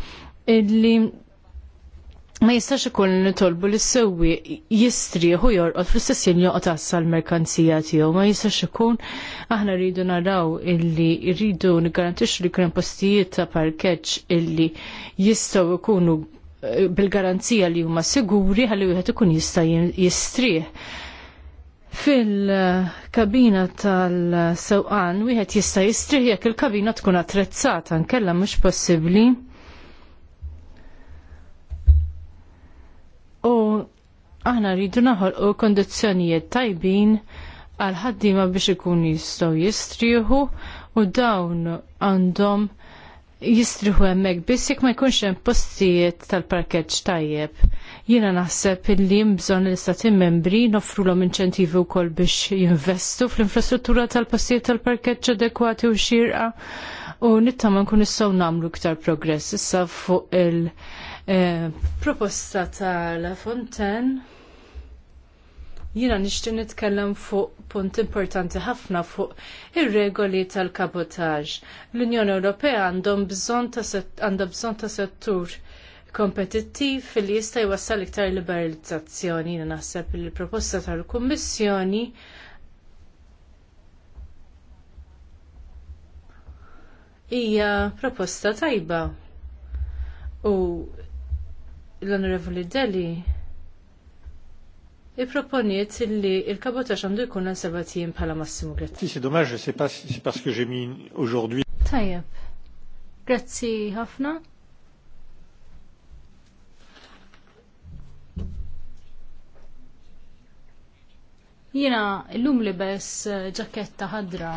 illi ma jistax ikun nitolbu li s-sewi jistriħu jorqod fl-istess jien joqgħod għassal merkanzija tiegħu. Ma jistax ikun aħna rridu naraw illi rridu nigarantixxu li kien postijiet ta' parkeġġ illi jistgħu jkunu eh, bil-garanzija li huma siguri ħalli wieħed ikun jista' jistrieħ. Fil-kabina tal-sewqan wieħed jista' jistrieħ jekk il-kabina tkun attrezzata nkella mhux possibbli u aħna rridu naħolqu kondizzjonijiet tajbin għal ħaddiema biex ikunu jistgħu jistrieħu u dawn għandhom jistriħu hemmhekk biss jekk ma jkunx hemm postijiet tal-parkeġġ tajjeb. Jiena naħseb illi hemm bżonn l-istati membri nofrulhom inċentivi wkoll biex jinvestu fl-infrastruttura tal-postijiet tal-parkeġġ adekwati u xirqa u nittama nkun nistgħu nagħmlu iktar progress issa fuq il- Eh, proposta La Fontaine jina nishtin nitkellem fuq punt importanti ħafna fuq ir-regoli tal-kabotaġ. L-Unjoni Ewropea għandhom bżon għandha ta' settur kompetittiv fil-li jista' jwassal iktar liberalizzazzjoni. Jina naħseb li proposta tal-Kummissjoni hija proposta tajba. U l-Onorevoli Deli Ipproponiet li il-kabotax għandu jkun għal bħala massimu grazzi. Si, dommage, c'est pas c'est parce que j'ai mis aujourd'hui. Tajjeb. Grazzi ħafna. Jina, l-lum li bes eh, ġaketta ħadra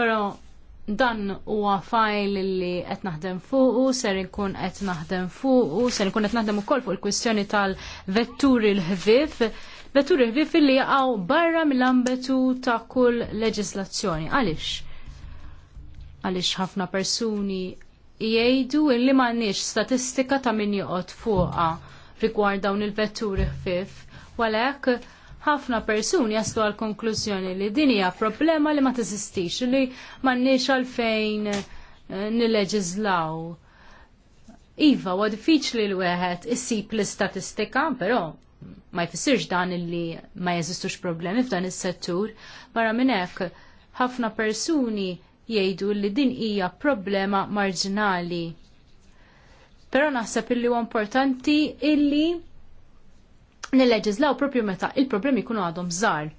Però dan huwa fajl li qed naħdem u ser ikun qed naħdem u ser ikun qed naħdem ukoll fuq il-kwistjoni tal-vetturi l-ħvief, vetturi l ħvif vetturi l ħvief li jaqgħu barra mill-ambitu ta' kull leġislazzjoni. Għaliex? Għaliex ħafna persuni jgħidu li m'għandniex statistika ta' min joqgħod fuqha rigward dawn il-vetturi ħfief. Walek, ħafna persuni jaslu għal konklużjoni li din hija problema li ma teżistix li m'għandniex għalfejn eh, nileġiżlaw. Iva, huwa diffiċli l wieħed issib l-istatistika, però ma jfissirx dan illi ma jeżistux problemi f'dan is-settur, barra minn hekk ħafna persuni jgħidu li din hija problema marġinali. Però naħseb illi huwa importanti illi nilleġislaw propju meta il-problemi jkunu għadhom żgħar.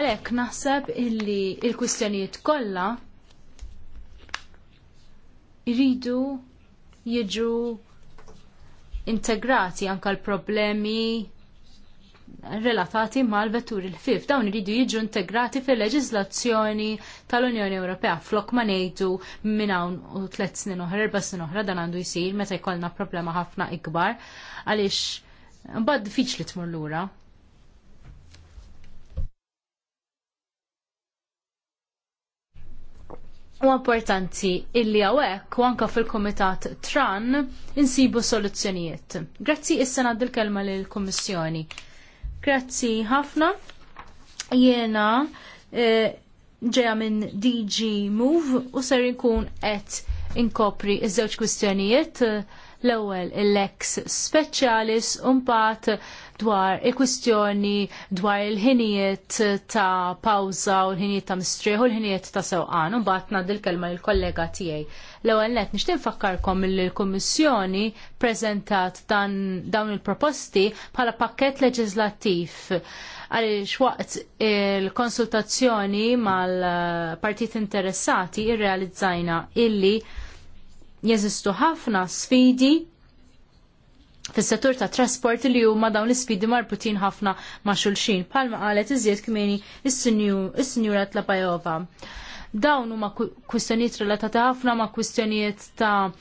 Għalhekk naħseb illi il-kwistjonijiet kollha jridu jiġu integrati anka l-problemi relatati mal-vetturi l fif Dawn iridu jiġu integrati fil-leġizlazzjoni tal-Unjoni Ewropea. Flok ma ngħidu minn hawn u tliet snin oħra, erba' snin oħra dan għandu jsir meta jkollna problema ħafna ikbar għaliex mbagħad diffiċli tmur lura. U importanti illi għawek u anka fil-komitat TRAN insibu soluzzjonijiet. Grazzi issa naddil kelma l komissjoni Grazzi ħafna. Jena eh, ġeja minn DG Move u ser ikun qed inkopri iż-żewġ kwistjonijiet l-ewwel il-lex specialis u mbagħad dwar il-kwistjoni dwar il-ħinijiet ta' pawza u l-ħinijiet ta' mistrieħ u l-ħinijiet ta' sewqan u mbagħad ngħaddi l-kelma lill-kollega tiegħi. L-ewwel nett nixtieq nfakkarkom li l-Kummissjoni preżentat dawn il-proposti bħala pakkett leġislattiv għaliex waqt il-konsultazzjoni mal-partit interessati ir-realizzajna illi jeżistu ħafna sfidi fis-settur ta' trasport li huma dawn l-isfidi marbutin ħafna ma' xulxin. Palma qalet iżjed kmieni is-sinjura Tlapajova. Dawn huma kwistjonijiet relatati ħafna ma' kwistjonijiet ta'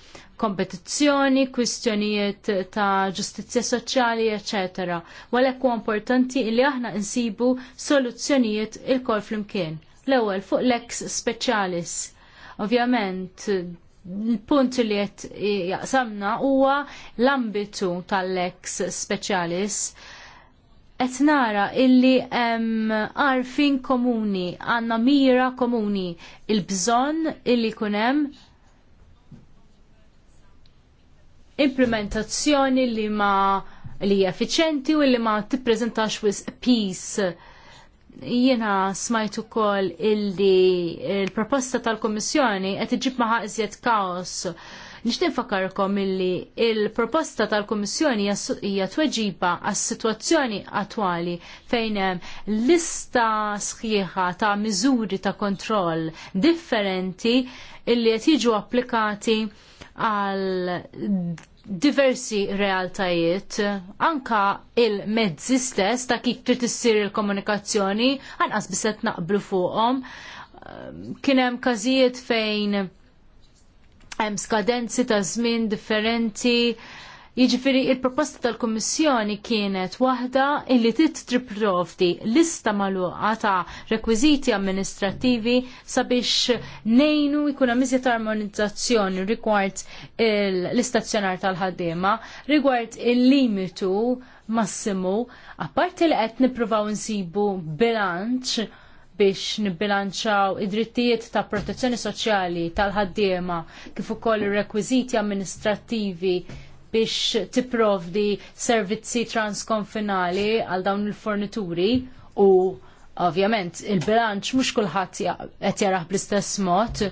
kompetizzjoni, kwistjonijiet ta' ġustizzja soċjali, eċetera. Walhekk huwa importanti li aħna insibu soluzzjonijiet il-kol flimkien. L-ewwel fuq l-ex specialis. Ovvjament l-punt li jett jaqsamna huwa l-ambitu tal-ex specialis qed nara illi hemm arfin komuni, għandna mira komuni, il-bżonn illi jkun hemm implementazzjoni li ma li effiċenti u li ma tippreżentax wisq peace jiena smajt ukoll illi il-proposta tal-Kommissjoni qed iġib maħa iżjed kaos. Nixtieq nfakarkom illi il-proposta tal-Kommissjoni hija tweġiba għas-sitwazzjoni attwali fejn hemm lista sħiħa ta' miżuri ta' kontroll differenti illi qed jiġu applikati għal diversi realtajiet, anka il-mezzi stess ta' kif trid issir il-komunikazzjoni, anqas qed naqblu fuqhom. Ehm, kien hemm każijiet fejn hemm skadenzi ta' żmien differenti, Jiġifieri il-proposta tal-Kummissjoni kienet waħda illi tit tripprovdi lista magħluqa ta' rekwiżiti amministrativi sabiex nejnu jkun hemm ta' armonizzazzjoni rigward l-istazzjonar tal-ħaddiema, rigward il-limitu massimu, apparti li qed nippruvaw nsibu bilanċ biex nibbilanċaw id-drittijiet ta' protezzjoni soċjali tal-ħaddiema kif ukoll ir-rekwiżiti amministrattivi biex tipprovdi servizzi transkonfinali għal dawn il-fornituri u ovvjament il-bilanċ mhux kulħadd qed jarah bl-istess mod.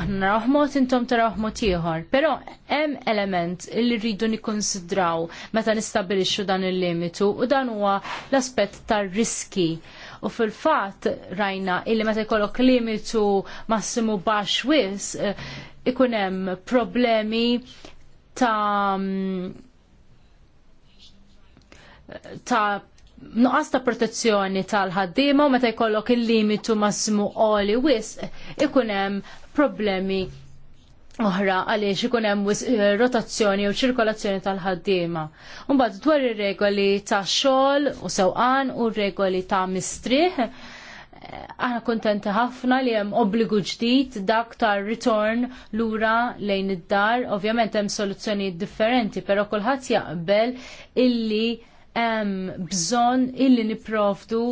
Aħna naraw mod intom taraw mod ieħor, però hemm element li rridu nikkonsidraw meta nistabilixxu dan il-limitu u dan huwa l-aspett tar-riski. U fil-fatt rajna illi meta jkollok limitu massimu baxx wis eh, ikun hemm problemi ta' mm, ta' nuqqas ta' protezzjoni tal-ħaddiema u meta jkollok il-limitu massimu qoli wisq ikun hemm problemi oħra għaliex ikun hemm eh, rotazzjoni u ċirkolazzjoni tal-ħaddiema. Mbagħad dwar ir-regoli ta' xogħol u sewqan u r regoli ta' mistrieħ aħna kontenta ħafna li hemm obbligu ġdid dak tar ritorn lura lejn id-dar. Ovvjament hemm soluzzjonijiet differenti, però kulħadd jaqbel illi hemm bżonn illi nipprovdu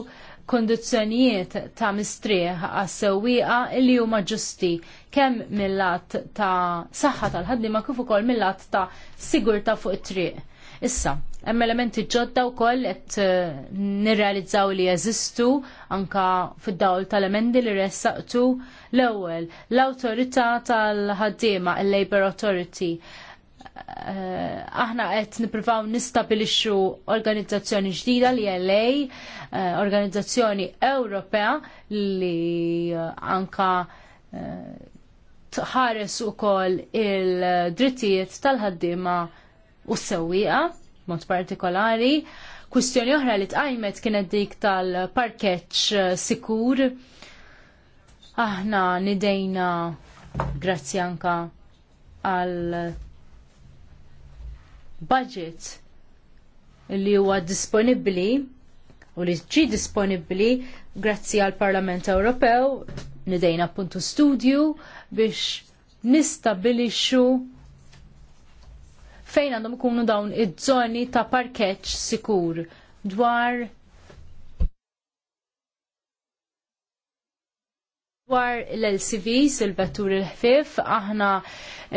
kondizzjonijiet ta' mistrieħ għas sewwieqa illi huma ġusti kemm mill-lat ta' saħħa tal-ħaddiema kif ukoll mill-lat ta' sigurta' fuq it-triq. Issa, Hemm elementi ġodda wkoll qed eh, nirrealizzaw li jeżistu anka fid-dawl tal-emendi li ressaqtu l-ewwel l-awtorità tal-ħaddiema il-Labor Authority. Eh, aħna qed nippruvaw nistabilixxu organizzazzjoni ġdida li LA, eh, organizzazzjoni Ewropea li anka tħares ukoll il-drittijiet tal-ħaddiema u s-sewwieqa mod partikolari. Kwistjoni oħra li tqajmet kienet dik tal-parkeċ eh, sikur. Aħna nidejna grazzi anka għal budget li huwa disponibbli u li ġi disponibbli grazzi għal Parlament Ewropew nidejna puntu studju biex nistabilixxu fejn għandhom ikunu dawn iż-żoni ta' parkeċ sikur dwar dwar l-LCVs, il-vettur il-ħfif, aħna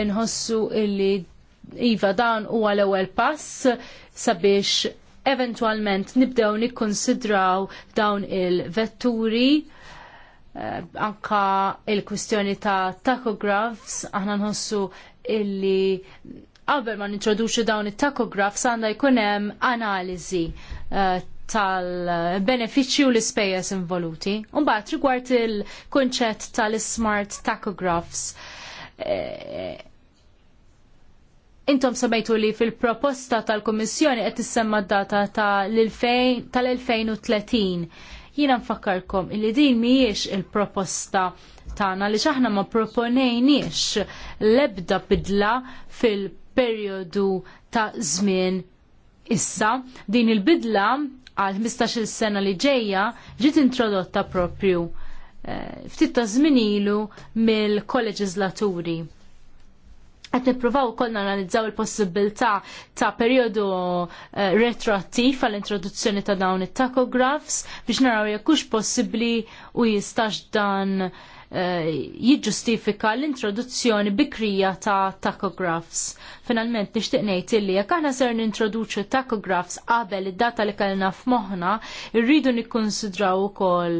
nħossu illi Iva dan huwa l-ewwel pass sabiex eventualment nibdew nikkonsidraw dawn il-vetturi eh, anka il-kwistjoni ta' tachografs aħna nħossu illi qabel ma nintroduċu dawn it-takographs għandha jkun hemm analiżi eh, tal-benefiċċji u l-ispejjeż involuti. Mbagħad rigward il-kunċett tal-smart tachographs. Eh, intom semmejtu li fil-proposta tal-Kummissjoni qed issemma d-data tal-2030. Jiena nfakkarkom li din mhijiex il-proposta tagħna li aħna ma proponejniex l-ebda bidla fil perjodu ta' żmien issa. Din il-bidla għal 15-il sena li ġejja ġiet introdotta propju eh, ftit ta' żmien ilu mill kolleġislaturi Qed nippruvaw ukoll nanalizzaw il-possibilità ta' perjodu eh, retroattiv għall introduzzjoni ta' dawn it tachographs biex naraw jekk hux possibbli u jistax dan Eh, jiġġustifika l-introduzzjoni bikrija ta' tachographs. Finalment nixtieq ngħid illi jekk aħna ser nintroduċu tachographs qabel id-data li kellna f'moħħna, irridu nikkonsidraw ukoll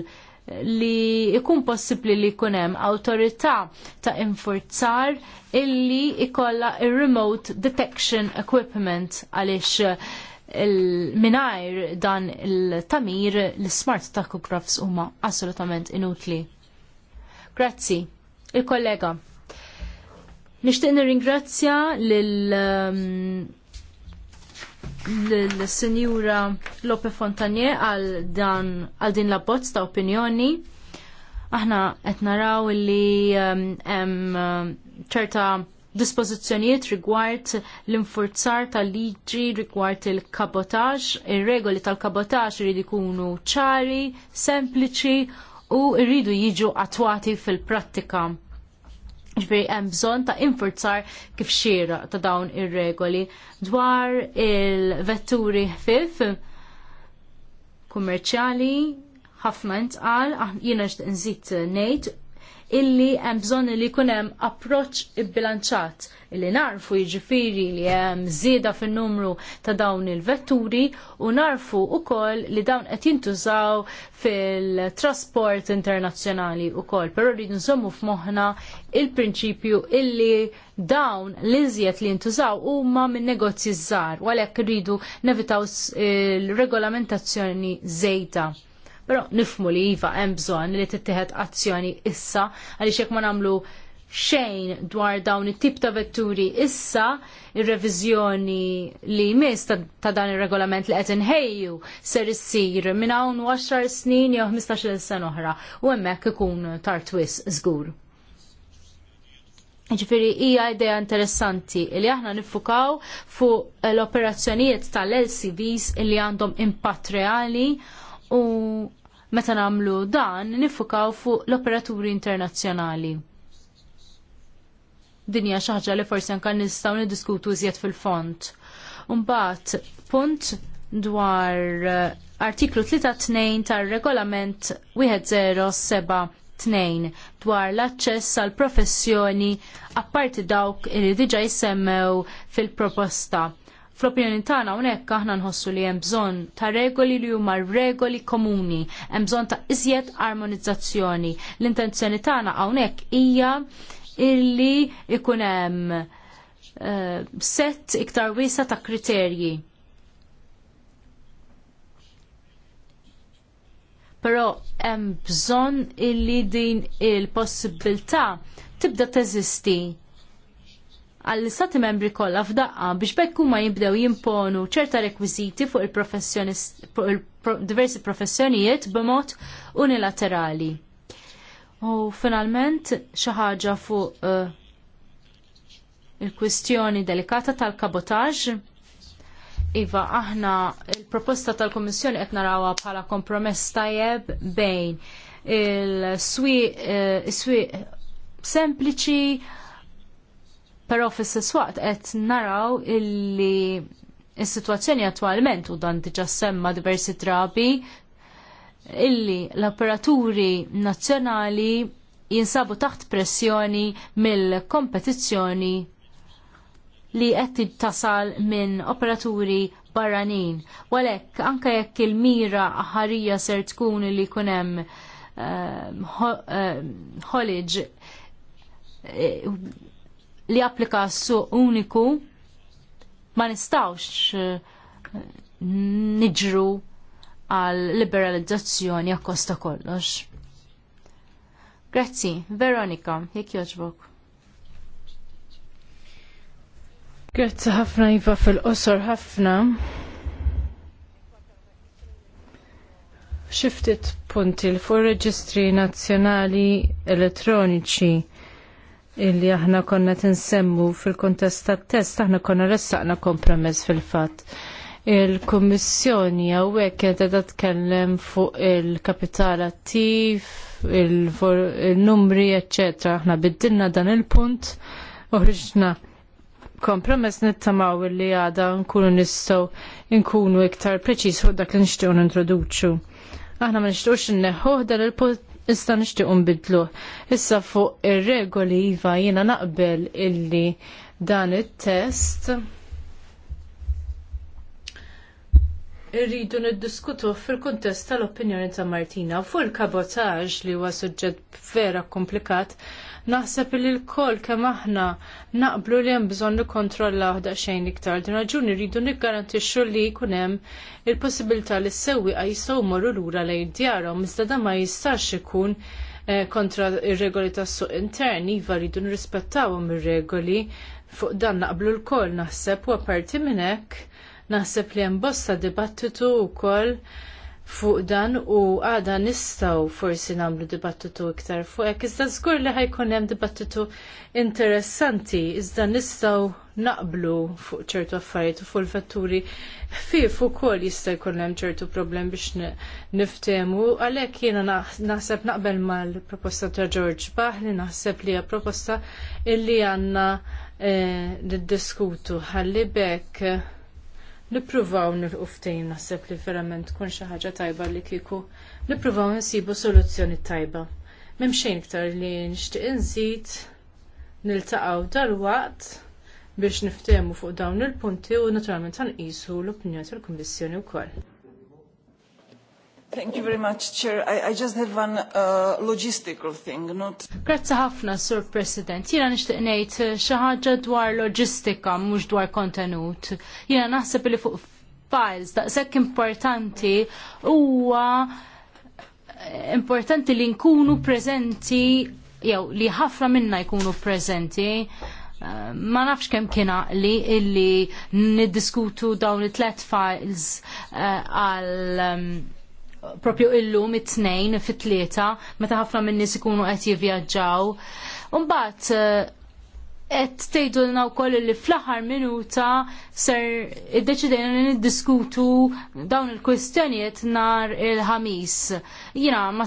li ikun possibbli li jkun hemm awtorità ta' infurzar illi ikolla il-remote detection equipment għaliex il-minajr dan il-tamir l-smart tachographs huma assolutament inutli. Grazzi, il-kollega. Nishtiq nirringrazzja lil um, l-Sinjura Lope Fontanier għal dan għal din labbozz ta' opinjoni. Aħna qed naraw li um, hemm uh, ċerta dispożizzjonijiet rigward l-infurzar tal-liġi rigward il-kabotaġġ, ir-regoli tal-kabotaġġ irid ikunu ċari, sempliċi u rridu jiġu attwati fil-prattika. Ġbiri hemm bżonn ta' infurzar kif xira ta' dawn ir-regoli dwar il-vetturi ħfif kummerċjali ħafna intqal, ah, jiena nżid ngħid illi hemm bżonn li jkun hemm approċċ ibbilanċat illi narfu jiġifieri li hemm żieda fin-numru ta' dawn il-vetturi u narfu wkoll li dawn qed jintużaw fil-trasport internazzjonali wkoll, però rridu nżommu f'moħħna il-prinċipju illi dawn l-iżjed li jintużaw huma minn negozji żgħar u għalhekk rridu nevitaw il-regolamentazzjoni żejda Però nifmu li iva hemm bżonn li tittieħed azzjoni issa għaliex jekk ma nagħmlu xejn dwar dawn it-tip ta' vetturi issa ir-reviżjoni li jmiss ta', ta dan ir-regolament li qed inħejju ser issir minn hawn 10 snin jew 15-il sena oħra u hemmhekk ikun tartwis żgur. Ġifiri hija idea interessanti li aħna niffukaw fuq l-operazzjonijiet tal-LCVs li għandhom impatt reali u Meta nagħmlu dan nifukaw fuq l-operaturi internazzjonali. Dinja xi ħaġa li forsi anke nistgħu niddiskutu iżjed fil-font. Imbagħad, punt dwar eh, artiklu 3.2 tar-regolament 1072 dwar l-aċċess għal professjoni apparti dawk li diġà jsemmew fil-proposta Fl-opinjoni tagħna hawnhekk aħna nħossu li hemm bżonn ta' regoli li huma regoli komuni, hemm bżonn ta' iżjed armonizzazzjoni. L-intenzjoni tagħna hawnhekk hija illi ikun hemm uh, set iktar wiesa ta' kriterji. Però hemm bżonn illi din il-possibilità tibda teżisti għall-istati membri kollha f'daqqa biex bekku huma jibdew jimponu ċerta rekwiżiti fuq il-diversi professjonijiet b'mod unilaterali. U finalment xi ħaġa fuq eh, il-kwistjoni delikata tal-kabotaġġ. Iva, aħna il-proposta tal komissjoni qed narawha bħala kompromess tajjeb bejn il swi eh, il sempliċi Però fis-sess waqt qed naraw illi is-sitwazzjoni attwalment u dan diġà semma diversi drabi illi l-operaturi nazzjonali jinsabu taħt pressjoni mill-kompetizzjoni li qed tasal minn operaturi barranin. Walek, anke jekk il-mira ħarija ser tkun li kunem hemm uh, uh, li applika su uniku ma nistawx eh, niġru għal liberalizzazzjoni akkosta kollox. Grazzi, Veronika, jek joġbok. Grazzi ħafna Iva fil-qosor ħafna. Xiftit punti l-fuq reġistri nazzjonali elettroniċi illi aħna konna tinsemmu fil-kontest tat-test aħna konna ressaqna kompromess fil-fatt. Il-Kummissjoni hawnhekk kienet qiegħda tkellem fuq il-kapital attiv, il-numri, eċċetera. Aħna biddilna dan il-punt u ħriġna kompromess nittamaw li għada nkunu nistgħu nkunu iktar preċiż fuq dak li nixtiequ nintroduċu. Aħna ma nixtiequx inneħħuh dan il-punt Issa nixtiequ unbidlu. Issa fuq ir-regoli iva jiena naqbel illi dan it-test irridu niddiskutu fil-kuntest tal-opinjoni ta' Martina fuq il-kabotaġ li huwa suġġett vera komplikat Naħseb li l-koll kemm aħna naqblu li hemm bżonn nikkontrolla waħda xejn iktar. Din raġuni rridu niggarantixxu li jkun hemm il-possibilità li s-sewwieqa jistgħu jmorru lura lejn djarhom iżda dan ma jistax ikun eh, kontra ir-regoli tas-suq intern, iva rridu nirrispettawhom ir-regoli fuq dan naqblu l-koll naħseb u apparti minn hekk naħseb li hemm bosta dibattitu wkoll fuq dan u għada nistaw forsi namlu dibattitu iktar fuq hekk iżda żgur li ħajkun hemm dibattitu interessanti iżda nistaw naqblu fuq ċertu affarijiet u fuq il-vetturi ħfief ukoll jista' jkun hemm ċertu problem biex niftehmu għalhekk jiena naħseb naqbel mal-proposta ta' George Bach li naħseb li hija proposta illi għandna eh, niddiskutu ħalli bekk nippruvaw nilqu ftehim naħseb li verament tkun xi ħaġa tajba li kieku nippruvaw nsibu soluzzjoni tajba. M'hemm xejn iktar li nixtieq inżid niltaqgħu dalwaqt biex niftehmu fuq dawn il-punti u naturalment ħanqisu l-opinjoni tal-Kummissjoni wkoll. Thank you very much, Chair. I, I just have one uh, logistical thing, not... Grazie ħafna, Sur President. Jena nishtiq nejt uh, xaħġa dwar logistika, mux dwar kontenut. Jena naħseb li fuq files, daqsek importanti, huwa eh, importanti li nkunu prezenti, jew li ħafna minna jkunu prezenti, eh, ma nafx kem kiena li illi niddiskutu dawn it-tlet files eh, għal uh, propju illum it-tnejn fit-tlieta meta ħafna min-nies ikunu qed jivvjaġġaw. Mbagħad eh, qed tgħidu lna wkoll li fl-aħħar minuta ser iddeċidejna li niddiskutu dawn il-kwistjonijiet nar il-ħamis. Jiena ma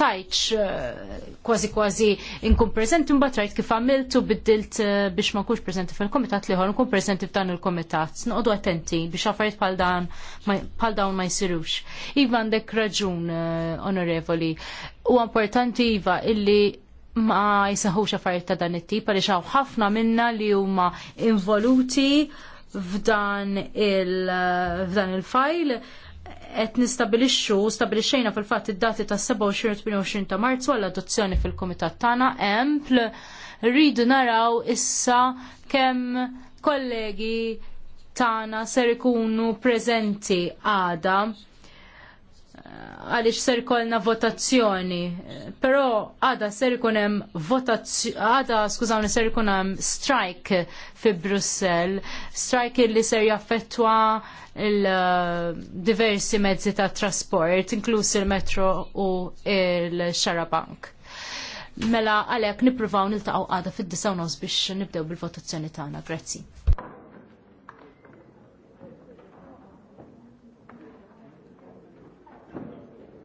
tajċ eh, kważi kważi inkun prezenti mbagħad rajt kif għamiltu biddilt eh, biex ma nkunx prezenti fil-komitat li nkun prezenti f'dan il-komitat. Noqogħdu attenti biex affarijiet bħal dan bħal dawn ma jsirux. Iva għandek raġun eh, onorevoli. U importanti iva illi ma jisaħux affarijiet ta' dan it-tip għaliex hawn ħafna minna li huma involuti f'dan il f'dan il-fajl qed nistabilixxu stabilixxejna fil-fatt id-dati ta' 27 ta' Marzu għall adozzjoni fil-Kumitat tagħna empl rridu naraw issa kemm kollegi tagħna ser ikunu preżenti għada għaliex ser kolna votazzjoni, però għada ser ikun hemm votazzjoni, għada skużawni ser ikun hemm strike fi Brussell, strike li ser jaffettwa il-diversi uh, mezzi ta' trasport, inkluż il-metro u il-xarabank. Mela għalhekk nippruvaw niltaqgħu għada fid-disa biex nibdew bil-votazzjoni tagħna. Grazzi.